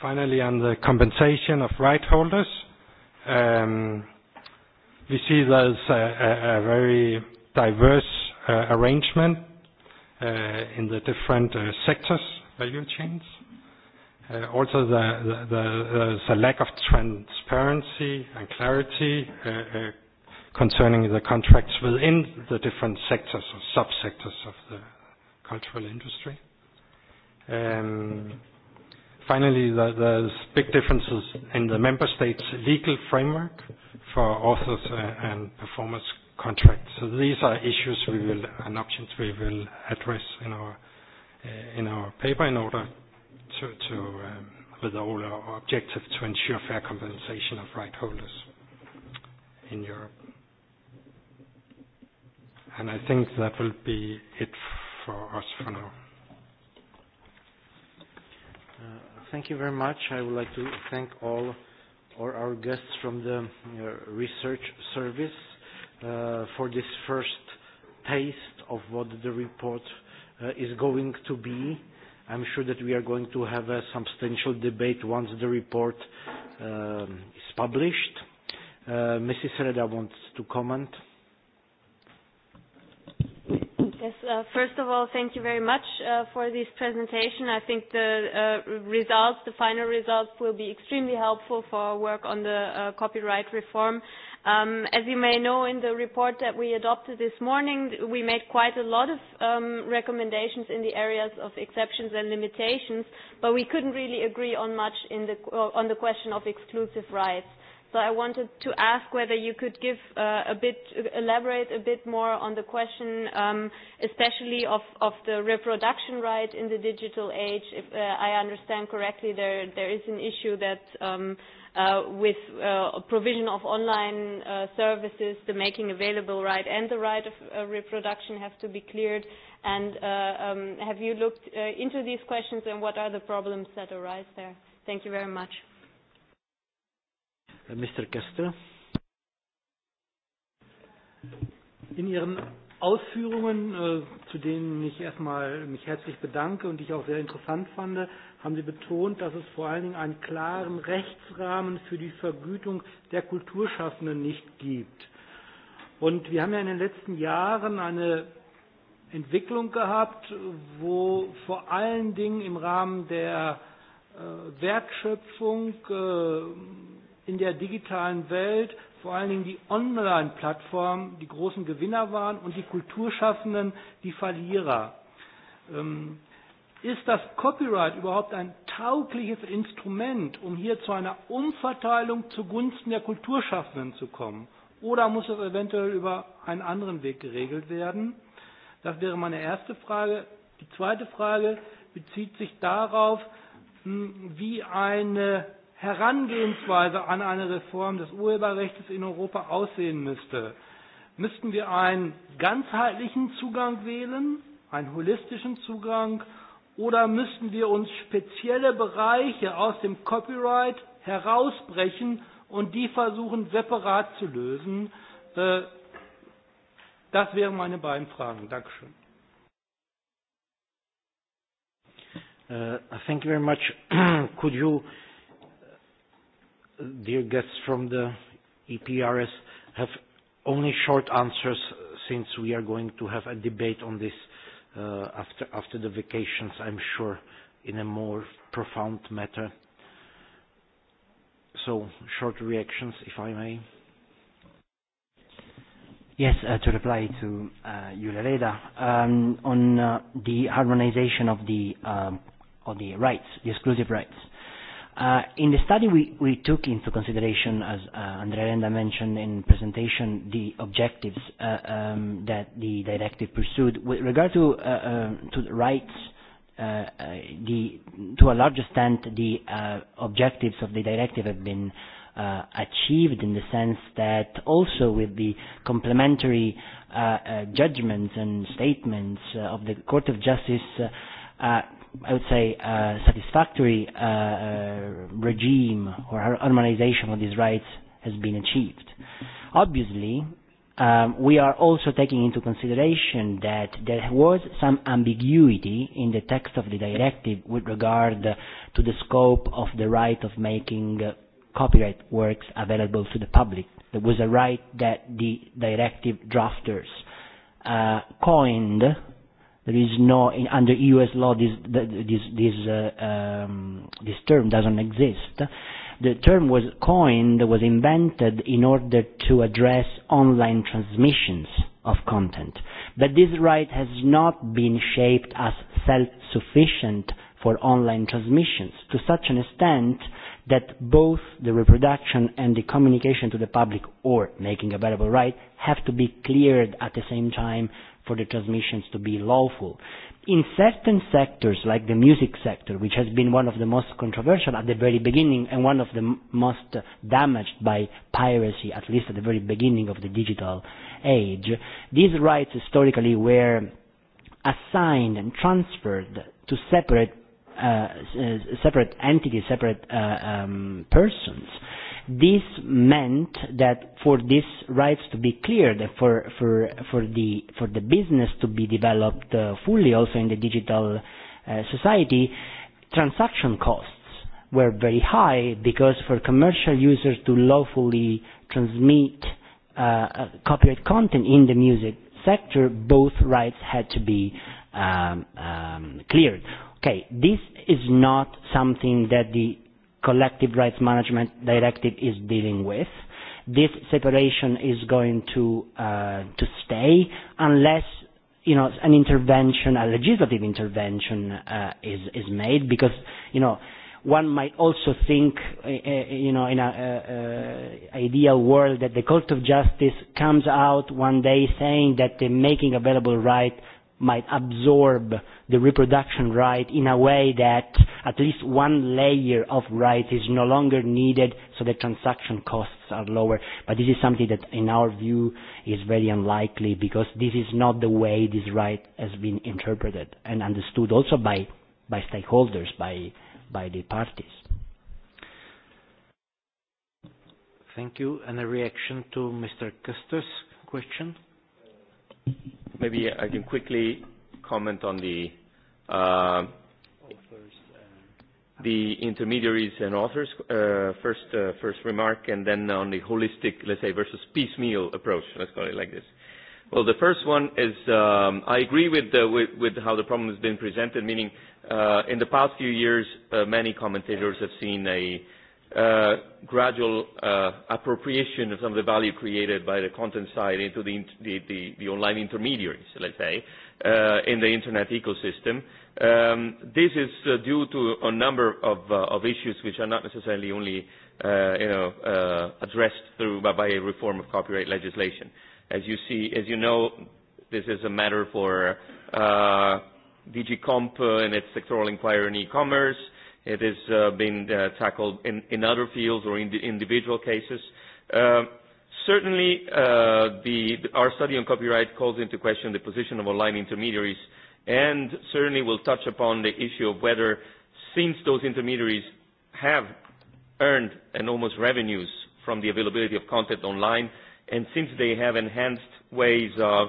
Finally, on the compensation of right holders, um, we see there's a, a, a very diverse uh, arrangement uh, in the different uh, sectors, value chains. Uh, also, the, the, the, there's a lack of transparency and clarity uh, uh, concerning the contracts within the different sectors or subsectors of the cultural industry. Um, finally, the, there's big differences in the member states' legal framework. Uh, for authors and performance contracts. So these are issues we will, and options we will address in our, uh, in our paper in order to, to um, with the whole uh, objective to ensure fair compensation of right holders in Europe. And I think that will be it for us for now. Uh, thank you very much. I would like to thank all or our guests from the uh, research service uh, for this first taste of what the report uh, is going to be. I'm sure that we are going to have a substantial debate once the report um, is published. Uh, Mrs. Reda wants to comment. Uh, Yes, uh, first of all, thank you very much uh, for this presentation. I think the uh, results, the final results, will be extremely helpful for our work on the uh, copyright reform. Um, as you may know, in the report that we adopted this morning, we made quite a lot of um, recommendations in the areas of exceptions and limitations, but we couldn't really agree on much in the, uh, on the question of exclusive rights. So I wanted to ask whether you could give uh, a bit, elaborate a bit more on the question, um, especially of, of the reproduction right in the digital age. If uh, I understand correctly, there, there is an issue that um, uh, with uh, provision of online uh, services, the making available right and the right of uh, reproduction have to be cleared. And uh, um, have you looked uh, into these questions and what are the problems that arise there? Thank you very much. Uh, Mr. Kester. In Ihren Ausführungen, äh, zu denen ich erstmal mich herzlich bedanke und die ich auch sehr interessant fand, haben Sie betont, dass es vor allen Dingen einen klaren Rechtsrahmen für die Vergütung der Kulturschaffenden nicht gibt. Und wir haben ja in den letzten Jahren eine Entwicklung gehabt, wo vor allen Dingen im Rahmen der äh, Wertschöpfung äh, in der digitalen Welt vor allen Dingen die Online-Plattformen die großen Gewinner waren und die Kulturschaffenden die Verlierer. Ähm, ist das Copyright überhaupt ein taugliches Instrument, um hier zu einer Umverteilung zugunsten der Kulturschaffenden zu kommen? Oder muss das eventuell über einen anderen Weg geregelt werden? Das wäre meine erste Frage. Die zweite Frage bezieht sich darauf, hm, wie eine Herangehensweise an eine Reform des Urheberrechts in Europa aussehen müsste. Müssten wir einen ganzheitlichen Zugang wählen, einen holistischen Zugang, oder müssten wir uns spezielle Bereiche aus dem Copyright herausbrechen und die versuchen separat zu lösen? Äh, das wären meine beiden Fragen. Dankeschön. Uh, thank you very much. [clears throat] Could you dear guests from the EPRS, have only short answers since we are going to have a debate on this uh, after, after the vacations, I'm sure, in a more profound matter. So, short reactions, if I may. Yes, uh, to reply to uh, Julia Reda, um, on uh, the harmonization of the, um, of the rights, the exclusive rights. Uh, in the study, we, we took into consideration, as uh, Andrea Renda mentioned in presentation, the objectives uh, um, that the directive pursued. With regard to, uh, um, to the rights, uh, uh, the, to a large extent, the uh, objectives of the directive have been uh, achieved in the sense that also with the complementary uh, uh, judgments and statements uh, of the Court of Justice, uh, uh, I would say, uh, satisfactory uh, uh, regime or harmonization of these rights has been achieved. Obviously, um, we are also taking into consideration that there was some ambiguity in the text of the directive with regard to the scope of the right of making uh, copyright works available to the public. There was a right that the directive drafters uh, coined There is no in, under U.S. law this this this uh, um, this term doesn't exist. The term was coined was invented in order to address online transmissions of content, but this right has not been shaped as self-sufficient for online transmissions to such an extent that both the reproduction and the communication to the public or making available right have to be cleared at the same time for the transmissions to be lawful. In certain sectors, like the music sector, which has been one of the most controversial at the very beginning and one of the most damaged by piracy, at least at the very beginning of the digital age, these rights historically were assigned and transferred to separate, uh, separate entities, separate uh, um, persons. Uh, This meant that for these rights to be cleared, for, for, for, the, for the business to be developed uh, fully also in the digital uh, society, transaction costs were very high because for commercial users to lawfully transmit uh, uh copyright content in the music sector, both rights had to be um, um, cleared. Okay, this is not something that the collective rights management directive is dealing with. This separation is going to uh, to stay unless you know an intervention, a legislative intervention, uh, is is made because you know one might also think, uh, you know, in an uh, uh, ideal world that the Court of Justice comes out one day saying that the making available right might absorb the reproduction right in a way that at least one layer of rights is no longer needed so the transaction costs are lower. But this is something that in our view is very unlikely because this is not the way this right has been interpreted and understood also by, by stakeholders, by, by the parties. Thank you. And a reaction to Mr. Custer's question? Maybe I can quickly comment on the uh, the intermediaries and authors, uh, first, uh, first remark, and then on the holistic, let's say, versus piecemeal approach. Let's call it like this. Well, the first one is um, I agree with, the, with, with how the problem has been presented, meaning uh, in the past few years, uh, many commentators have seen a uh, gradual uh, appropriation of some of the value created by the content side into the, the, the, the online intermediaries, let's say, uh, in the internet ecosystem. Um, this is uh, due to a number of, uh, of issues which are not necessarily only uh, you know, uh, addressed through, by, by a reform of copyright legislation. As you, see, as you know, this is a matter for uh, DG Comp uh, and its sectoral inquiry in e-commerce, uh, It is uh, being uh, tackled in, in other fields or in the individual cases. Uh, certainly, uh, the, our study on copyright calls into question the position of online intermediaries and certainly will touch upon the issue of whether, since those intermediaries have earned enormous revenues from the availability of content online, and since they have enhanced ways of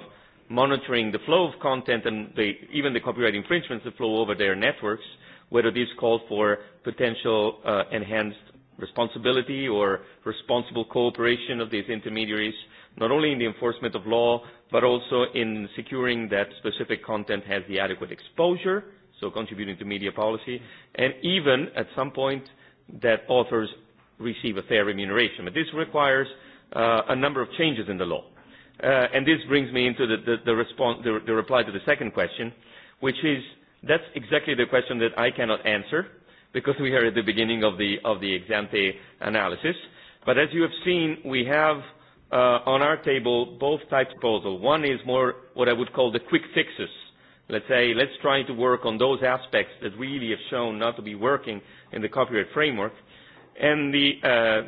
monitoring the flow of content and the, even the copyright infringements that flow over their networks, whether these call for potential uh, enhanced responsibility or responsible cooperation of these intermediaries, not only in the enforcement of law, but also in securing that specific content has the adequate exposure, so contributing to media policy, and even at some point that authors receive a fair remuneration. But this requires uh, a number of changes in the law. Uh, and this brings me into the, the, the, response, the, the reply to the second question, which is That's exactly the question that I cannot answer because we are at the beginning of the, of the ex-ante analysis. But as you have seen, we have uh, on our table both types of proposal. One is more what I would call the quick fixes. Let's say, let's try to work on those aspects that really have shown not to be working in the copyright framework. And the,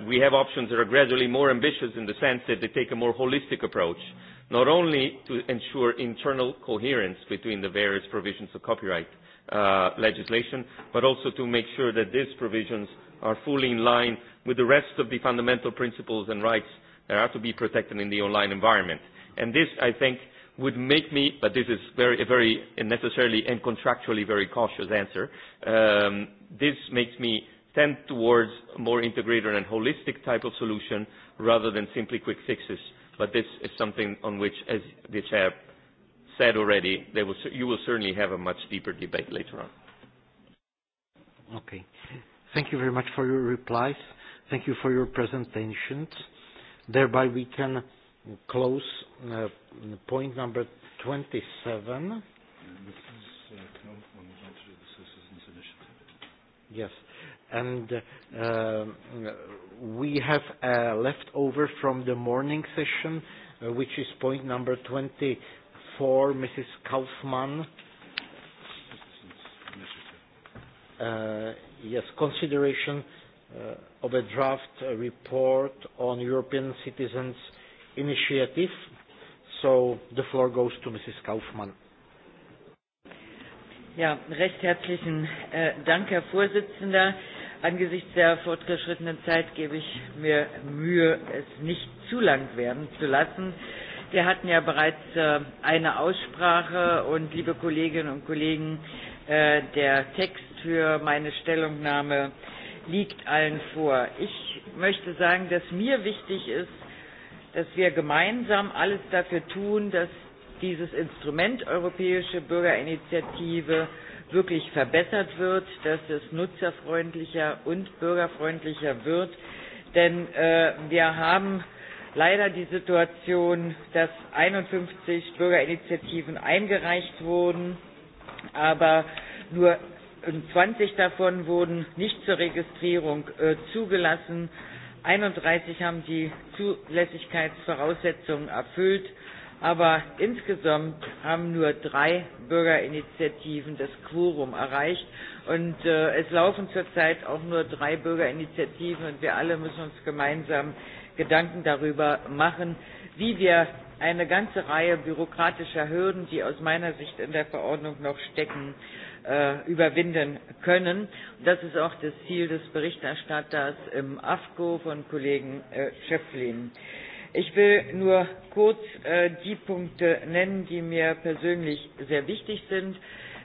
uh, we have options that are gradually more ambitious in the sense that they take a more holistic approach. Uh, not only to ensure internal coherence between the various provisions of copyright uh, legislation, but also to make sure that these provisions are fully in line with the rest of the fundamental principles and rights that are to be protected in the online environment. And this, I think, would make me, but this is very, a very necessarily and contractually very cautious answer, um, this makes me tend towards a more integrated and holistic type of solution rather than simply quick fixes uh, but this is something on which, as the chair said already, they will, you will certainly have a much deeper debate later on. Okay. Thank you very much for your replies. Thank you for your presentations. Thereby, we can close uh, point number 27. This is, uh, yes. And uh, we have uh, left over from the morning session, uh, which is point number 24, Mrs. Kaufmann. Uh, yes, consideration uh, of a draft uh, report on European Citizens Initiative. So the floor goes to Mrs. Kaufmann. Ja, recht herzlichen äh, Dank, Herr Vorsitzender. Äh, Angesichts der fortgeschrittenen Zeit gebe ich mir Mühe, es nicht zu lang werden zu lassen. Wir hatten ja bereits äh, eine Aussprache und liebe Kolleginnen und Kollegen, äh, der Text für meine Stellungnahme liegt allen vor. Ich möchte sagen, dass mir wichtig ist, dass wir gemeinsam alles dafür tun, dass dieses Instrument Europäische Bürgerinitiative wirklich verbessert wird, dass es nutzerfreundlicher und bürgerfreundlicher wird. Denn äh, wir haben leider die Situation, dass 51 Bürgerinitiativen eingereicht wurden, aber nur 20 davon wurden nicht zur Registrierung äh, zugelassen. 31 haben die Zulässigkeitsvoraussetzungen erfüllt Aber insgesamt haben nur drei Bürgerinitiativen das Quorum erreicht. Und äh, es laufen zurzeit auch nur drei Bürgerinitiativen. Und wir alle müssen uns gemeinsam Gedanken darüber machen, wie wir eine ganze Reihe bürokratischer Hürden, die aus meiner Sicht in der Verordnung noch stecken, äh, überwinden können. Das ist auch das Ziel des Berichterstatters im AFCO von Kollegen äh, Schöpflin. Äh, Ich will nur kurz äh, die Punkte nennen, die mir persönlich sehr wichtig sind.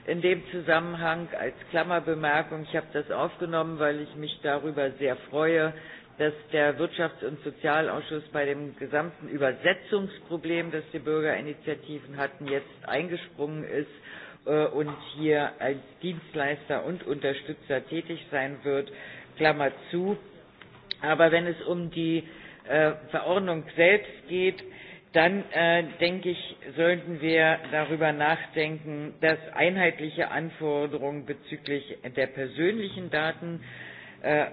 In dem Zusammenhang als Klammerbemerkung, ich habe das aufgenommen, weil ich mich darüber sehr freue, dass der Wirtschafts- und Sozialausschuss bei dem gesamten Übersetzungsproblem, das die Bürgerinitiativen hatten, jetzt eingesprungen ist äh, und hier als Dienstleister und Unterstützer tätig sein wird. Klammer zu. Aber wenn es um die äh, äh, Verordnung selbst geht, dann äh, denke ich, sollten wir darüber nachdenken, dass einheitliche Anforderungen bezüglich der persönlichen Daten äh,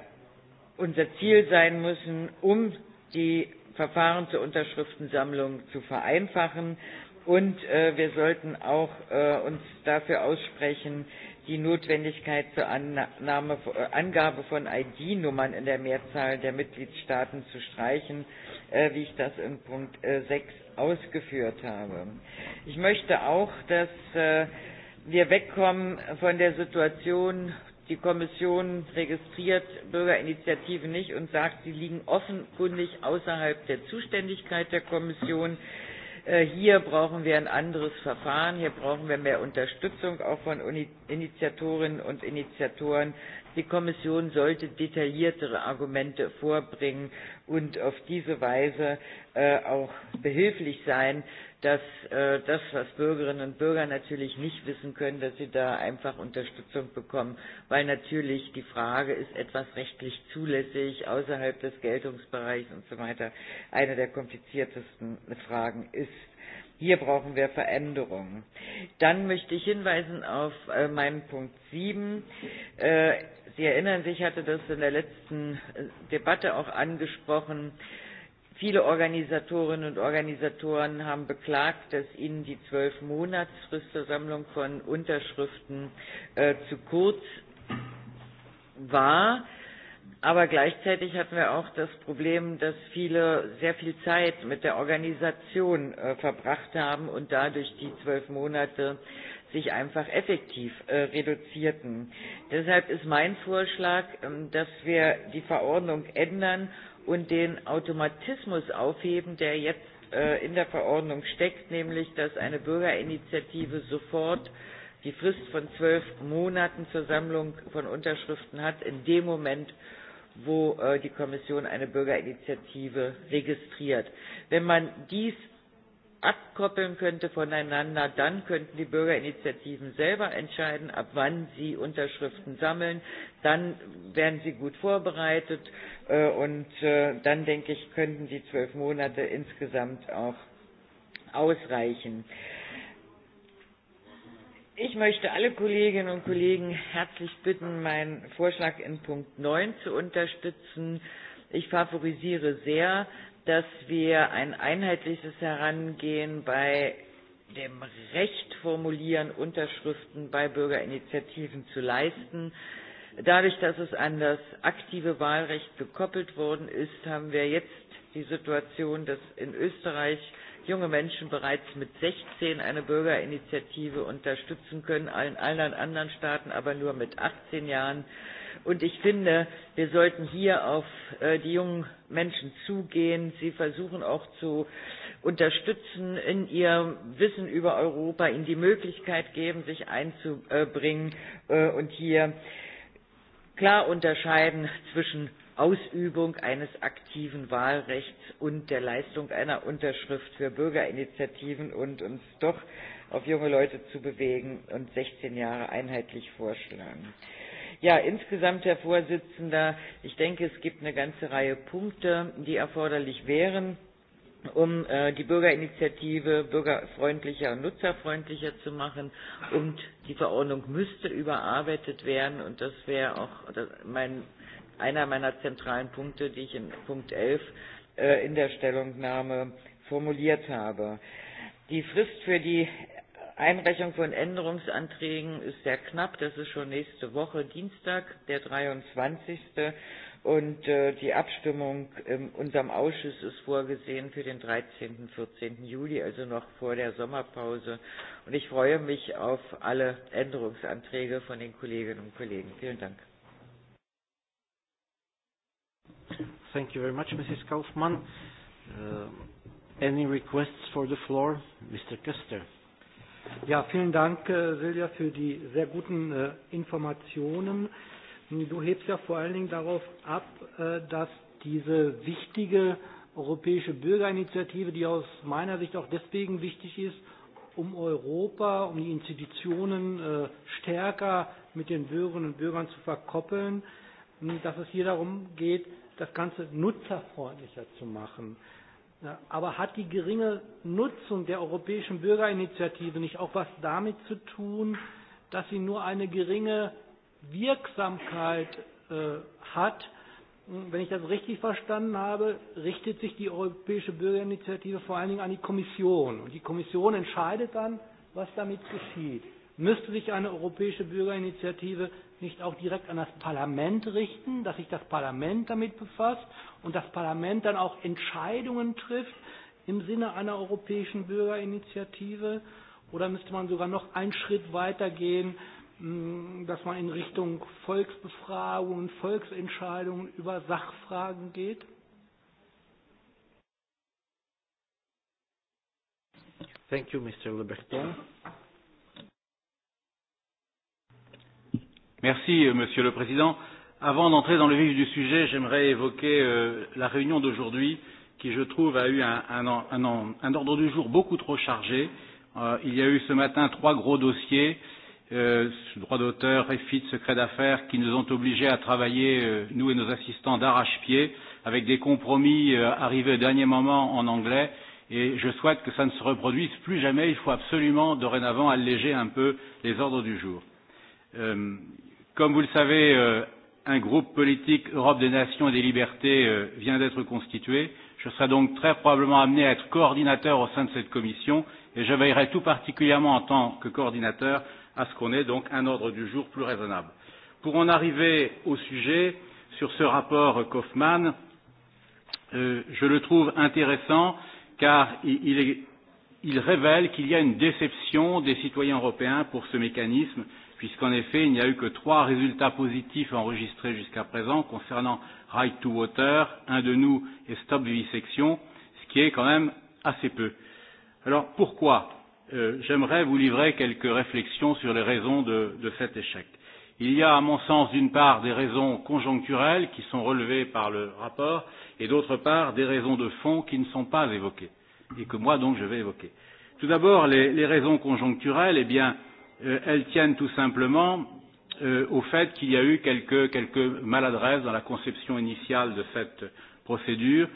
unser Ziel sein müssen, um die Verfahren zur Unterschriftensammlung zu vereinfachen. Und äh, wir sollten auch äh, uns dafür aussprechen, die Notwendigkeit zur Annahme, äh, Angabe von ID-Nummern in der Mehrzahl der Mitgliedstaaten zu streichen, äh, wie ich das in Punkt äh, 6 ausgeführt habe. Ich möchte auch, dass äh, wir wegkommen von der Situation, die Kommission registriert Bürgerinitiativen nicht und sagt, sie liegen offenkundig außerhalb der Zuständigkeit der Kommission. Äh, Äh, hier brauchen wir ein anderes Verfahren, hier brauchen wir mehr Unterstützung auch von Initiatorinnen und Initiatoren. Die Kommission sollte detailliertere Argumente vorbringen und auf diese Weise äh, auch behilflich sein, dass äh, das, was Bürgerinnen und Bürger natürlich nicht wissen können, dass sie da einfach Unterstützung bekommen, weil natürlich die Frage, ist etwas rechtlich zulässig außerhalb des Geltungsbereichs und so weiter, eine der kompliziertesten Fragen ist. Hier brauchen wir Veränderungen. Dann möchte ich hinweisen auf äh, meinen Punkt 7. Äh, sie erinnern sich, ich hatte das in der letzten äh, Debatte auch angesprochen. Äh, Viele Organisatorinnen und Organisatoren haben beklagt, dass ihnen die zwölf Monatsfrist zur Sammlung von Unterschriften äh, zu kurz war. Aber gleichzeitig hatten wir auch das Problem, dass viele sehr viel Zeit mit der Organisation äh, verbracht haben und dadurch die zwölf Monate sich einfach effektiv äh, reduzierten. Deshalb ist mein Vorschlag, äh, dass wir die Verordnung ändern und den Automatismus aufheben, der jetzt äh, in der Verordnung steckt, nämlich dass eine Bürgerinitiative sofort die Frist von zwölf Monaten zur Sammlung von Unterschriften hat, in dem Moment, wo äh, die Kommission eine Bürgerinitiative registriert. Wenn man dies abkoppeln könnte voneinander, dann könnten die Bürgerinitiativen selber entscheiden, ab wann sie Unterschriften sammeln. Dann werden sie gut vorbereitet äh, und äh, dann, denke ich, könnten die zwölf Monate insgesamt auch ausreichen. Ich möchte alle Kolleginnen und Kollegen herzlich bitten, meinen Vorschlag in Punkt 9 zu unterstützen. Ich favorisiere sehr, dass wir ein einheitliches Herangehen bei dem Recht formulieren, Unterschriften bei Bürgerinitiativen zu leisten. Dadurch, dass es an das aktive Wahlrecht gekoppelt worden ist, haben wir jetzt die Situation, dass in Österreich junge Menschen bereits mit 16 eine Bürgerinitiative unterstützen können, in allen anderen Staaten aber nur mit 18 Jahren. Und ich finde, wir sollten hier auf äh, die jungen Menschen zugehen, sie versuchen auch zu unterstützen in ihr Wissen über Europa, ihnen die Möglichkeit geben, sich einzubringen äh, und hier klar unterscheiden zwischen Ausübung eines aktiven Wahlrechts und der Leistung einer Unterschrift für Bürgerinitiativen und uns doch auf junge Leute zu bewegen und 16 Jahre einheitlich vorschlagen. Äh, Ja, insgesamt, Herr Vorsitzender, ich denke, es gibt eine ganze Reihe Punkte, die erforderlich wären, um äh, die Bürgerinitiative bürgerfreundlicher und nutzerfreundlicher zu machen. Und die Verordnung müsste überarbeitet werden. Und das wäre auch das, mein, einer meiner zentralen Punkte, die ich in Punkt 11 äh, in der Stellungnahme formuliert habe. Die Frist für die Einreichung von Änderungsanträgen ist sehr knapp. Das ist schon nächste Woche, Dienstag, der 23. Und äh, die Abstimmung in unserem Ausschuss ist vorgesehen für den 13. 14. Juli, also noch vor der Sommerpause. Und ich freue mich auf alle Änderungsanträge von den Kolleginnen und Kollegen. Vielen Dank. Thank you very much, Mrs. Kaufmann. Uh, any requests for the floor? Mr. Kester. Ja, vielen Dank, äh, Silja, für die sehr guten äh, Informationen. Du hebst ja vor allen Dingen darauf ab, äh, dass diese wichtige europäische Bürgerinitiative, die aus meiner Sicht auch deswegen wichtig ist, um Europa, um die Institutionen äh, stärker mit den Bürgerinnen und Bürgern zu verkoppeln, dass es hier darum geht, das Ganze nutzerfreundlicher zu machen. Äh, Aber hat die geringe Nutzung der Europäischen Bürgerinitiative nicht auch was damit zu tun, dass sie nur eine geringe Wirksamkeit äh, hat? Wenn ich das richtig verstanden habe, richtet sich die Europäische Bürgerinitiative vor allen Dingen an die Kommission. Und die Kommission entscheidet dann, was damit geschieht. Müsste sich eine Europäische Bürgerinitiative nicht auch direkt an das Parlament richten, dass sich das Parlament damit befasst und das Parlament dann auch Entscheidungen trifft im Sinne einer europäischen Bürgerinitiative? Oder müsste man sogar noch einen Schritt weiter gehen, hm, dass man in Richtung Volksbefragungen, Volksentscheidungen über Sachfragen geht? Thank you, Mr. Liberton. Merci, euh, Monsieur le Président. Avant d'entrer dans le vif du sujet, j'aimerais évoquer euh, la réunion d'aujourd'hui qui, je trouve, a eu un, un, un, un, un ordre du jour beaucoup trop chargé. Euh, il y a eu ce matin trois gros dossiers, euh, droit d'auteur, refit, secret d'affaires, qui nous ont obligés à travailler, euh, nous et nos assistants, d'arrache-pied, avec des compromis euh, arrivés au dernier moment en anglais. Et je souhaite que ça ne se reproduise plus jamais. Il faut absolument, dorénavant, alléger un peu les ordres du jour. Euh, Comme vous le savez, euh, un groupe politique Europe des Nations et des Libertés euh, vient d'être constitué. Je serai donc très probablement amené à être coordinateur au sein de cette commission et je veillerai tout particulièrement en tant que coordinateur à ce qu'on ait donc un ordre du jour plus raisonnable. Pour en arriver au sujet, sur ce rapport Kaufmann, euh, je le trouve intéressant car il, il, est, il révèle qu'il y a une déception des citoyens européens pour ce mécanisme puisqu'en effet, il n'y a eu que trois résultats positifs enregistrés jusqu'à présent concernant Right to Water, un de nous et Stop Vivisection, ce qui est quand même assez peu. Alors pourquoi euh, J'aimerais vous livrer quelques réflexions sur les raisons de, de cet échec. Il y a, à mon sens, d'une part, des raisons conjoncturelles qui sont relevées par le rapport, et d'autre part, des raisons de fond qui ne sont pas évoquées, et que moi, donc, je vais évoquer. Tout d'abord, les, les raisons conjoncturelles, eh bien, euh, elles tiennent tout simplement euh, au fait qu'il y a eu quelques, quelques maladresses dans la conception initiale de cette procédure.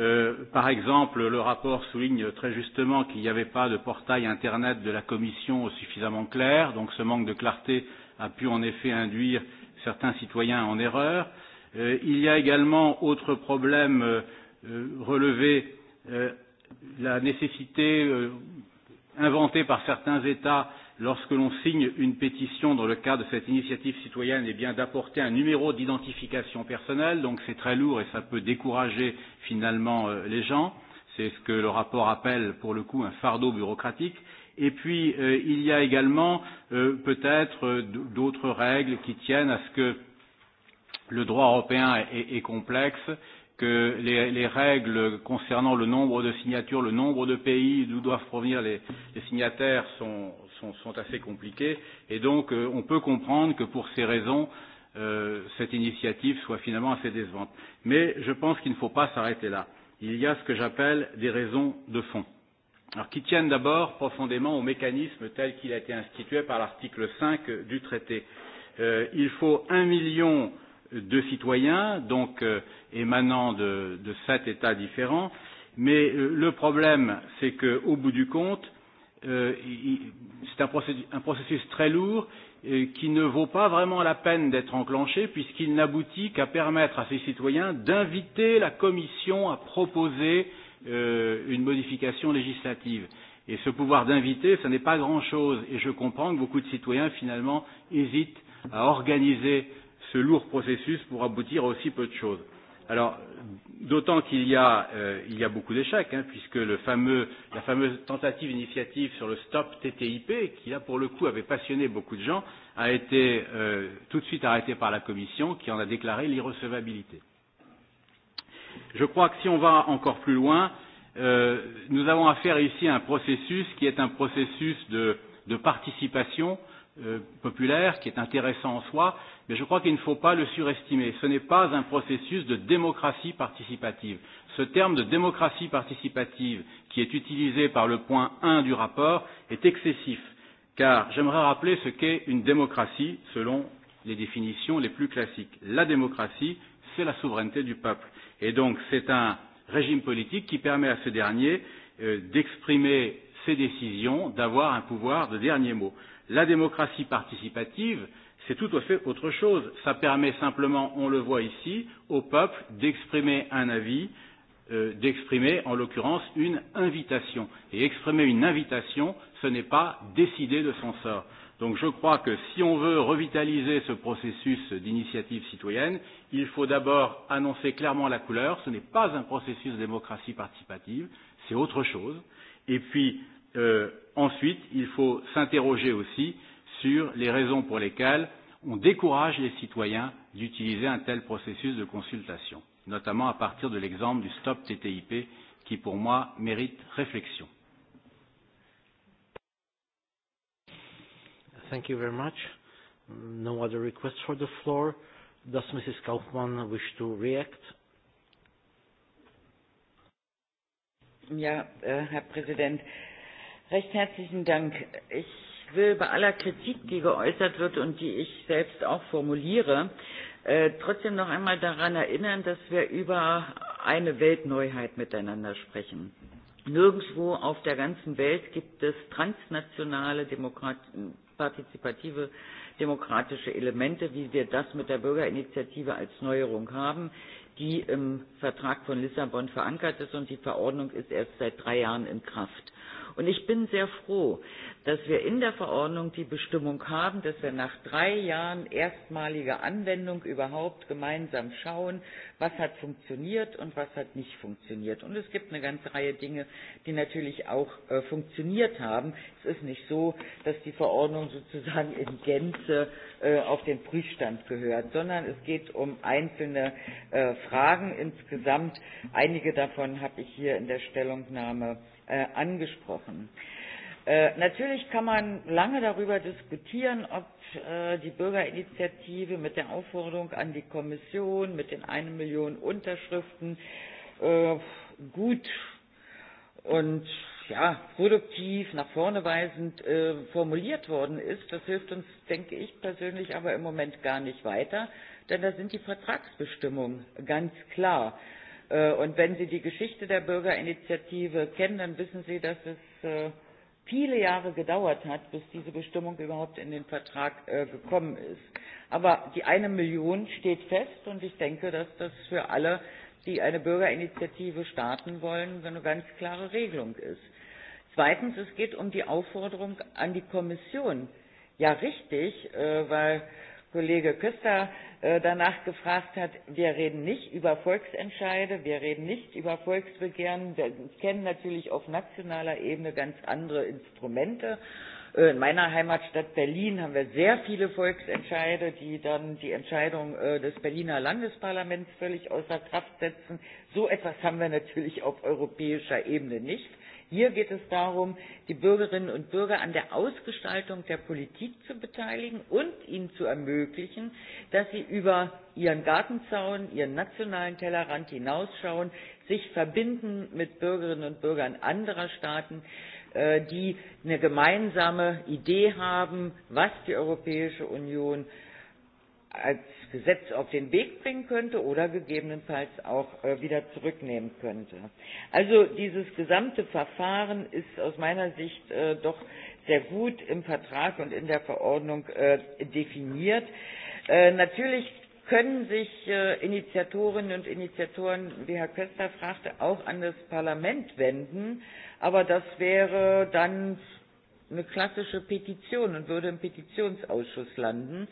Euh, par exemple, le rapport souligne très justement qu'il n'y avait pas de portail Internet de la Commission suffisamment clair, donc ce manque de clarté a pu en effet induire certains citoyens en erreur. Euh, il y a également, autre problème euh, euh relevé, euh, la nécessité euh, inventée par certains États euh, lorsque l'on signe une pétition dans le cadre de cette initiative citoyenne, eh bien d'apporter un numéro d'identification personnelle, donc c'est très lourd et ça peut décourager finalement euh, les gens. C'est ce que le rapport appelle pour le coup un fardeau bureaucratique. Et puis euh, il y a également euh, peut-être euh, d'autres règles qui tiennent à ce que le droit européen est, est complexe que les, les règles concernant le nombre de signatures, le nombre de pays d'où doivent provenir les, les signataires sont sont, sont assez compliquées et donc euh, on peut comprendre que pour ces raisons euh, cette initiative soit finalement assez décevante. Mais je pense qu'il ne faut pas s'arrêter là. Il y a ce que j'appelle des raisons de fond. Alors, qui tiennent d'abord profondément au mécanisme tel qu'il a été institué par l'article 5 du traité. Euh, il faut un million de citoyens, donc euh, émanant de, de sept États différents, mais euh, le problème, c'est qu'au bout du compte, euh, c'est un, processus, un processus très lourd euh, qui ne vaut pas vraiment la peine d'être enclenché puisqu'il n'aboutit qu'à permettre à ses citoyens d'inviter la Commission à proposer euh, une modification législative. Et ce pouvoir d'inviter, ce n'est pas grand-chose. Et je comprends que beaucoup de citoyens, finalement, hésitent à organiser ce lourd processus pour aboutir à aussi peu de choses. Alors, d'autant qu'il y a, euh, il y a beaucoup d'échecs, hein, puisque le fameux, la fameuse tentative initiative sur le stop TTIP, qui là pour le coup avait passionné beaucoup de gens, a été euh, tout de suite arrêtée par la Commission, qui en a déclaré l'irrecevabilité. Je crois que si on va encore plus loin, euh, nous avons affaire ici à un processus qui est un processus de, de participation euh, populaire, qui est intéressant en soi, euh, Mais je crois qu'il ne faut pas le surestimer. Ce n'est pas un processus de démocratie participative. Ce terme de démocratie participative qui est utilisé par le point 1 du rapport est excessif, car j'aimerais rappeler ce qu'est une démocratie selon les définitions les plus classiques. La démocratie, c'est la souveraineté du peuple. Et donc, c'est un régime politique qui permet à ce dernier euh, d'exprimer ses décisions, d'avoir un pouvoir de dernier mot. La démocratie participative, euh, C'est tout à fait autre chose. Ça permet simplement, on le voit ici, au peuple d'exprimer un avis, euh, d'exprimer en l'occurrence une invitation. Et exprimer une invitation, ce n'est pas décider de son sort. Donc je crois que si on veut revitaliser ce processus d'initiative citoyenne, il faut d'abord annoncer clairement la couleur. Ce n'est pas un processus de démocratie participative, c'est autre chose. Et puis euh, ensuite, il faut s'interroger aussi euh, sur les raisons pour lesquelles on décourage les citoyens d'utiliser un tel processus de consultation, notamment à partir de l'exemple du stop TTIP qui, pour moi, mérite réflexion. Thank you very much. No other requests for the floor. Does Mrs. Kaufmann wish to react? Ja, äh, Herr Präsident, recht herzlichen Dank. Ich will bei aller Kritik, die geäußert wird und die ich selbst auch formuliere, äh, trotzdem noch einmal daran erinnern, dass wir über eine Weltneuheit miteinander sprechen. Nirgendwo auf der ganzen Welt gibt es transnationale Demokrat partizipative demokratische Elemente, wie wir das mit der Bürgerinitiative als Neuerung haben, die im Vertrag von Lissabon verankert ist und die Verordnung ist erst seit drei Jahren in Kraft. Und ich bin sehr froh, dass wir in der Verordnung die Bestimmung haben, dass wir nach drei Jahren erstmaliger Anwendung überhaupt gemeinsam schauen, was hat funktioniert und was hat nicht funktioniert. Und es gibt eine ganze Reihe Dinge, die natürlich auch äh, funktioniert haben. Es ist nicht so, dass die Verordnung sozusagen in Gänze äh, auf den Prüfstand gehört, sondern es geht um einzelne äh, Fragen insgesamt. Einige davon habe ich hier in der Stellungnahme äh, äh, angesprochen. Äh, natürlich kann man lange darüber diskutieren, ob äh, die Bürgerinitiative mit der Aufforderung an die Kommission mit den eine Million Unterschriften äh, gut und ja, produktiv, nach vorne weisend äh, formuliert worden ist. Das hilft uns, denke ich persönlich, aber im Moment gar nicht weiter, denn da sind die Vertragsbestimmungen ganz klar. Äh, Äh, und wenn Sie die Geschichte der Bürgerinitiative kennen, dann wissen Sie, dass es äh, viele Jahre gedauert hat, bis diese Bestimmung überhaupt in den Vertrag äh, gekommen ist. Aber die eine Million steht fest und ich denke, dass das für alle, die eine Bürgerinitiative starten wollen, eine ganz klare Regelung ist. Zweitens, es geht um die Aufforderung an die Kommission. Ja, richtig, weil Kollege Küster äh, danach gefragt hat, wir reden nicht über Volksentscheide, wir reden nicht über Volksbegehren. Wir kennen natürlich auf nationaler Ebene ganz andere Instrumente. Äh, in meiner Heimatstadt Berlin haben wir sehr viele Volksentscheide, die dann die Entscheidung äh, des Berliner Landesparlaments völlig außer Kraft setzen. So etwas haben wir natürlich auf europäischer Ebene nicht. Hier geht es darum, die Bürgerinnen und Bürger an der Ausgestaltung der Politik zu beteiligen und ihnen zu ermöglichen, dass sie über ihren Gartenzaun, ihren nationalen Tellerrand hinausschauen, sich verbinden mit Bürgerinnen und Bürgern anderer Staaten, äh, die eine gemeinsame Idee haben, was die Europäische Union als Gesetz auf den Weg bringen könnte oder gegebenenfalls auch äh, wieder zurücknehmen könnte. Also dieses gesamte Verfahren ist aus meiner Sicht äh, doch sehr gut im Vertrag und in der Verordnung äh, definiert. Natürlich können sich Initiatorinnen und Initiatoren, wie Herr Köster fragte, auch an das Parlament wenden, aber das wäre dann eine klassische Petition und würde im Petitionsausschuss landen.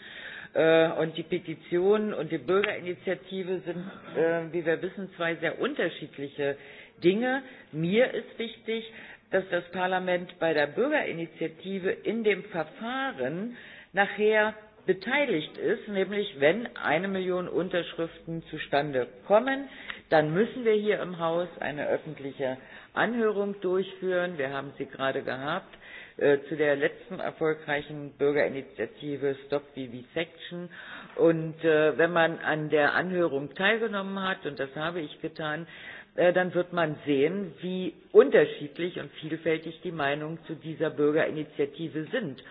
Äh, und die Petition und die Bürgerinitiative sind, äh, wie wir wissen, zwei sehr unterschiedliche Dinge. Mir ist wichtig, dass das Parlament bei der Bürgerinitiative in dem Verfahren nachher beteiligt ist, nämlich wenn eine Million Unterschriften zustande kommen, dann müssen wir hier im Haus eine öffentliche Anhörung durchführen. Wir haben sie gerade gehabt Äh, zu der letzten erfolgreichen Bürgerinitiative Stop Vivisection. Und äh, wenn man an der Anhörung teilgenommen hat, und das habe ich getan, äh, dann wird man sehen, wie unterschiedlich und vielfältig die Meinungen zu dieser Bürgerinitiative sind.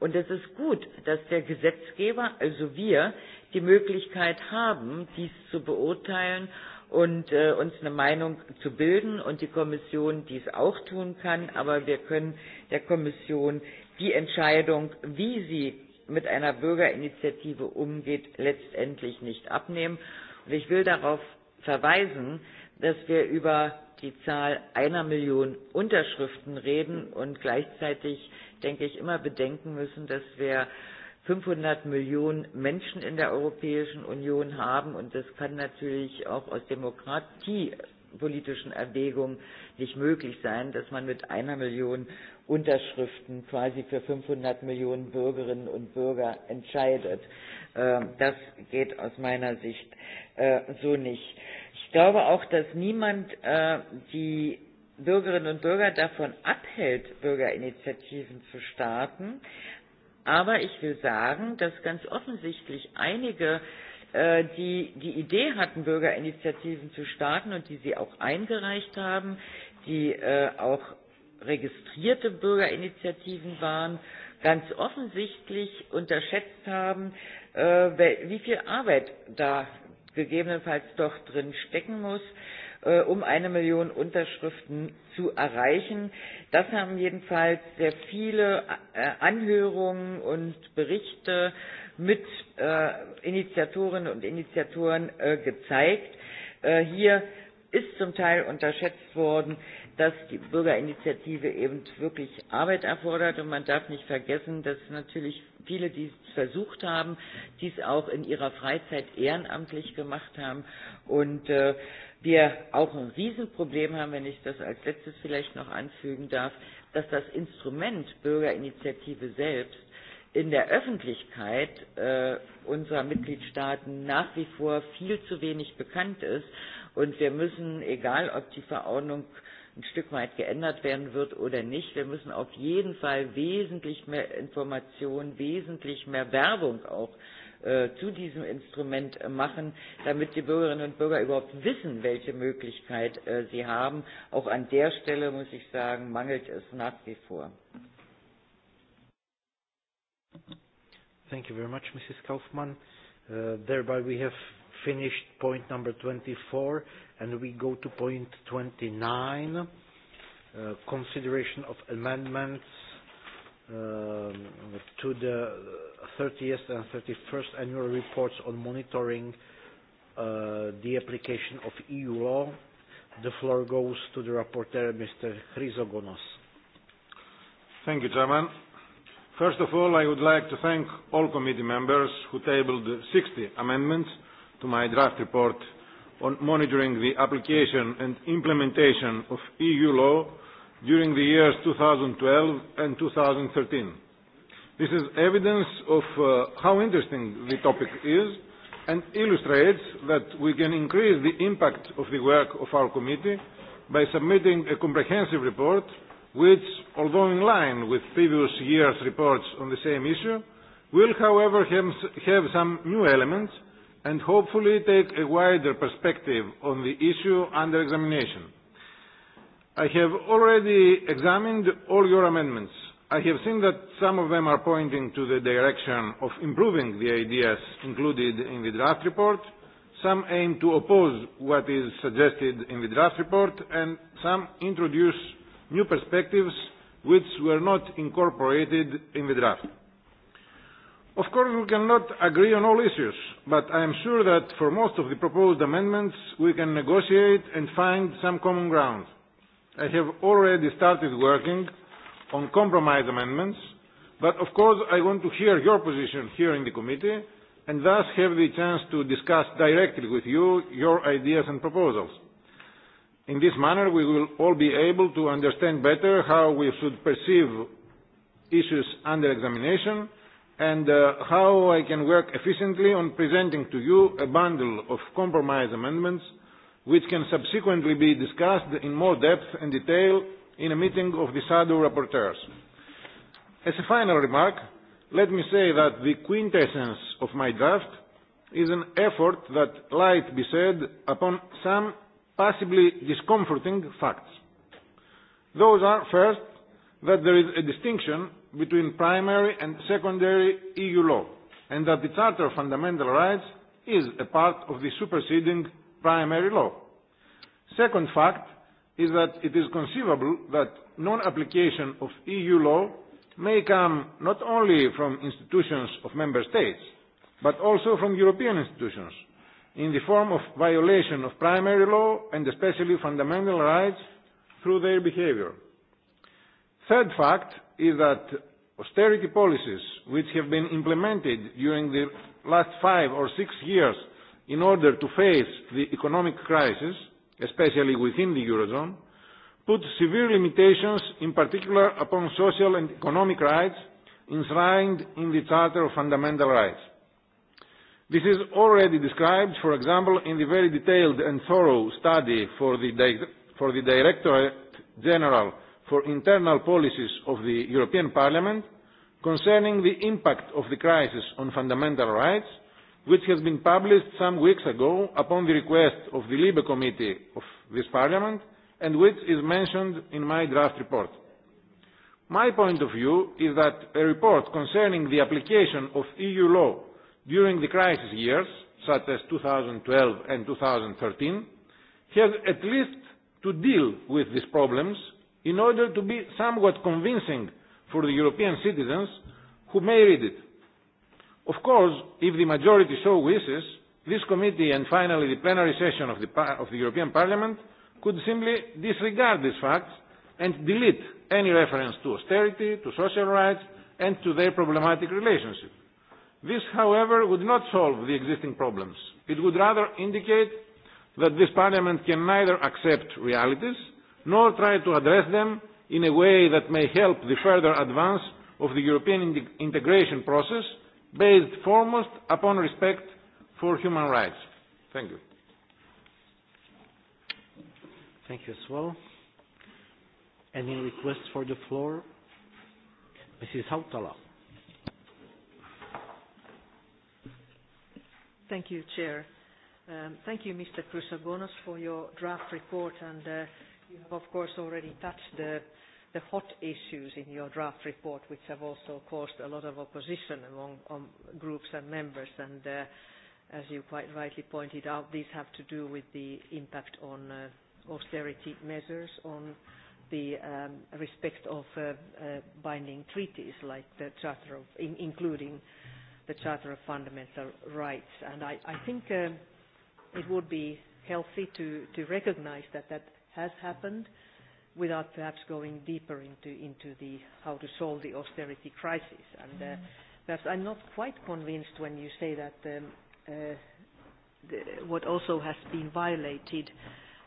Und es ist gut, dass der Gesetzgeber, also wir, die Möglichkeit haben, dies zu beurteilen und äh, uns eine Meinung zu bilden und die Kommission dies auch tun kann. Aber wir können der Kommission die Entscheidung, wie sie mit einer Bürgerinitiative umgeht, letztendlich nicht abnehmen. Und ich will darauf verweisen, dass wir über die Zahl einer Million Unterschriften reden und gleichzeitig, denke ich, immer bedenken müssen, dass wir äh, 500 Millionen Menschen in der Europäischen Union haben. Und das kann natürlich auch aus demokratiepolitischen Erwägungen nicht möglich sein, dass man mit einer Million Unterschriften quasi für 500 Millionen Bürgerinnen und Bürger entscheidet. Ähm, das geht aus meiner Sicht äh, so nicht. Ich glaube auch, dass niemand äh, die Bürgerinnen und Bürger davon abhält, Bürgerinitiativen zu starten. Aber ich will sagen, dass ganz offensichtlich einige, äh, die die Idee hatten, Bürgerinitiativen zu starten und die sie auch eingereicht haben, die äh, auch registrierte Bürgerinitiativen waren, ganz offensichtlich unterschätzt haben, äh, wie viel Arbeit da gegebenenfalls doch drin stecken muss, Äh, um eine Million Unterschriften zu erreichen. Das haben jedenfalls sehr viele äh, Anhörungen und Berichte mit äh, Initiatorinnen und Initiatoren gezeigt. Hier ist zum Teil unterschätzt worden, dass die Bürgerinitiative eben wirklich Arbeit erfordert. Und man darf nicht vergessen, dass natürlich viele, die es versucht haben, dies auch in ihrer Freizeit ehrenamtlich gemacht haben. Und äh, wir auch ein Riesenproblem haben, wenn ich das als letztes vielleicht noch anfügen darf, dass das Instrument Bürgerinitiative selbst in der Öffentlichkeit äh, unserer Mitgliedstaaten nach wie vor viel zu wenig bekannt ist. Und wir müssen, egal ob die Verordnung ein Stück weit geändert werden wird oder nicht, wir müssen auf jeden Fall wesentlich mehr Informationen, wesentlich mehr Werbung auch äh, Äh, zu diesem Instrument äh, machen, damit die Bürgerinnen und Bürger überhaupt wissen, welche Möglichkeit äh, sie haben. Auch an der Stelle, muss ich sagen, mangelt es nach wie vor. Thank you very much, Mrs. Kaufmann. Uh, thereby we have finished point number 24 and we go to point 29, uh, consideration of amendments um, to the 30th and 31st annual reports on monitoring uh, the application of EU law. The floor goes to the rapporteur, Mr. Chrysogonos. Thank you, Chairman. First of all, I would like to thank all committee members who tabled 60 amendments to my draft report on monitoring the application and implementation of EU law during the years 2012 and 2013. This is evidence of uh, how interesting the topic is and illustrates that we can increase the impact of the work of our committee by submitting a comprehensive report which, although in line with previous years' reports on the same issue, will, however, have some new elements and hopefully take a wider perspective on the issue under examination. I have already examined all your amendments. I have seen that some of them are pointing to the direction of improving the ideas included in the draft report, some aim to oppose what is suggested in the draft report, and some introduce new perspectives which were not incorporated in the draft. Of course, we cannot agree on all issues, but I am sure that for most of the proposed amendments we can negotiate and find some common ground. I have already started working on compromise amendments, but of course I want to hear your position here in the committee and thus have the chance to discuss directly with you your ideas and proposals. In this manner, we will all be able to understand better how we should perceive issues under examination and uh, how I can work efficiently on presenting to you a bundle of compromise amendments which can subsequently be discussed in more depth and detail in a meeting of the shadow rapporteurs. As a final remark, let me say that the quintessence of my draft is an effort that light be said upon some possibly discomforting facts. Those are, first, that there is a distinction between primary and secondary EU law, and that the Charter of Fundamental Rights is a part of the superseding primary law. Second fact is that it is conceivable that non-application of EU law may come not only from institutions of member states, but also from European institutions, in the form of violation of primary law and especially fundamental rights through their behavior. Third fact is that austerity policies, which have been implemented during the last five or six years in order to face the economic crisis, especially within the Eurozone, put severe limitations, in particular upon social and economic rights enshrined in the Charter of Fundamental Rights. This is already described, for example, in the very detailed and thorough study for the, for the Directorate General for Internal Policies of the European Parliament concerning the impact of the crisis on fundamental rights which has been published some weeks ago upon the request of the Libe Committee of this Parliament and which is mentioned in my draft report. My point of view is that a report concerning the application of EU law during the crisis years, such as 2012 and 2013, has at least to deal with these problems in order to be somewhat convincing for the European citizens who may read it. Of course, if the majority so wishes, this committee and finally the plenary session of the, of the European Parliament could simply disregard these facts and delete any reference to austerity, to social rights and to their problematic relationship. This, however, would not solve the existing problems. It would rather indicate that this Parliament can neither accept realities nor try to address them in a way that may help the further advance of the European integration process based foremost upon respect for human rights. Thank you. Thank you as well. Any requests for the floor? Mrs. Hautala. Thank you, Chair. Um, thank you, Mr. Chrysogonos, for your draft report, and uh, you have, of course, already touched the uh, the hot issues in your draft report, which have also caused a lot of opposition among um, groups and members. And uh, as you quite rightly pointed out, these have to do with the impact on uh, austerity measures, on the um, respect of uh, uh, binding treaties like the Charter of, in, including the Charter of Fundamental Rights. And I, I think um, it would be healthy to, to recognize that that has happened. Uh, without perhaps going deeper into, into the how to solve the austerity crisis. And uh, perhaps I'm not quite convinced when you say that um, uh, the, what also has been violated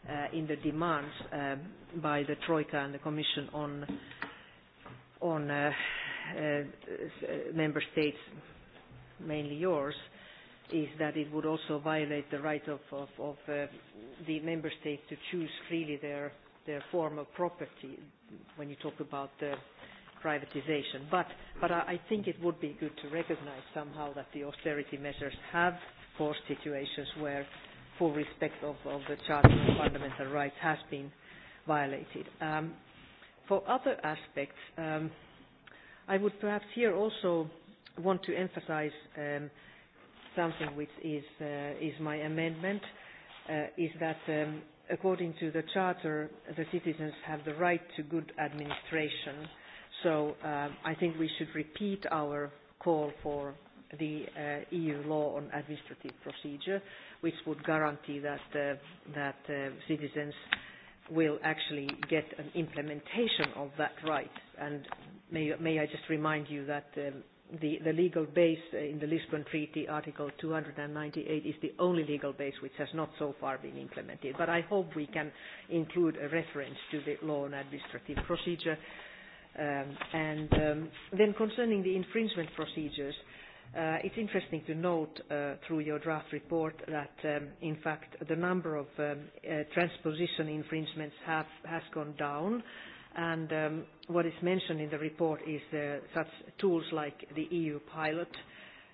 uh, in the demands um, by the Troika and the Commission on, on uh, uh, member states, mainly yours, is that it would also violate the right of, of, of uh, the member states to choose freely their their former property when you talk about the privatization. But, but I think it would be good to recognize somehow that the austerity measures have caused situations where full respect of, of the Charter of Fundamental Rights has been violated. Um, for other aspects, um, I would perhaps here also want to emphasize um, something which is, uh, is my amendment, uh, is that um, according to the Charter, the citizens have the right to good administration. So uh, I think we should repeat our call for the uh, EU law on administrative procedure, which would guarantee that, uh, that uh, citizens will actually get an implementation of that right. And may, may I just remind you that um, the, the legal base uh, in the Lisbon Treaty, Article 298, is the only legal base which has not so far been implemented. But I hope we can include a reference to the law on administrative procedure. Um, and um, then concerning the infringement procedures, uh, it's interesting to note uh, through your draft report that, um, in fact, the number of um, uh, transposition infringements have, has gone down. Uh, And um, what is mentioned in the report is uh, such tools like the EU pilot.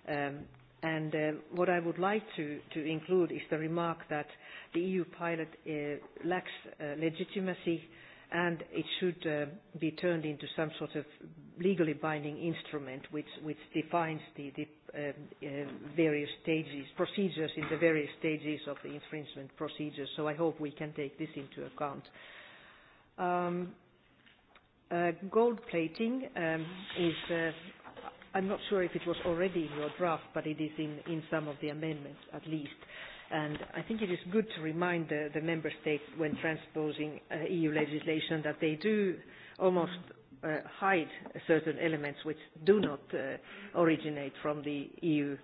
Um, and uh, what I would like to, to include is the remark that the EU pilot uh, lacks uh, legitimacy and it should uh, be turned into some sort of legally binding instrument which, which defines the, the uh, uh, various stages, procedures in the various stages of the infringement procedure. So I hope we can take this into account. Um, Uh, gold plating um, is, uh, I'm not sure if it was already in your draft, but it is in, in some of the amendments at least. And I think it is good to remind the, the member states when transposing uh, EU legislation that they do almost uh, hide certain elements which do not uh, originate from the EU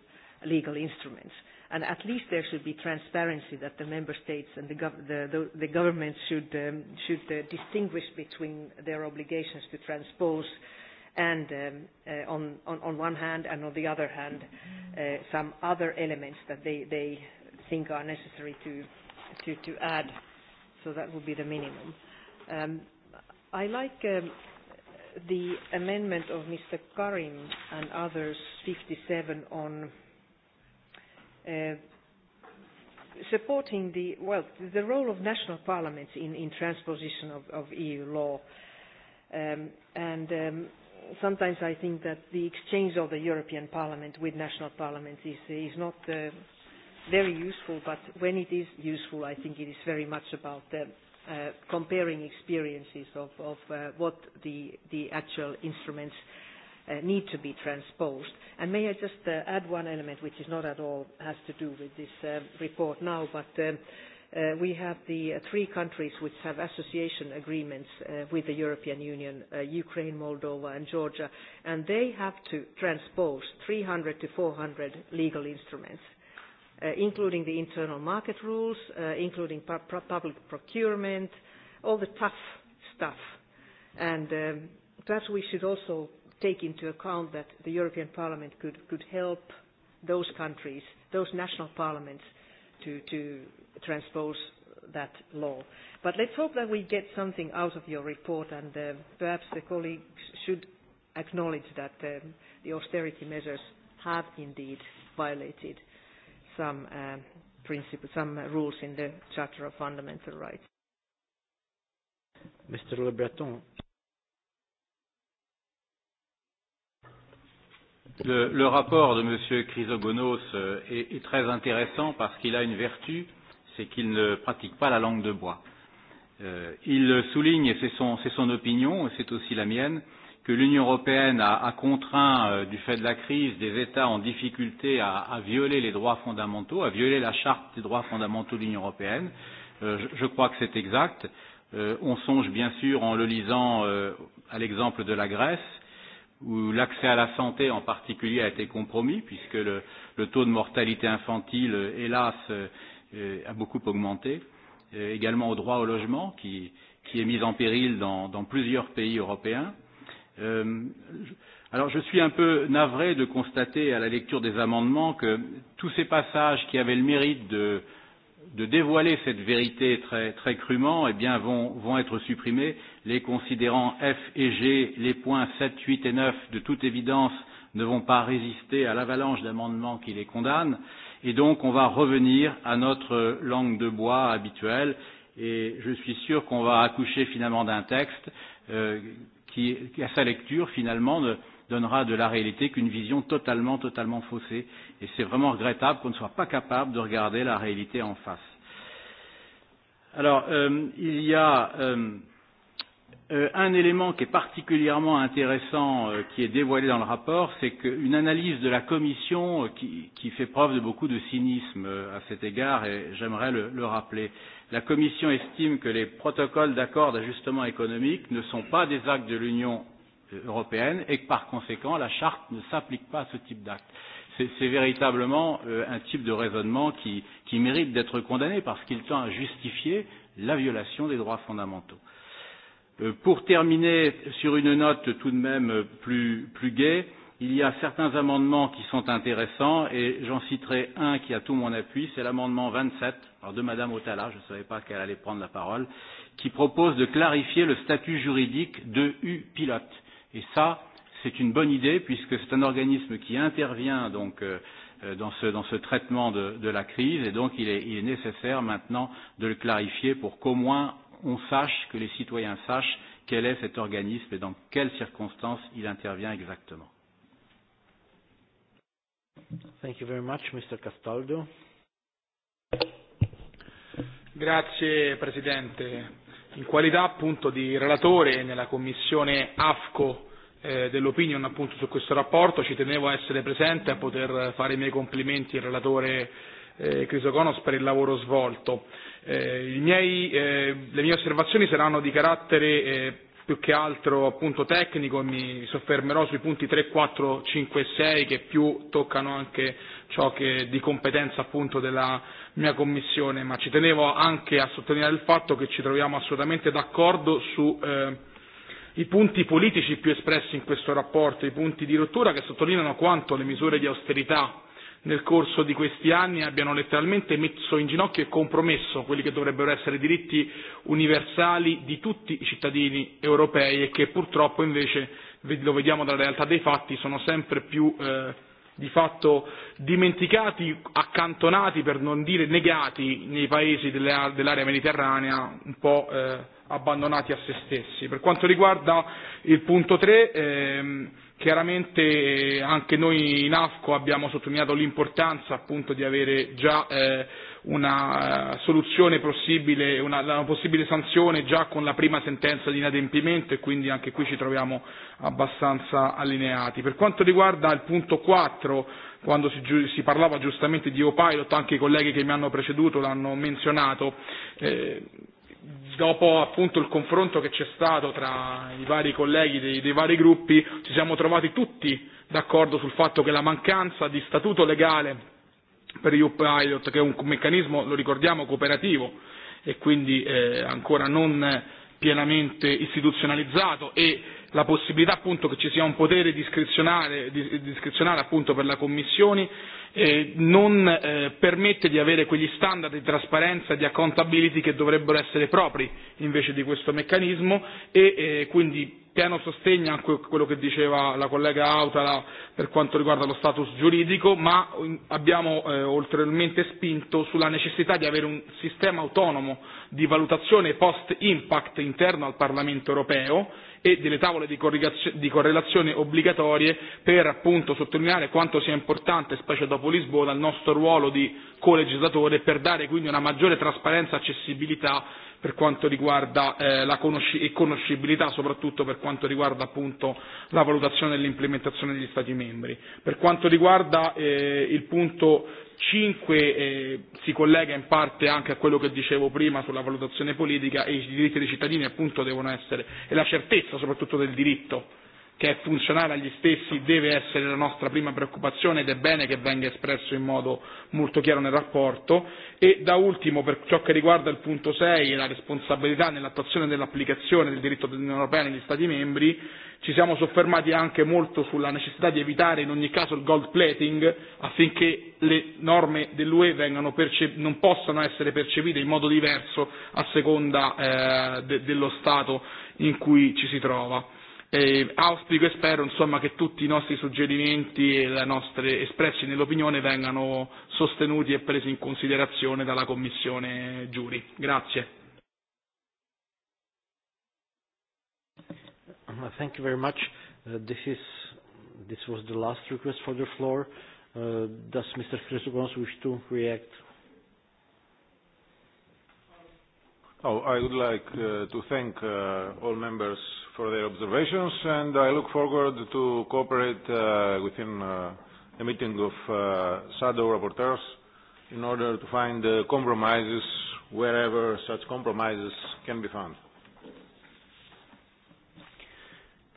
legal instruments. And at least there should be transparency that the member states and the, gov the, the, the government should, um, should uh, distinguish between their obligations to transpose and um, uh, on, on, on one hand and on the other hand uh, some other elements that they, they think are necessary to, to, to add. So that would be the minimum. Um, I like um, the amendment of Mr. Karim and others, 57, on Uh, supporting the, well, the role of national parliaments in, in transposition of, of EU law. Um, and um, sometimes I think that the exchange of the European Parliament with national parliaments is, is not uh, very useful, but when it is useful, I think it is very much about uh, uh, comparing experiences of, of uh, what the, the actual instruments uh, uh, need to be transposed. And may I just uh, add one element which is not at all has to do with this uh, report now, but um, Uh, we have the uh, three countries which have association agreements uh, with the European Union, uh, Ukraine, Moldova, and Georgia, and they have to transpose 300 to 400 legal instruments, uh, including the internal market rules, uh, including pu public procurement, all the tough stuff. And um, perhaps we should also take into account that the European Parliament could, could help those countries, those national parliaments, to, to transpose that law. But let's hope that we get something out of your report, and uh, perhaps the colleagues should acknowledge that um, the austerity measures have indeed violated some um, uh, principles, some rules in the Charter of Fundamental Rights. Mr. Le Breton, Le, le rapport de M. Chrysogonos euh, est, est très intéressant parce qu'il a une vertu, c'est qu'il ne pratique pas la langue de bois. Euh, il souligne, et c'est son, son opinion, et c'est aussi la mienne, que l'Union européenne a, a contraint, euh, du fait de la crise, des États en difficulté à, à violer les droits fondamentaux, à violer la charte des droits fondamentaux de l'Union européenne. Euh, je, je crois que c'est exact. Euh, on songe bien sûr, en le lisant, euh, à l'exemple de la Grèce, où l'accès à la santé en particulier a été compromis, puisque le, le taux de mortalité infantile, hélas, euh, a beaucoup augmenté, euh, également au droit au logement, qui, qui est mis en péril dans, dans plusieurs pays européens. Euh, alors je suis un peu navré de constater à la lecture des amendements que tous ces passages qui avaient le mérite de, de dévoiler cette vérité très, très crûment eh bien, vont, vont être supprimés Les considérants F et G, les points 7, 8 et 9, de toute évidence, ne vont pas résister à l'avalanche d'amendements qui les condamnent. Et donc, on va revenir à notre langue de bois habituelle. Et je suis sûr qu'on va accoucher finalement d'un texte euh, qui, qui, à sa lecture, finalement, ne donnera de la réalité qu'une vision totalement, totalement faussée. Et c'est vraiment regrettable qu'on ne soit pas capable de regarder la réalité en face. Alors, euh, il y a euh, Euh, un élément qui est particulièrement intéressant, euh, qui est dévoilé dans le rapport, c'est qu'une analyse de la Commission euh, qui, qui fait preuve de beaucoup de cynisme euh, à cet égard, et j'aimerais le, le rappeler. La Commission estime que les protocoles d'accord d'ajustement économique ne sont pas des actes de l'Union euh, européenne et que par conséquent la charte ne s'applique pas à ce type d'acte. C'est véritablement euh, un type de raisonnement qui, qui mérite d'être condamné parce qu'il tend à justifier la violation des droits fondamentaux. Euh, Euh, pour terminer sur une note tout de même plus, plus gaie, il y a certains amendements qui sont intéressants et j'en citerai un qui a tout mon appui, c'est l'amendement 27 alors de Madame Otala, je ne savais pas qu'elle allait prendre la parole, qui propose de clarifier le statut juridique de U pilote. Et ça, c'est une bonne idée puisque c'est un organisme qui intervient donc euh, euh, dans ce, dans ce traitement de, de la crise et donc il est, il est nécessaire maintenant de le clarifier pour qu'au moins on sache, que les citoyens sachent quel est cet organisme et dans quelles circonstances il intervient exactement. Thank you very much, Mr. Castaldo. Grazie Presidente. In qualità appunto di relatore nella Commissione AFCO eh, dell'opinion appunto su questo rapporto, ci tenevo a essere presente e a poter fare i miei complimenti al relatore eh, Crisogonos per il lavoro svolto. Eh, Eh, i miei, eh, le mie osservazioni saranno di carattere eh, più che altro appunto tecnico e mi soffermerò sui punti 3, 4, 5 e 6 che più toccano anche ciò che di competenza appunto della mia commissione, ma ci tenevo anche a sottolineare il fatto che ci troviamo assolutamente d'accordo su eh, i punti politici più espressi in questo rapporto, i punti di rottura che sottolineano quanto le misure di austerità nel corso di questi anni abbiano letteralmente messo in ginocchio e compromesso quelli che dovrebbero essere i diritti universali di tutti i cittadini europei e che purtroppo invece, lo vediamo dalla realtà dei fatti, sono sempre più eh, di fatto dimenticati, accantonati per non dire negati nei paesi dell'area mediterranea, un po' eh, abbandonati a se stessi. Per quanto riguarda il punto 3, ehm, Chiaramente eh, anche noi in AFCO abbiamo sottolineato l'importanza appunto di avere già eh, una eh, soluzione possibile, una, una possibile sanzione già con la prima sentenza di inadempimento e quindi anche qui ci troviamo abbastanza allineati. Per quanto riguarda il punto 4, quando si, si parlava giustamente di O-Pilot, anche i colleghi che mi hanno preceduto l'hanno menzionato, eh, dopo appunto il confronto che c'è stato tra i vari colleghi dei, dei vari gruppi, ci siamo trovati tutti d'accordo sul fatto che la mancanza di statuto legale per EU Pilot, che è un meccanismo, lo ricordiamo, cooperativo e quindi eh, ancora non pienamente istituzionalizzato e la possibilità appunto che ci sia un potere discrezionale, discrezionale appunto per la Commissione eh, non eh, permette di avere quegli standard di trasparenza e di accountability che dovrebbero essere propri invece di questo meccanismo e eh, quindi pieno sostegno anche a quello che diceva la collega Autala per quanto riguarda lo status giuridico, ma mm, abbiamo eh, ulteriormente spinto sulla necessità di avere un sistema autonomo di valutazione post-impact interno al Parlamento europeo e delle tavole di, di correlazione obbligatorie per appunto sottolineare quanto sia importante, specie dopo Lisbona, il nostro ruolo di colegislatore per dare quindi una maggiore trasparenza e accessibilità per quanto riguarda eh, la conosci- e conoscibilità, soprattutto per quanto riguarda appunto la valutazione dell'implementazione degli Stati membri. Per quanto riguarda eh, il punto 5 eh, si collega in parte anche a quello che dicevo prima sulla valutazione politica e i diritti dei cittadini appunto devono essere, e la certezza soprattutto del diritto che è funzionale agli stessi deve essere la nostra prima preoccupazione ed è bene che venga espresso in modo molto chiaro nel rapporto e da ultimo per ciò che riguarda il punto 6 la responsabilità nell'attuazione dell'applicazione del diritto dell'Unione Europea negli Stati membri ci siamo soffermati anche molto sulla necessità di evitare in ogni caso il gold plating affinché le norme dell'UE vengano non possano essere percepite in modo diverso a seconda eh, de- dello Stato in cui ci si trova Eh, auspico e spero insomma, che tutti i nostri suggerimenti e le nostre espressi nell'opinione vengano sostenuti e presi in considerazione dalla Commissione Giuri. Grazie. Uh, thank you very much. Uh, this, is, this was the last request for the floor. Uh, does Mr. Chrysogons wish to react? Oh, I would like uh, to thank uh, all members for their observations, and I look forward to cooperate uh, within uh, a meeting of uh, shadow rapporteurs in order to find uh, compromises wherever such compromises can be found.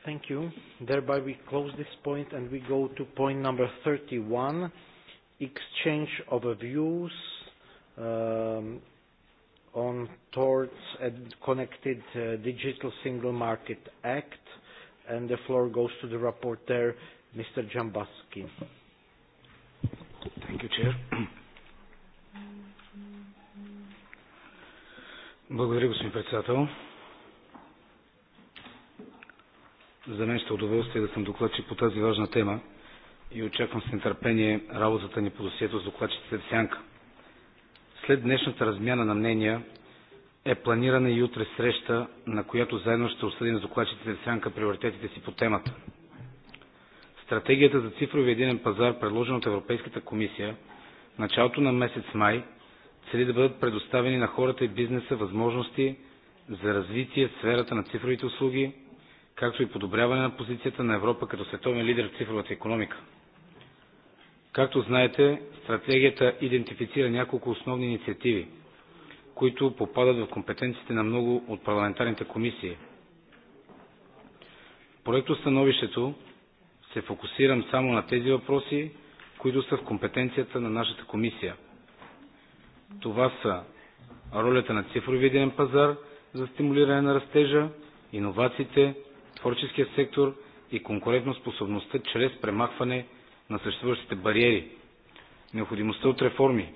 Thank you. Thereby we close this point and we go to point number 31, exchange of views um, towards a connected uh, digital single market act and the floor goes to the rapporteur mr jambaski thank you chair Благодаря, господин председател. За мен ще удоволствие да съм докладчик по тази важна тема и очаквам с нетърпение работата ни по досието с докладчиците в сянка. След днешната размяна на мнения е планирана и утре среща, на която заедно ще обсъдим с докладчиците в сянка приоритетите си по темата. Стратегията за цифрови единен пазар, предложена от Европейската комисия, в началото на месец май цели да бъдат предоставени на хората и бизнеса възможности за развитие в сферата на цифровите услуги, както и подобряване на позицията на Европа като световен лидер в цифровата економика. Както знаете, стратегията идентифицира няколко основни инициативи – които попадат в компетенциите на много от парламентарните комисии. В проектостановището се фокусирам само на тези въпроси, които са в компетенцията на нашата комисия. Това са ролята на цифровия единен пазар за стимулиране на растежа, иновациите, творческия сектор и конкурентоспособността чрез премахване на съществуващите бариери, необходимостта от реформи,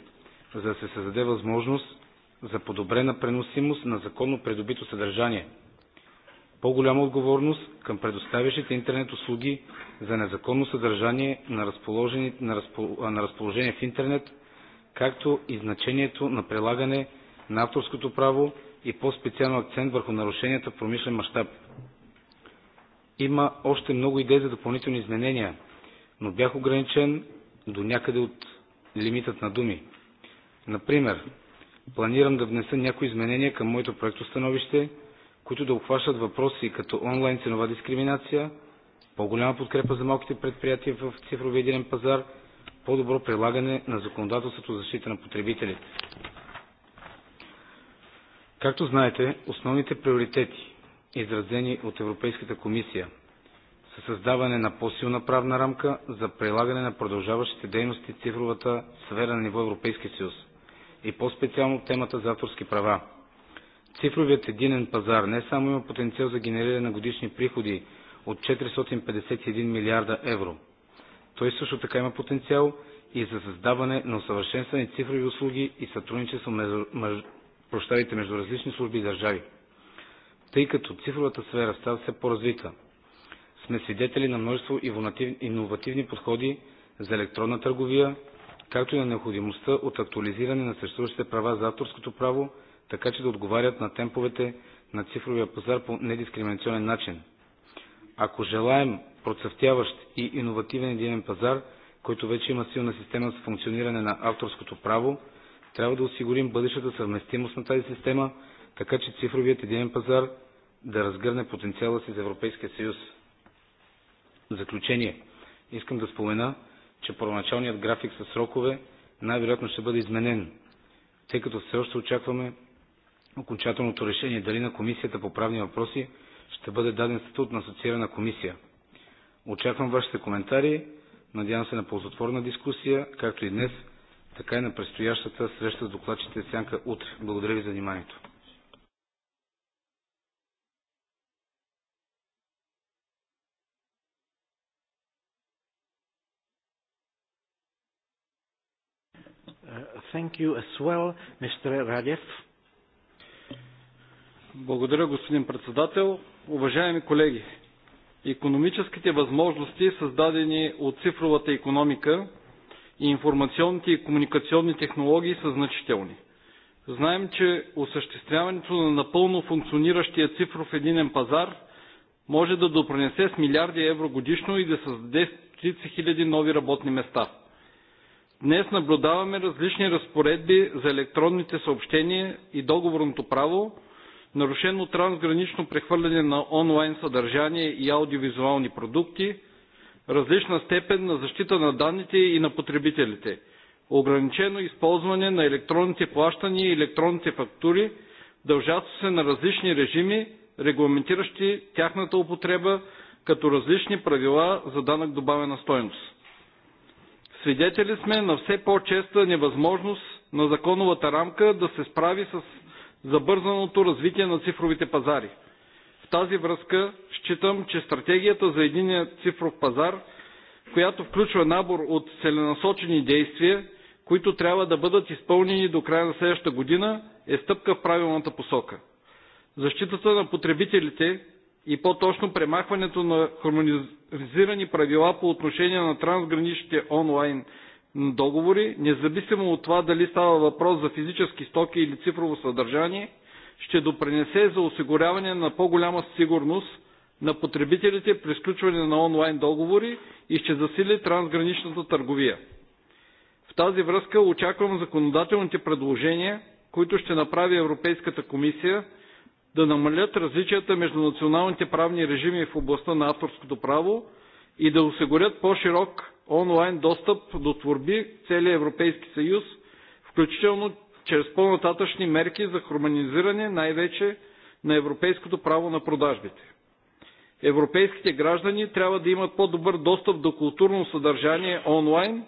за да се създаде възможност за подобрена преносимост на законно придобито съдържание, по-голяма отговорност към предоставящите интернет услуги за незаконно съдържание на, разположение, на, разпол, на разположение в интернет, както и значението на прилагане на авторското право и по-специално акцент върху нарушенията в промишлен мащаб. Има още много идеи за допълнителни изменения, но бях ограничен до някъде от лимитът на думи. Например, планирам да внеса някои изменения към моето проекто становище, които да обхващат въпроси като онлайн ценова дискриминация, по-голяма подкрепа за малките предприятия в цифровия единен пазар, по-добро прилагане на законодателството за защита на потребителите. Както знаете, основните приоритети, изразени от Европейската комисия, са създаване на по-силна правна рамка за прилагане на продължаващите дейности в цифровата сфера на ниво Европейски съюз – и по-специално темата за авторски права. Цифровият единен пазар не само има потенциал за генериране на годишни приходи от 451 милиарда евро, той също така има потенциал и за създаване на усъвършенствани цифрови услуги и сътрудничество между, прощавайте, между различни служби и държави. Тъй като цифровата сфера става все по-развита, сме свидетели на множество иновативни подходи за електронна търговия, както и на необходимостта от актуализиране на съществуващите права за авторското право, така че да отговарят на темповете на цифровия пазар по недискриминационен начин. Ако желаем процъфтяващ и иновативен единен пазар, който вече има силна система за функциониране на авторското право, трябва да осигурим бъдещата съвместимост на тази система, така че цифровият единен пазар да разгърне потенциала си за Европейския съюз. В заключение, искам да спомена, че първоначалният график със срокове най-вероятно ще бъде изменен, тъй като все още очакваме окончателното решение дали на Комисията по правни въпроси ще бъде даден статут на асоциирана комисия. Очаквам вашите коментари, надявам се на ползотворна дискусия, както и днес, така и на предстоящата среща с докладчите Сянка утре. Благодаря ви за вниманието. Thank you as well, Mr. Radev. Благодаря, господин председател. Уважаеми колеги, економическите възможности, създадени от цифровата економика и информационните и комуникационни технологии са значителни. Знаем, че осъществяването на напълно функциониращия цифров единен пазар може да допринесе с милиарди евро годишно и да създаде стотици хиляди нови работни места – Днес наблюдаваме различни разпоредби за електронните съобщения и договорното право, нарушено трансгранично прехвърляне на онлайн съдържание и аудиовизуални продукти, различна степен на защита на данните и на потребителите, ограничено използване на електронните плащания и електронните фактури, дължащо се на различни режими, регламентиращи тяхната употреба, като различни правила за данък добавена стойност. Свидетели сме на все по-честа невъзможност на законовата рамка да се справи с забързаното развитие на цифровите пазари. В тази връзка считам, че стратегията за единия цифров пазар, която включва набор от целенасочени действия, които трябва да бъдат изпълнени до края на следващата година, е стъпка в правилната посока. Защитата на потребителите и по-точно премахването на хармонизирани правила по отношение на трансграничните онлайн договори, независимо от това дали става въпрос за физически стоки или цифрово съдържание, ще допринесе за осигуряване на по-голяма сигурност на потребителите при сключване на онлайн договори и ще засили трансграничната търговия. В тази връзка очаквам законодателните предложения, които ще направи Европейската комисия – да намалят различията между националните правни режими в областта на авторското право и да осигурят по-широк онлайн достъп до творби в целия Европейски съюз, включително чрез по-нататъчни мерки за хармонизиране най-вече на европейското право на продажбите. Европейските граждани трябва да имат по-добър достъп до културно съдържание онлайн.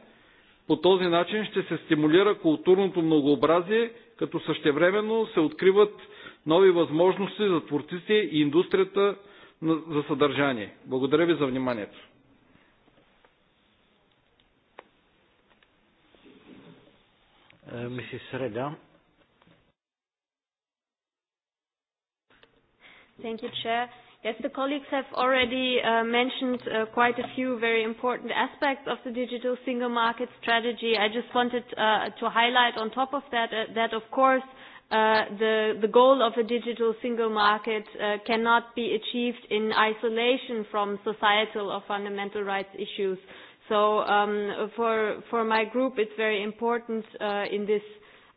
По този начин ще се стимулира културното многообразие, като същевременно се откриват нови възможности за творците и индустрията за съдържание. Благодаря ви за вниманието. Mrs. Reda. Thank you, Chair. Yes, the colleagues have already uh, mentioned uh, quite a few very important aspects of the digital single market strategy. I just wanted uh, to highlight on top of that uh, that, of course, Uh, the, the goal of a digital single market uh, cannot be achieved in isolation from societal or fundamental rights issues. So um, for, for my group, it's very important uh, in this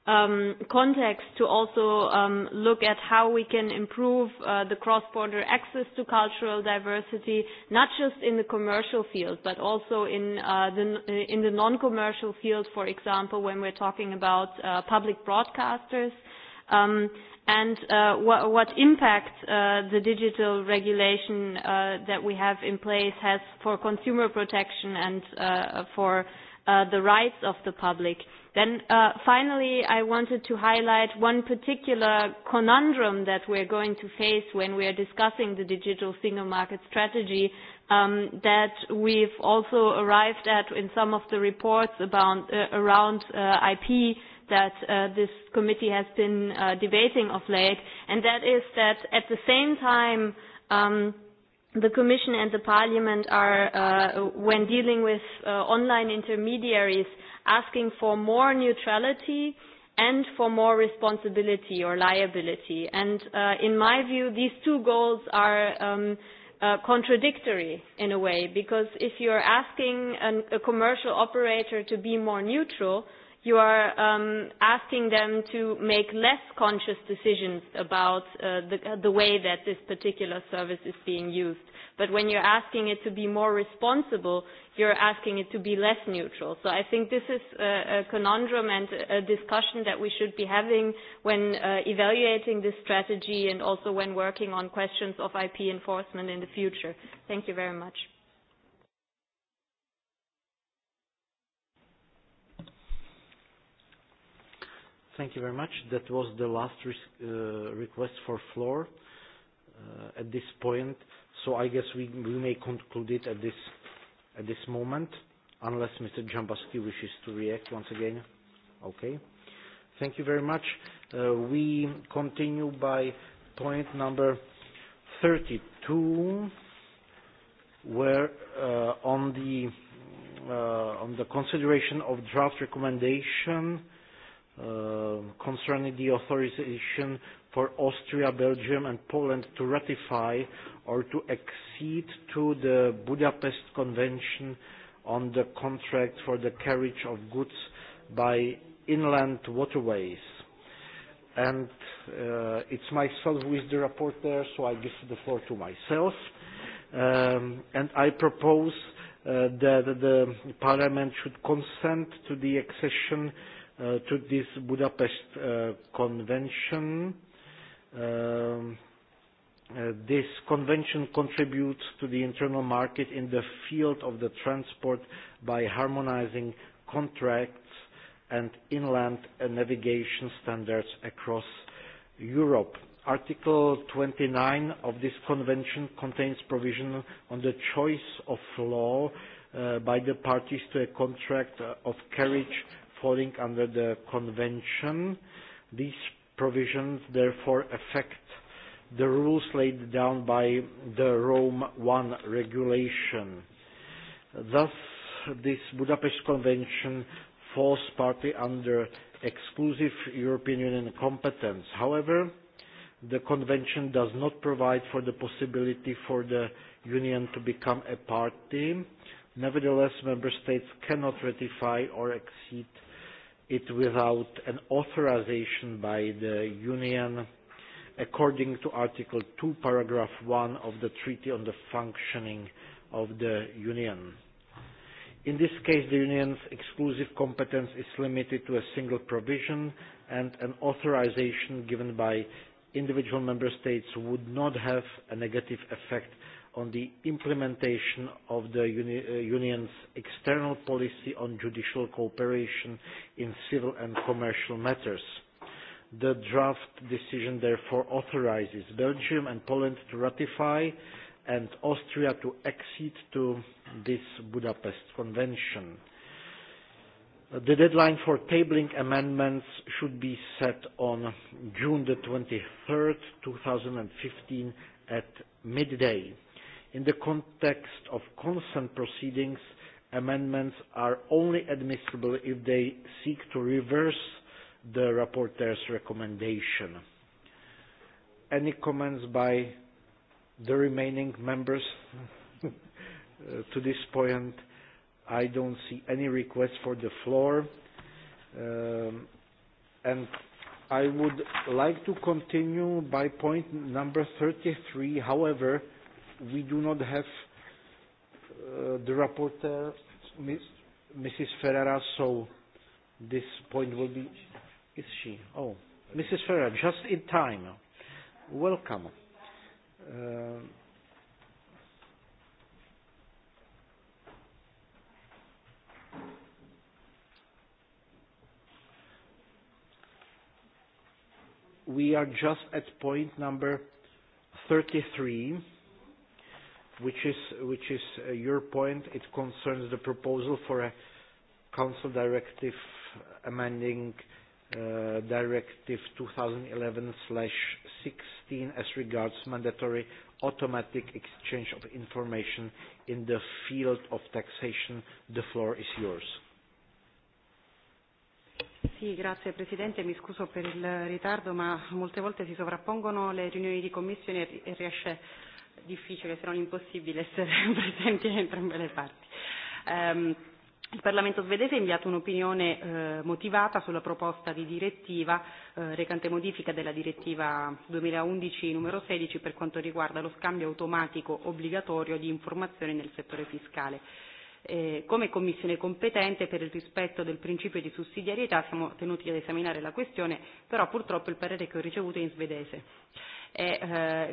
um, context to also um, look at how we can improve uh, the cross-border access to cultural diversity, not just in the commercial field, but also in uh, the, in the non-commercial field, for example, when we're talking about uh, public broadcasters. Uh, Um, and uh, what, what impact uh, the digital regulation uh, that we have in place has for consumer protection and uh, for uh, the rights of the public. Then uh, finally, I wanted to highlight one particular conundrum that we're going to face when we are discussing the digital single market strategy um, that we've also arrived at in some of the reports about, uh, around uh, IP that uh, this committee has been uh, debating of late, and that is that at the same time um, the Commission and the Parliament are, uh, when dealing with uh, online intermediaries, asking for more neutrality and for more responsibility or liability. And uh, in my view, these two goals are um, uh, contradictory in a way, because if you're asking an, a commercial operator to be more neutral, uh, you are um, asking them to make less conscious decisions about uh, the, the way that this particular service is being used. But when you're asking it to be more responsible, you're asking it to be less neutral. So I think this is a, a conundrum and a discussion that we should be having when uh, evaluating this strategy and also when working on questions of IP enforcement in the future. Thank you very much. Thank you very much. That was the last uh, request for floor uh, at this point. So I guess we may conclude it at this moment, unless Mr. Dzhambazki wishes to react once again. Okay. Thank you very much. Uh, we continue by point number 32, where on the consideration of draft recommendation Uh, concerning the authorization for Austria, Belgium, and Poland to ratify or to accede to the Budapest Convention on the contract for the carriage of goods by inland waterways. And uh, it's myself who is the rapporteur, so I give the floor to myself. Um, and I propose uh, that the Parliament should consent to the accession uh, uh, to this Budapest uh, Convention. Um, uh, this convention contributes to the internal market in the field of the transport by harmonizing contracts and inland navigation standards across Europe. Article 29 of this convention contains provision on the choice of law uh, by the parties to a contract of carriage falling under the Convention. These provisions therefore affect the rules laid down by the Rome I regulation. Thus, this Budapest Convention falls partly under exclusive European Union competence. However, the Convention does not provide for the possibility for the Union to become a party. Nevertheless, Member States cannot ratify or accede it without an authorization by the Union according to Article 2, Paragraph 1 of the Treaty on the Functioning of the Union. In this case, the Union's exclusive competence is limited to a single provision and an authorization given by individual member states would not have a negative effect on the implementation of the uni uh, Union's external policy on judicial cooperation in civil and commercial matters. The draft decision therefore authorizes Belgium and Poland to ratify and Austria to accede to this Budapest Convention. The deadline for tabling amendments should be set on June the 23rd, 2015 at midday. In the context of consent proceedings, amendments are only admissible if they seek to reverse the rapporteur's recommendation. Any comments by the remaining members [laughs] to this point? I don't see any request for the floor. Um, and I would like to continue by point number 33. However, uh, we do not have uh, the rapporteur, Ms. Mrs. Ferrara, so this point will be. Is she? Oh, Mrs. Ferrara, just in time. Welcome. Uh, we are just at point number 33 which is, which is uh, your point. It concerns the proposal for a Council Directive amending uh, Directive 2011-16 as regards mandatory automatic exchange of information in the field of taxation. The floor is yours. Sì, grazie Presidente, mi scuso per il ritardo ma molte volte si sovrappongono le riunioni di commissione e, e riesce difficile, se non impossibile, essere [laughs] presenti da entrambe le parti. Um, il Parlamento svedese ha inviato un'opinione eh, motivata sulla proposta di direttiva eh, recante modifica della direttiva 2011 numero 16 per quanto riguarda lo scambio automatico obbligatorio di informazioni nel settore fiscale. Eh, come Commissione competente per il rispetto del principio di sussidiarietà siamo tenuti ad esaminare la questione, però purtroppo il parere che ho ricevuto è in svedese e, eh,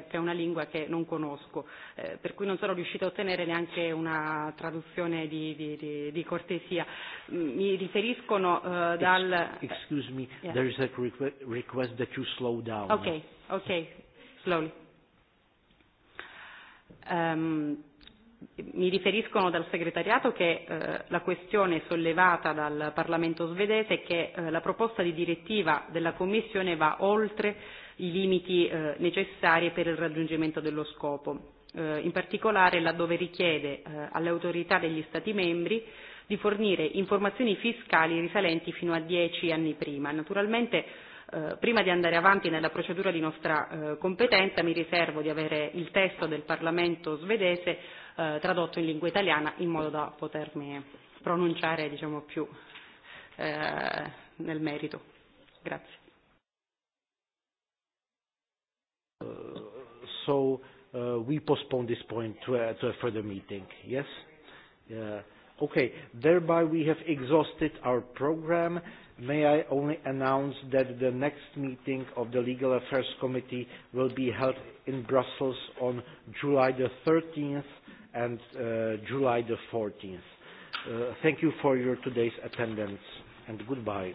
che è una lingua che non conosco, eh, per cui non sono riuscita a ottenere neanche una traduzione di, di, di, di cortesia. Mi riferiscono eh, dal... Eh, excuse me, yeah. there is a request that you slow down. Ok, ok, slowly. Um, mi riferiscono dal segretariato che eh, la questione sollevata dal Parlamento svedese è che eh, la proposta di direttiva della Commissione va oltre i limiti eh, necessari per il raggiungimento dello scopo, eh, in particolare laddove richiede eh, alle autorità degli Stati membri di fornire informazioni fiscali risalenti fino a dieci anni prima. Naturalmente eh, prima di andare avanti nella procedura di nostra eh, competenza mi riservo di avere il testo del Parlamento svedese eh, tradotto in lingua italiana in modo da potermi pronunciare diciamo, più eh, nel merito. Grazie. Uh, so uh, we postpone this point to, uh, to a further meeting. Yes? Uh, okay. Thereby we have exhausted our program. May I only announce that the next meeting of the Legal Affairs Committee will be held in Brussels on July the 13th and uh, July the 14th. Uh, thank you for your today's attendance and goodbye.